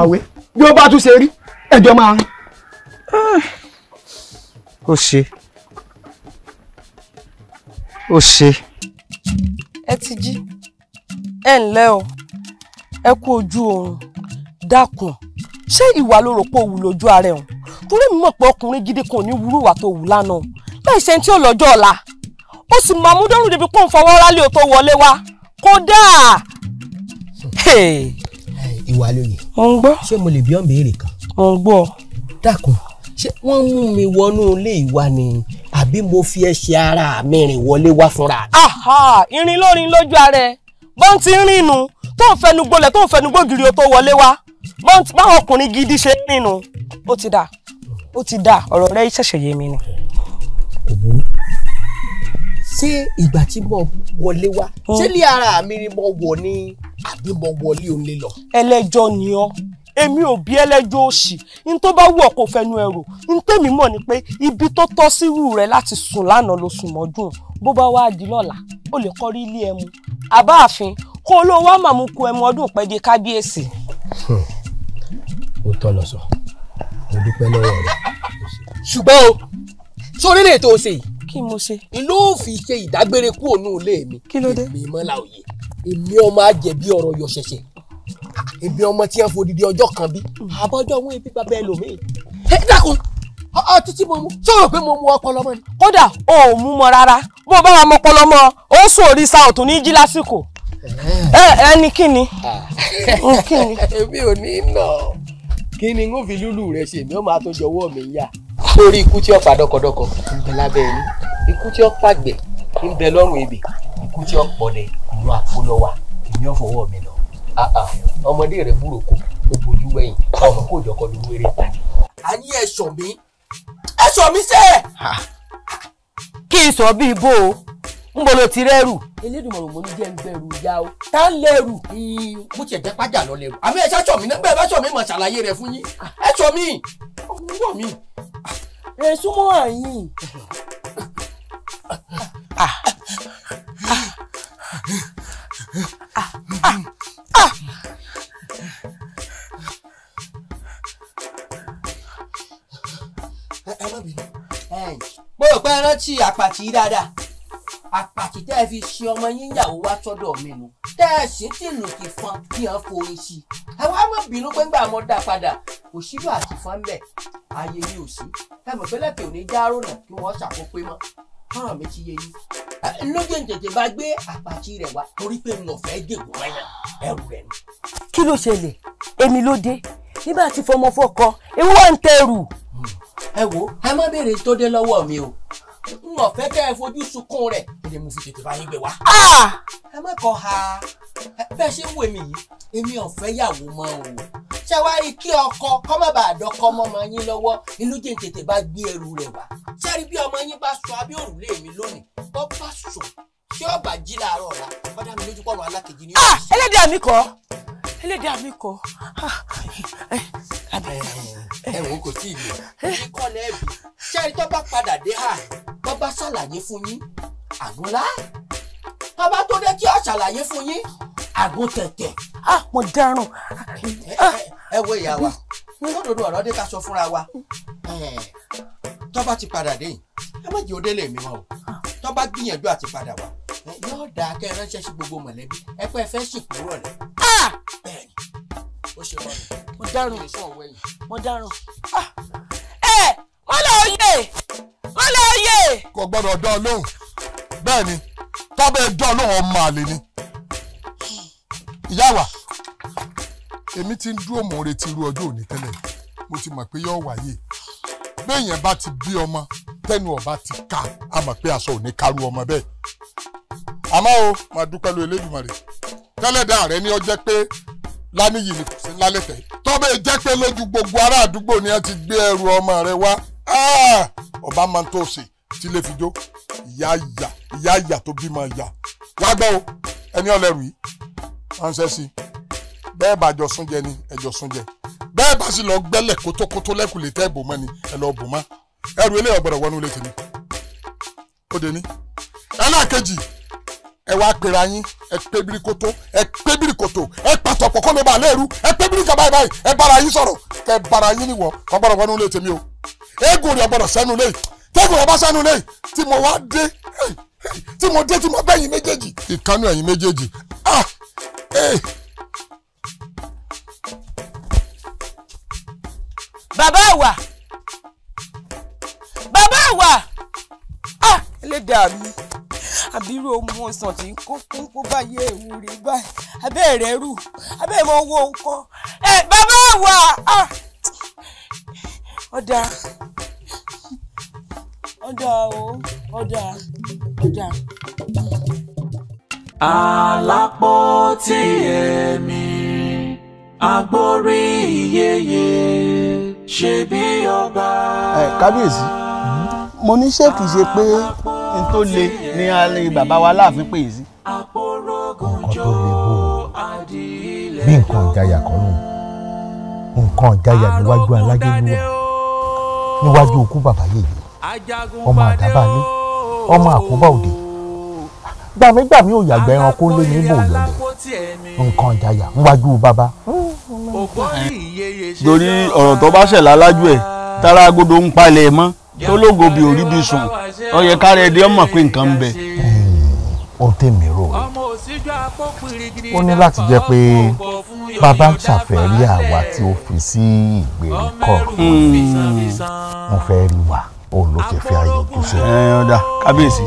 àwẹ bí ó bá tún ṣe rí ẹjọ máa rún.
ó ṣe ó ṣe.
ẹ ti jí ẹ ǹlẹ́ o ẹ kú ojú oorun dákun ṣé ìwà ló rò pé òwú lójú ara ẹ̀hún torí mi mọ̀ pé ọkùnrin gidi kan ò ní wúrú ìwà tó wù lánàá bẹ́ẹ̀ ṣe ń tí ò lọ́jọ́ ọ̀la ó sì máa mú dọ́rùn débi pé fọwọ́ rálé ò tó wọlé wa kódà. ìwà lóye ṣé mo lè bí ọ̀n béèrè kan mo ń gbọ́ dákun ṣé wọ́n mú mi wọnú ilé ìwà ni àbí mo fi ẹsẹ̀ ara mi rìn wọlé wá fúnra mi. irin lórin lójú ara ẹ bọ́n ti rìn inú tó ń fẹnu gbolẹ̀ tó ń fẹnu gbògiri o tó wọlé wá báwọn ọkùnrin gidi ṣe nínú ó ti dà ó ti dà ọ̀rọ̀ rẹ ṣẹ̀ṣẹ̀ yé mi ni. ṣé ìgbà tí mo wọlé wá ṣé lé hmm. ara mi ni mo wọ ní àbí mo wọlé òun lè lọ. ẹlẹ́jọ́ ni ọ èmi ò bí ẹlẹ́jọ́ òṣì ní tó bá wù ọ́ kó fẹnu ẹ̀rọ ní tèmi mọ̀ ni pé ibi tó tọ́ sí rẹ láti sùn lánàá ló sùn mọ́dún bó bá wá di lọ́la ó lè kọ́rí ilé ẹmu àbáàfin kó ló wá ẹmu ọdún pẹ́ di kábíyèsí. Hmm. ó tọ̀nà sọ mo dúpẹ́ lọ́wọ́ rẹ. ṣùgbọ́n o sórí lè tó o ṣe yìí. kí mo ṣe. ìlú òfin ṣe ìdágbére kú òun ilé mi. kí ló dé. èmi mọ́lá òye èmi ọmọ àjẹbí ọ̀rọ̀ yọ ṣẹ̀ṣẹ̀ èmi ọmọ tí wọ́n fòdìdí ọjọ́ kan bí àbọ̀jọ́ wọn ebi bàbá ẹlòmíì. ẹ dákun ọtí tí mo mú sọ̀rọ̀ pé mo mú ọpọlọ mọ́ ni. kódà o ò mú mọ rárá bó bá wa mọ ọpọlọ mọ o sùn òrìṣà ọ̀tún ní jí lásìkò. Eh, eh, ah. ẹni kíni kíni. èmi ò ní nà kí ni n ó fi lúlù rẹ ṣe èmi ó máa tó jọ̀wọ́ mi yá sórí ikú tí ó pa dọkọdọkọ ń bẹ lábẹ́ ẹni ikú tí ó pàgbẹ̀ ń bẹ lọ́rùn ebè ikú tí ó pọdẹ inú àpolówà èmi ò fọwọ́ mi lọ ọmọdé rẹ búròkó o bojú wẹ̀yìn ọmọ kò jọkọ lórí eré ta. a ní ẹ̀ṣọ́ mi ẹ̀ṣọ́ mi sẹ́ẹ̀. kí n sọ bí bó o. ń bolo ti rẹ́rù. Elédùmarè mo ní jẹ́ ń bẹ̀rù ìyá o tá ń lẹ́rù. mo tiẹ̀ jẹ́ pàjà lọ lẹ́rù àmì ẹ̀ ṣàṣọ mi náà bẹ́ẹ̀ bá ṣọ mi mọ̀ ṣàlàyé rẹ̀ fún yín ẹ̀ ṣọ mi ọ̀hún mi. rẹ̀ súnmọ́ àyìn. mo rò pé ẹ rántí àpàtì dáadáa àpàtì tẹ́ ẹ fi ṣe ọmọ yín yàwó wá sọ́dọ̀ mi nù tẹ́ ẹ sì ti lù kí fan kí hàn forí sí i àwọn àmọ́ bínú pé ńgbà mọ́ dá padà kò sílò àti fan bẹ́ẹ̀ ayé mi ò sí ẹ mọ̀ pé lẹ́kẹ̀ẹ́ òní járó náà kí wọ́n ṣàkópé mọ́ ọ̀rọ̀ mi ti yé yín lójú tètè bá gbé àpàtì rẹ̀ wá torí pé n ò fẹ́ gègùn rẹ̀ ẹrù rẹ̀ ni. kí ló ṣẹlẹ̀ èmi ló dé nígbà tí fọmọfọ kọ ewu ń tẹrù. ẹ wo ẹ má béèrè tó dé lọ́wọ́ mi o n ò fẹ́ kẹ́ ẹ fojú sunkún rẹ̀ ni mo fi tètè bá yín gbé wá. Ah! ẹ má kọ ha bẹ́ẹ̀ ṣe ń wò mí yìí èmi ò fẹ́ yàwó mọ́ o ṣé wàá rí kí ọkọ kọ́ má bàa dọ́kọ́ mọ́ ọmọ yín lọ́wọ́ inú jẹ́ tètè bá gbé ẹrù rẹ̀ wá ṣé rí bí ọmọ yín bá sọ abẹ́ òrùlé mi lónìí bọ́ bá sọ ṣé ọba jí láàárọ̀ ọ̀la bá mi lójú pọ̀ alákejì ní. Ah! ẹlẹ́dàá mi kọ́ ẹlẹ́dàá mi kọ́. Ah! Eh, eh, ẹ̀wọ̀n kò tí ì lò ẹ̀yìn kọ́ lẹ́ẹ̀bì ṣé ẹni tó bá padà dé hà tó bá ṣàlàyé fún yín àgúnlá bàbá tó dé tí ó ṣàlàyé fún yín àgún tẹ̀tẹ̀. a mo dáràn. ẹ wo ìyá wa lódodo ọ̀rọ̀ dé ká sọ fúnra wa tó bá ti padà dé ẹ má jẹ́ ó délé mi mọ́ o tó bá gbìyànjú àti padà wá yóò dáa kẹ́ ẹ ránṣẹ́ sí gbogbo mọ̀lẹ́bí ẹ pé ẹ fẹ́ sìnkú rọ̀ rẹ̀. bẹ́ẹ̀ ni ó ṣe wà ní. mo dáràn mo dáràn. ẹ ah! wọ́n eh! lọ yé wọ́n lọ yé. kò gbọ́dọ̀ dán ọ lóhùn bẹ́ẹ̀ ni tábẹ́ dán ọ lóhùn ọmọ àlè ni. ìyá wa èmi ti ń dúró mò ń retí irú ọjọ́ òní tẹ́lẹ̀ mo ti mọ̀ pé yóò wáyé béèyàn bá ti bí ọmọ tẹnu ọba ti ka a mọ̀ pé aṣọ òní karú ọmọ bẹ́ẹ̀ àmọ́ o máa dúpẹ́ lu Elédùmarè tẹ́lẹ̀dá rẹ ni ó jẹ́ pé ńlá ni kò sí ńlá lẹ́tẹ̀. tọ́bẹ̀ jẹ́ pé lójú gbogbo ará àdúgbò ni wọ́n ti gbé ẹrù ọmọ rẹ wá ah! ọba máa ń tó ṣe tí lè fi jó ìyá ìyá ìyá ìyá tó bímọ ìyá wá gbọ́ o ẹni ọlẹ́rù yìí ránṣẹ́ sí i bẹ́ẹ̀ bá jọ súnjẹ ni ẹjọ súnjẹ bẹ́ẹ̀ bá sì lọ gbẹ́lẹ̀ kótókótó lẹ́kùlé tẹ́ bò mọ́ ni ẹ lọ bò mọ́ ẹrù eléyàwó gbọ́dọ̀ wọnú ilé tèmi ó dé ní ẹlẹ́ẹ̀kejì ẹ wá pera yín ẹ pé birikoto ẹ pé birikoto ẹ pàtọ́pọ̀ kó mi bà lẹ́rú ẹ pé birika báyìí báyìí ẹ bára yín sọ̀rọ̀ kẹ bára yín nìwọ kọ́ gbọ́dọ̀ wọnú ilé tèmi o eégún rẹ̀ gbọ́dọ̀ sẹ́nu lé tẹ́gùn ọba sẹ́nu lé tí mo wá dé tí mo dé tí mo bẹ́yìn méjèèjì ìkánú ẹ̀yìn méjèèjì ah ee. bàbá àwà bàbá àwà ah ẹlẹ́dàá mi àbírú ohun ọ̀sán tí kò kún kó báyé ewu rí báyìí abẹ́ rẹ̀ rù abẹ́ mọ owó nǹkan ẹ bàbá wa ah! ọ̀dà ọ̀dà o ọ̀dà ọ̀dà. Alápótí ẹ̀mí agbórí iyeye ṣe bí ọba. ẹ kábíyèsí mo ní ṣé ṣe pé tó le ni bàbá wa láàfin pè é sí. nǹkan tó le bò ó bí nǹkan ìjayà kan nù nǹkan ìjayà níwájú alágẹ̀lúwà níwájú òkú bàbá yèyé ọmọ àdábà ní ọmọ àkóbá òde gbàmígbàmí òyàgbẹ́ ẹranko lé ní ibò yọ̀lẹ̀ nǹkan ìjayà níwájú bàbá. torí ọ̀rọ̀ tó bá ṣẹlá lájú ẹ̀ tára agodo ń palẹ̀ mọ́ tó lógo bí orí bí sùn ó yẹ ká rẹ dé ọmọ pé nǹkan ń bẹ. ó tèmi rò ó ní láti jẹ́ pé bàbá ń ṣàfẹ́rí àwa tí ó fi sí ìgbèríko hmm. mo fẹ́ rí wa òun ló ti fi ayé ojú sí. ẹ ọ̀dà kábíyèsí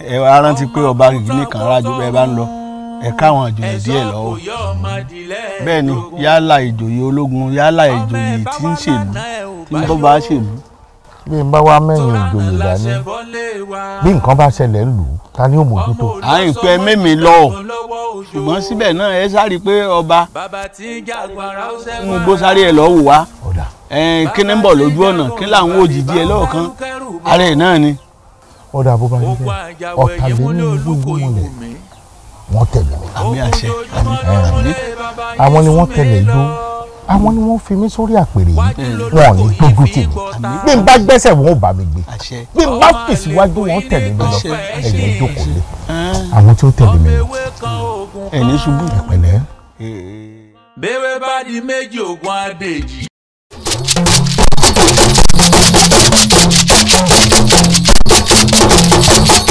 ẹ arántí pé ọba kìkìnní kan rájò bẹ́ẹ̀ bá ń lọ ẹ káwọn àjòyè díẹ̀ lọ́wọ́ bẹ́ẹ̀ ni yálà ìjòyè ológun yálà ìjòyè tí ń ṣèlú tí ń bọ́ bá ṣèlú bí n bá wá mẹ́yìn òjòyè dání bí nǹkan bá ṣẹlẹ̀ ń lù ú ta ni ó mójútó. à ń pẹ mẹ́mi lọ ṣùgbọ́n síbẹ̀ náà ẹ sáré pé ọba ń gbó sáré ẹ lọ́ọ́ wò kí ni ń bọ̀ lójú ọ̀nà kí làwọn òjìji ẹ lọ́ọ̀kan ara ẹ̀ náà ni. ọ̀dà bó bá bẹ́ẹ̀ ọ̀tàlélógún ìwúlẹ̀ wọ́n tẹ̀lé mi. àmì àṣẹ àmì àmì àwọn ni wọ́n tẹ̀lé igbó àwọn ni wọ́n fi mí sórí àpèrè yìí wọn ò ní dógún tì mí bí n bá gbẹ́sẹ̀ wọn ò bá mi gbé bí n bá fì síwájú wọn tẹ̀lé mi lọ ẹ̀yìn ìjókòó lé àwọn tí ó tẹ̀lé mi lọ. ẹni ṣubú ìpínlẹ̀. bẹ́ẹ̀ bá di méjì ogun adèjì. Thank you.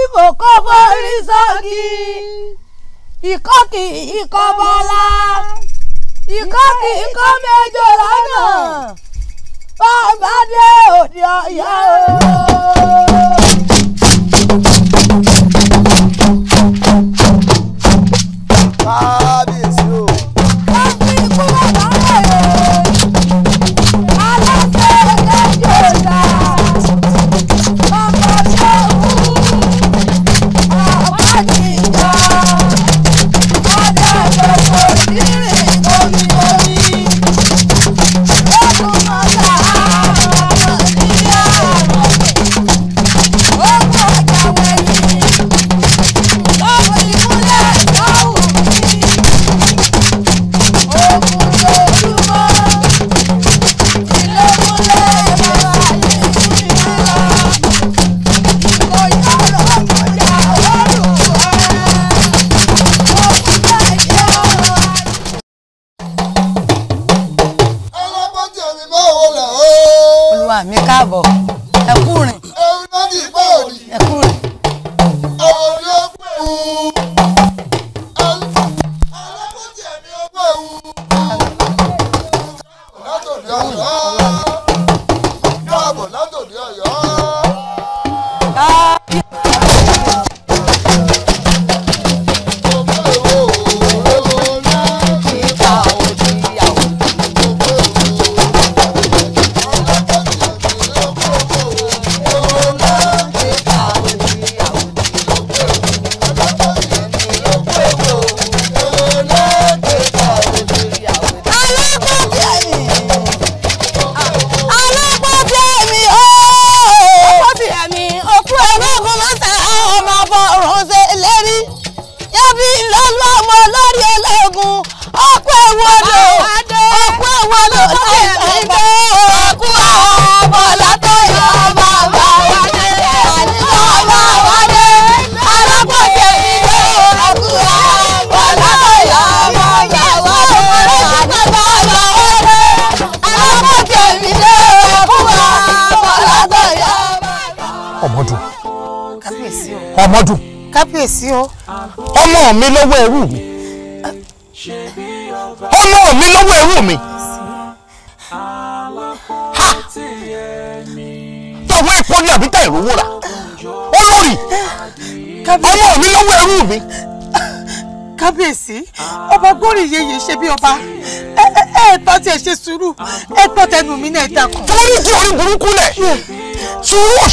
ìkòkò forí sọ́ọ̀gì ìkọ́kì ikọ̀ bọ́lá ìkọ́kì ikọ̀ mẹ́jọ lọ́nà bàbá dé òde ọ̀yá o.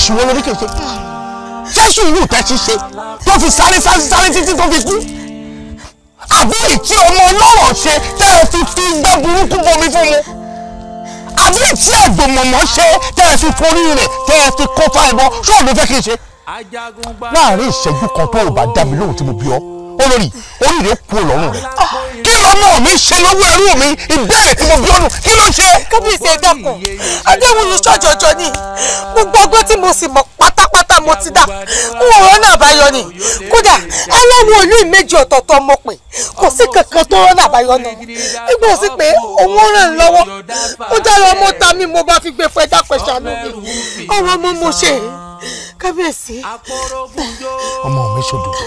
èṣù wo lórí kèké jésù ìlú ìtẹ́ ṣíṣe
tó fi sáré sáré sáré títí tó fi kú àbí ìtí ọmọ ọlọ́wọ̀ ṣe tẹ́ ẹ fi fi igbá burúkú bomi fún mu àbí ìtí àgbòmọ̀mọ̀
ṣe tẹ́ ẹ fi forí rẹ̀ tẹ́ ẹ fi kó fáìbọn ṣọ́ọ̀lù fẹ́ kí n ṣe láàrin ìṣẹ́jú kan tó o dá mi lóhùn tí mo bí ọ olórí orí kú ọlọ́run rẹ kí lọmọ mi ṣe lọ́wọ́ ẹrú mi ìbéèrè tí mo bí ọdún kí ló ṣe. kábíyèsí ẹ dákun adéwòlú ni gbogbo ọgbọ́n tí mo sì mọ̀ pátápátá mo ti dá n ò rọ́nà àbáyọ ni kódà aláwọ̀ olú ìméjì ọ̀tọ̀ọ̀tọ̀ mo pè kò sí kankan tó rọ́nà àbáyọ náà
nígbà ó sì pé òun ràn lọ́wọ́ ó dára ọmọ ta mi mo bá fi gbé fún ẹ̀dá pẹ̀sà mi ọ̀rọ̀ ọmọ mo ṣe kábíyèsí.
ọmọ mi ṣòdodo.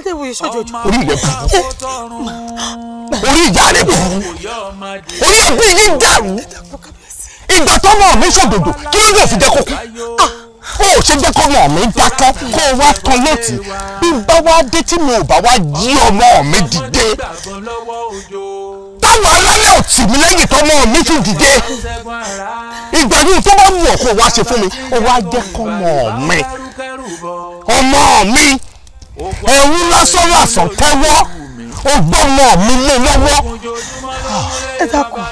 adéwòye ṣòdodo. orí ilẹ̀ burú orí
ìjà rẹ̀ burú orí ẹbí yìí dàrú ìgbà tó mọ̀ mi ṣòdodo ló fi jẹ́ kó kú ah, ó ṣe jẹ́ kó ọmọ mi dákẹ́ kó o wá kan létí bí bá wá dé tí mi ò bá wá jí ọmọ mi dìde táwọn alálẹ̀ ò tì mí lẹ́yìn tọ́mọ mi tún dìde ìgbà yìí tó bá wù ọ́ kó o wá ṣe fún mi ó wá jẹ́ kó ọmọ mi ọmọ mi ẹ̀rú lásán lásán tẹ́wọ́ ó gbọ́ ọmọ mi lé lọ́wọ́.
Ah, ẹ dákun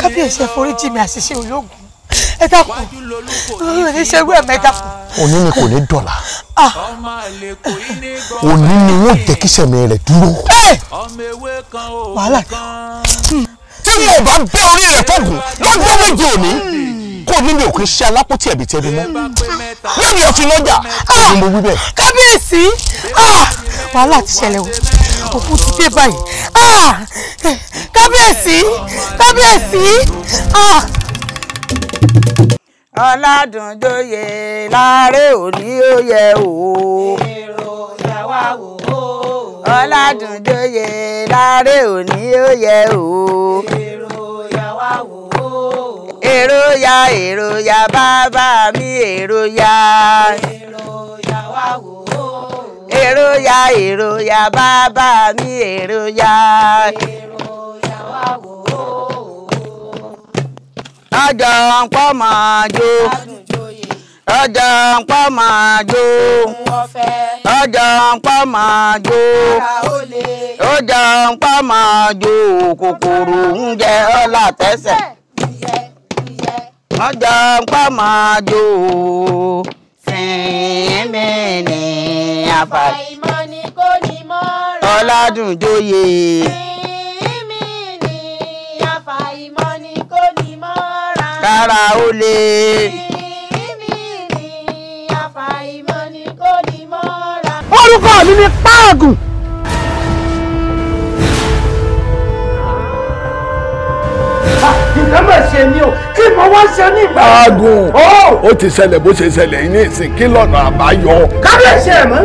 kábíyèsí ẹ foríjì mi àṣìṣe ológun ẹ dákun oníṣègùn ẹ̀mẹ́ dákun.
òní ni kò ní dọ̀là ah. òní ni wọ́n jẹ́ kí sẹ̀mí rẹ̀ dúró. wàhálà ni. Hmm. tí mo bá bẹ́ orí rẹ̀ fọ́gùn lọ́jọ́ méje òní kó o nílò kí n ṣe alápótí ẹ̀bí tẹ́bi mọ́ lẹ́yìn ọ̀fìn lọ́jà ni mo wí bẹ́ẹ̀. Ah, kábíyèsí ah, wàhálà ti ṣẹlẹ̀ o òkú ti dé báyìí
kábíyèsí kábíyèsí ọ̀làdúnjòyè láàrẹ òní ó yẹ o. èrò yàwá wò ó. ọ̀làdúnjòyè láàrẹ òní ó yẹ o. èrò yàwá wò ó. èrò ya èrò ya bàbá mi èrò ya. èrò yàwá wò ó. èrò ya èrò ya bàbá mi èrò ya. èrò yàwá wò ó ẹja ń pa máa jó ẹja ń pa máa jó ẹja ń pa máa jó ẹja ń pa máa jó kòkòrò ń jẹ ọ́ látẹ́sẹ̀ ọjà ń pa máa jó sinmi ní àfàìmọ̀ kára ó le.
orúkọ mi ni páàgùn. Ah, ìdámọ̀ ṣe ni o kí mo wá ṣe ní ìgbà. páàgùn oh! ó ti ṣẹlẹ̀ bó ṣe ṣẹlẹ̀ ní ìsìn kí lọ́nà àbáyọ. kábíyèsí ẹ̀ mọ́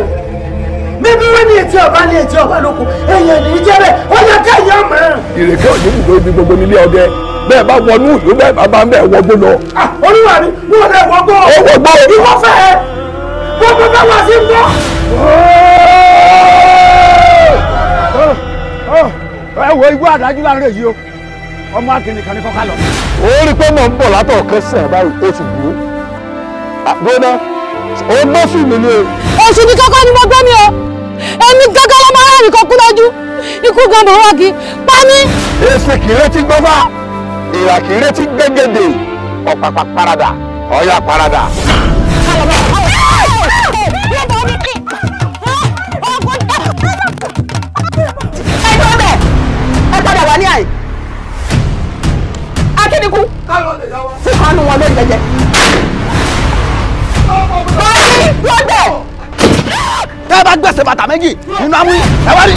bíbí wọ́n ní etí ọba ní etí ọba lóko èèyàn ní í jẹ́ bẹ́ẹ̀ ó yẹ ká ìyá mọ́. ìrèké òní bùgbé ibi gbogbo nílé ọdẹ bẹ́ẹ̀ bá wọnú ìlú bẹ́ẹ̀ bá bá ń bẹ́ẹ̀ wọgbó lọ. olúwa ni mo lè wọgbó. ó wọgbó. ìwọ fẹ́ ẹ gbogbo bá wà sí gbọ́. ẹ wo igbó àdájú láàrin èyí o ọmọ akínní kan ní kọ́ká lọ. ó rí pé mò ń bọ̀ látọ̀ kẹsàn báyìí ó ti gbó. ó gbọ́ fún mi ni o. oṣù ní kọ́kọ́ ni mo
gbé mi o èmi gángan lọ́mọ aráàlú kan kú lójú ikú gan bò wá kí pa mí.
èsì kìrẹ́tì gbọ́fà ìrà kì í retí gbẹ́gẹ́dẹ́ ọ̀pàpà parada ọ̀yà parada. ní àyè. Akíndínkù. Fúkànù wọn ló jẹjẹ. Bọ́ọ̀lì lọ́dẹ̀. Tẹ́ bá gbèsè bàtà méjì nínú amú ẹ wá rí.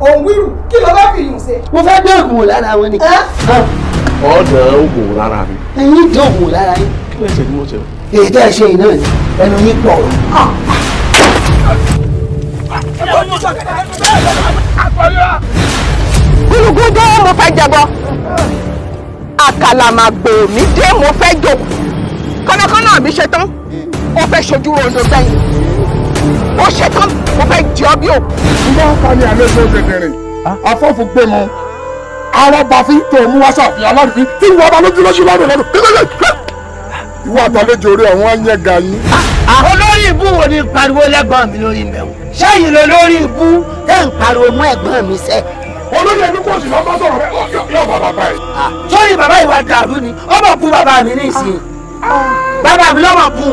òun wíru kí ló bá fi yùn ṣe. mo fẹ́ dán ògùn wò lára wọn ni. ọ̀dà ògùn wò lára mi. ẹ̀yin dán ògùn wò lára yín. kí ló ń ṣe kí wọ́n ṣe. èyí tẹ́ ẹ ṣe iná ni ẹnu yín pọ̀ o. gúlùgúdú mo fẹ́ jẹbọ àkàlàmàgbò mi dé mo fẹ́ jò kọ́nàkọ́nà àbí ṣetán ó fẹ́ ṣojú rondo sẹ́yìn ó ṣetán mo fẹ́ jẹ ọ bí o. mo máa ń fa ní àlejò dẹ̀dẹ̀rìn afọ́fù gbé mọ àwọn bàfí tó mú wá sàfihàn aláàfin tí ìwọ ọba lójú lọ́sùn lọ́dún lọ́dún kékeré ìwọ àtàlejò rẹ àwọn ayẹ ga yín. olórí ibú wo ni pariwo lẹ́gbọ̀n mi lórí mẹ́wọ̀n ṣẹ́yìn lolórí ibú tẹ́ ń pariwo mọ́ ẹ̀gbọ́n mi sẹ́ olórí ẹbí kò sì lọ́gbọ́n sọ̀rọ̀ rẹ̀ yóò bá bàbá yìí. sórí bàbá ìwà dàrú ni ó bọ̀ kú bàbá mi ní ìsìn ah. bàbá mi lọ́mọ̀ kú.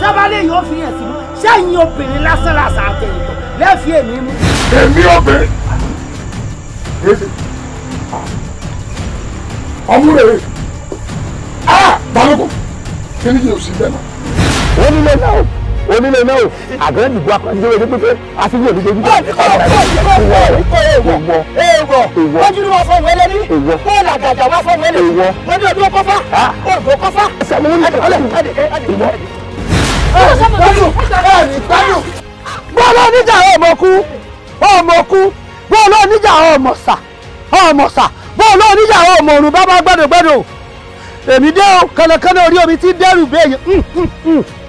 sábàlẹ̀ yóò fi hàn sí sẹ́yìn obìnrin lásán làṣà àtẹ̀yìntàn lẹ́ẹ̀fì èmi mú. èmi obìnrin èsì ọmúrèrè á balógun kí ni yóò sì bẹ́ẹ̀ náà. onílé náà o onílé náà o àgbẹ̀ ìdìbò akọ́nìjọba ẹni pípé àfihàn ìdìbò ẹni pípé. ìwọ ìwọ ìwọ
lójú ni wọn fọ wẹlẹ ní. ìwọ bọ́ọ̀lù àgàjà wọn fọ wẹlẹ. ìwọ lójú ọdún kọfà. olùkọ́ kọfà. sẹ́mi wúlò ìwọ gbádùn ẹ̀ẹ́dì gbádùn.
bọ́ọ̀lù oníjà ọmọ kú ọmọ kú bọ́ọ̀lù oníjà ọmọ sà ọmọ sà bọ́ọ̀lù oníjà ọmọ òrùn bá bá gbẹ́dọ̀gbẹ́dọ̀ èmi dé o kẹlẹkẹlẹ orí omi tí dẹrù béèyàn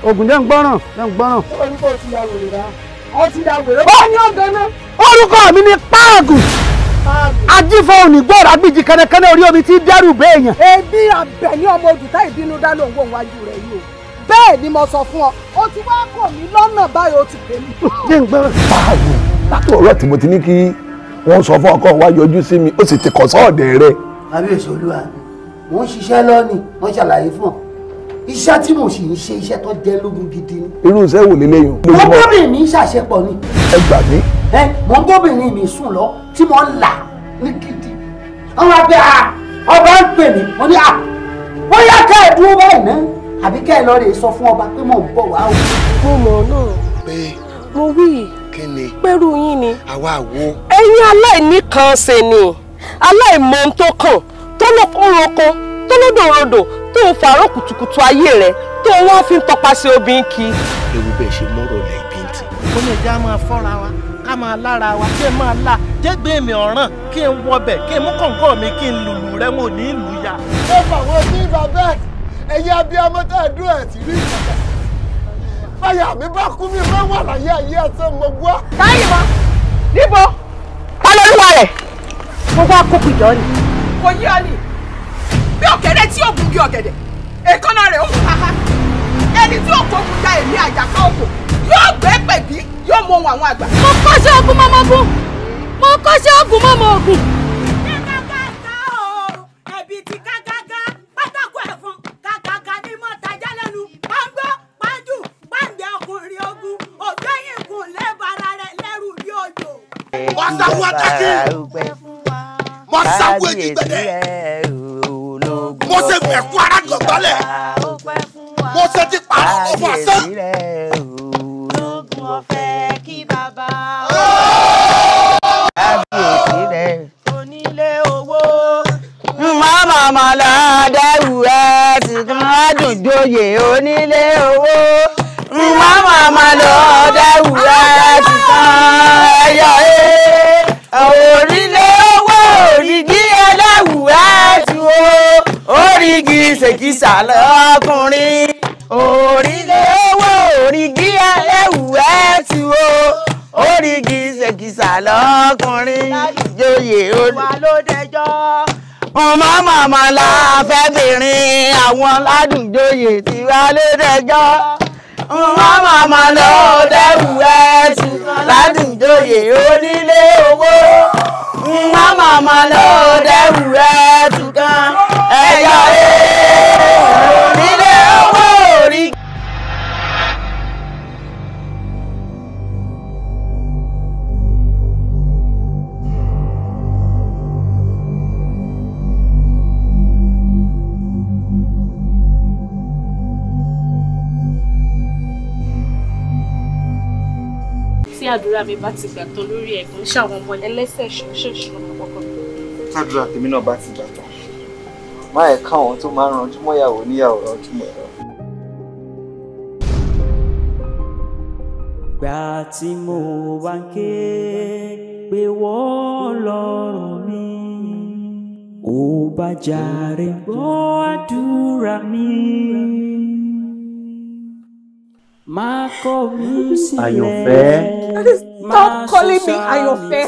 ogun dẹ́ ń gbọ́ràn dẹ́ ń gbọ́ràn. orúkọ mi ni páàgù ajífọ onígbọ̀ọ́rọ̀ agbíjì kẹlẹkẹlẹ orí omi tí dẹrù béèyàn.
èmi àbẹ̀ ní ọmọ òdùtá ìbínú
dá lóun wò wájú rẹ̀ bẹ́ẹ̀ ni mo sọ fún ọ o ti wá kò mí lọ́nà báyìí o ti pè mí. ṣé n gbọ́ báwo látò ọ̀rọ̀ tí mo ti ní kí wọ́n sọ fún ọkọ wa yọjú sí mi ó sì ti kọ̀ sọ́ọ̀dẹ̀ rẹ. kábíyèsí olúwa wọ́n ṣiṣẹ́ lọ́ọ̀nì wọ́n ṣàlàyé fún ọ iṣẹ́ tí mo sì ń ṣe iṣẹ́ tó jẹ́ lógún gidi ni. irú iṣẹ́ wò lélẹ́yìn. mo bóbìnrin mi ṣàṣepọ̀ ni. ẹ gbà mí. ẹ mo bóbìnrin mi sùn lọ tí mo ń là ní gidi. àwọn abẹ́ ah, ọba ń pè mí wọ́n ní à ah, wọ́n yá ká ẹ̀dúró báyìí náà àbí kẹ́ ẹ lọ rè sọ fún ọba pé mò ń bọ̀ wá o. mo mọ̀ náà. pé mo wí. kí ni. pẹ́rù yín ni. àwa wo. ẹ̀yin aláìní kan ṣe ni aláìmọ ohun tó kàn tó lóko tó lódòrodò tó ń fàárọ̀ kùtùkùtù ayé rẹ̀ tó wọ́n fi ń tọpasẹ̀ obìnrin kì í. ewu bẹ́ẹ̀ ṣe mọ́rọ̀ lẹ̀ ibi ń tì. ó lè já máa fọ́ra wa ká máa lára wa kí n máa la jẹ́gbẹ́ mi ọ̀ràn kí n wọbẹ̀ kí n mú kọ̀ǹkọ̀ mi kí n lùlù rẹ̀ wò ní ìlú ya. ẹ fà wọ́n sí bàbá ẹ̀ ẹ̀yin abiyamọ tá a dún ẹ̀ tí rí ìjàkà báyà mi bá kú mi bá wà láyé ayé ẹsẹ̀ mo gbọ́. táyì mọ níbo ta lolúwa rẹ mo wá kó pìjọ ni. kò yí ọ ni bí ọ̀gẹ̀dẹ̀ tí yóò gungi ọ̀gẹ̀dẹ̀ èkánná
rẹ̀ ó ń haha ẹni tí òkú ogun ja èmi àjàká òkò yóò gbé pẹ̀bí yóò mọ ohun àwọn àgbà. mo kọ́ sí ogun mọ́mọ́ ogun mo kọ́ sí ogun mọ́mọ́ ogun. ẹ ká ká ká o ẹ̀bì tí ká ká mọ sanwó akáké mọ sanwó ejigbẹdẹ
mo ṣe mẹkú ara gbọgbọlẹ
mo ti pààrọ̀ ọmọ asán. lóògùn ọ̀fẹ́ kí bàbá onílé owó. màmá màlá dẹ́rù ẹ̀ ti máa dùn joyè onílé owó. màmá màlá dẹ́rù ẹ̀ ti tán. orígi ṣèkìsà lọ́kùnrin òrìlẹ̀ owó òrìgí ẹ̀wù ẹ̀ ti wo orígi ṣèkìsà lọ́kùnrin joyè olùwàlódẹjọ́ ọmọ màmá la fẹ́bìnrin àwọn ládùnjoyè ti wá lódẹjọ́ ọmọ màmá lọ dẹ́wù ẹ̀ ti ládùnjoyè onílé owó ọmọ màmá lọ dẹ́wù ẹ̀ tù kan ẹ̀yà rẹ̀
nílé owó orí.
tí àdúrà mi bá ti gbà tán lórí ẹ̀gbọ́n ṣàwọn ọmọ ẹlẹ́sẹ̀ ṣoṣooṣo ọmọ kọ̀ọ̀kan. tádúrà tèmi náà bá ti gbà tán má ẹ̀ káwọn tó máa ń ranjú mọ́yàwó níyàwó ranjú mọ́yàwó.
gbà tí mo wá ń ké pé wọ́n lọ́rùn mi ò bá jàre gbọ́ àdúrà mi. Má kọ̀ mí sílẹ̀.
Àyànfẹ́.
Stop calling me Ayọ̀fẹ́.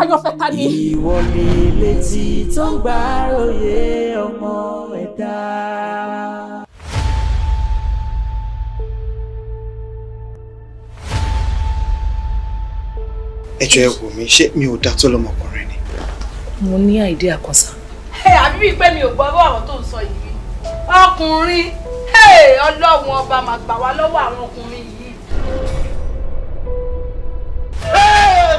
Ayọ̀fẹ́ ta ni? Ìwọ ni létí tó ń gbàròyé ọmọ ẹ̀dá.
ẹjọ ẹ wò mí ṣé mi ò dá tó lọmọkùnrin ni. mo ní àìdí àkànṣá.
ẹ àbí bíi pé mi ò gbọ́ ọ̀rọ̀ tó ń sọ yìí ọkùnrin ọlọ́run ọba màgbà wá lọ́wọ́ àwọn ọkùnrin yìí.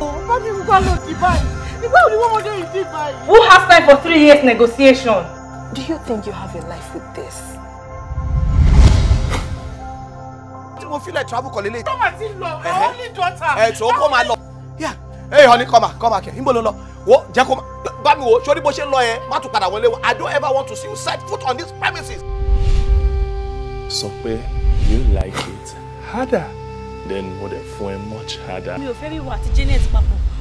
Oh, Who has time for three years negotiation? Do you think you have a life with this?
Tí feel like travel kọ̀ lélẹ̀. Tọ́mà ti love, my only daughter. Ẹ̀ tó kó máa lọ. Hey honey, come back, come back here. Níbo ló lọ? Wo jẹ́ kó bá mi wo, sori bó I don't ever want to see you set foot on these premises. So, pé you like it harder then would have fún much harder. mi
ò fẹ́ rí ìwà àti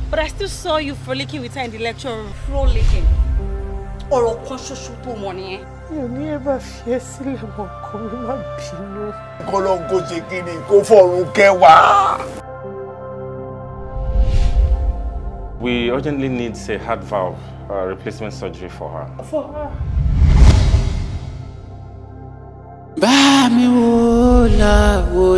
but I still saw you frolicking with her in the lecture room. frolicking Or a ṣoṣo tó You never mi ò
ní ẹ̀bà fi ẹ́ sílẹ̀ mọ́ kó mi má We urgently need a heart valve uh, replacement surgery for her. For her. Bá mi wò láwo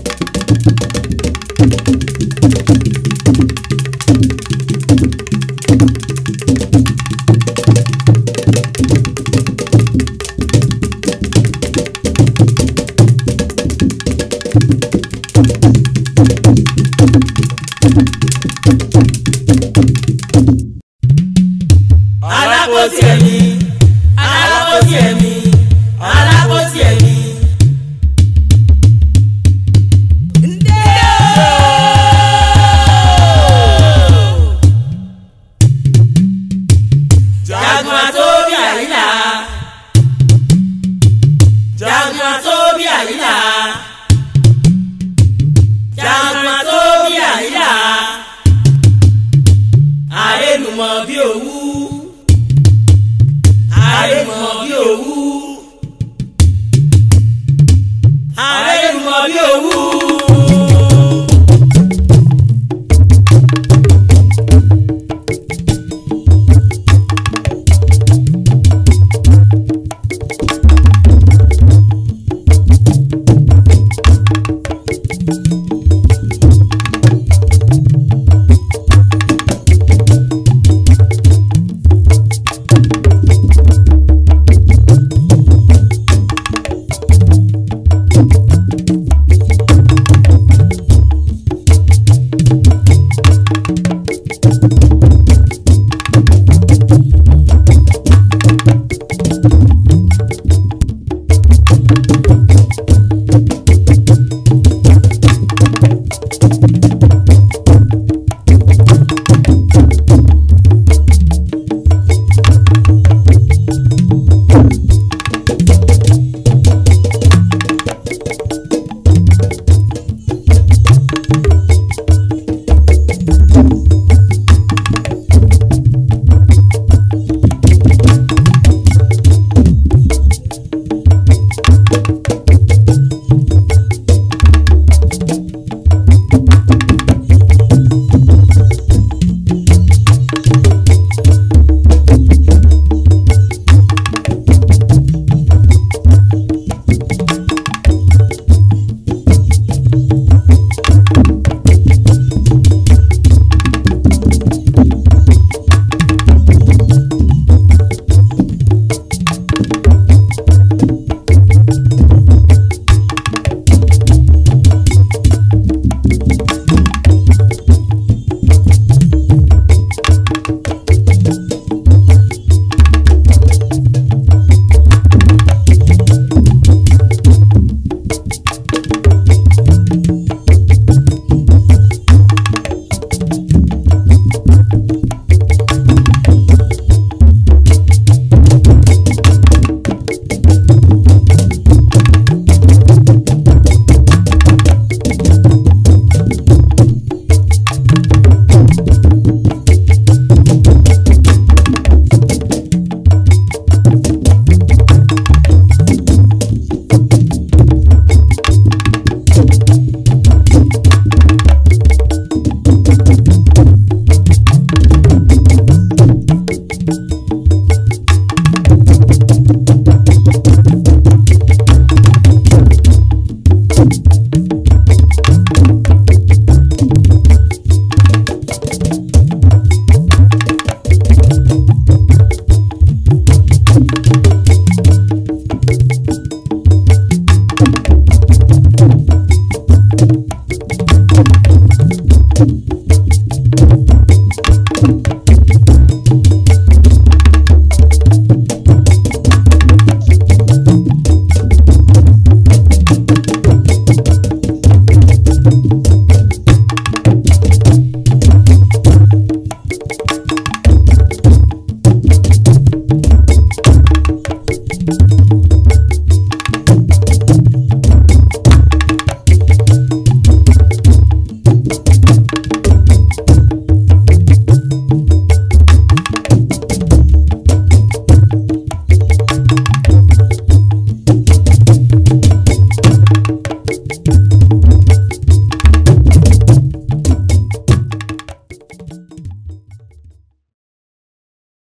bí òwú àrèmọ bí òwú àrèmọ bí òwú.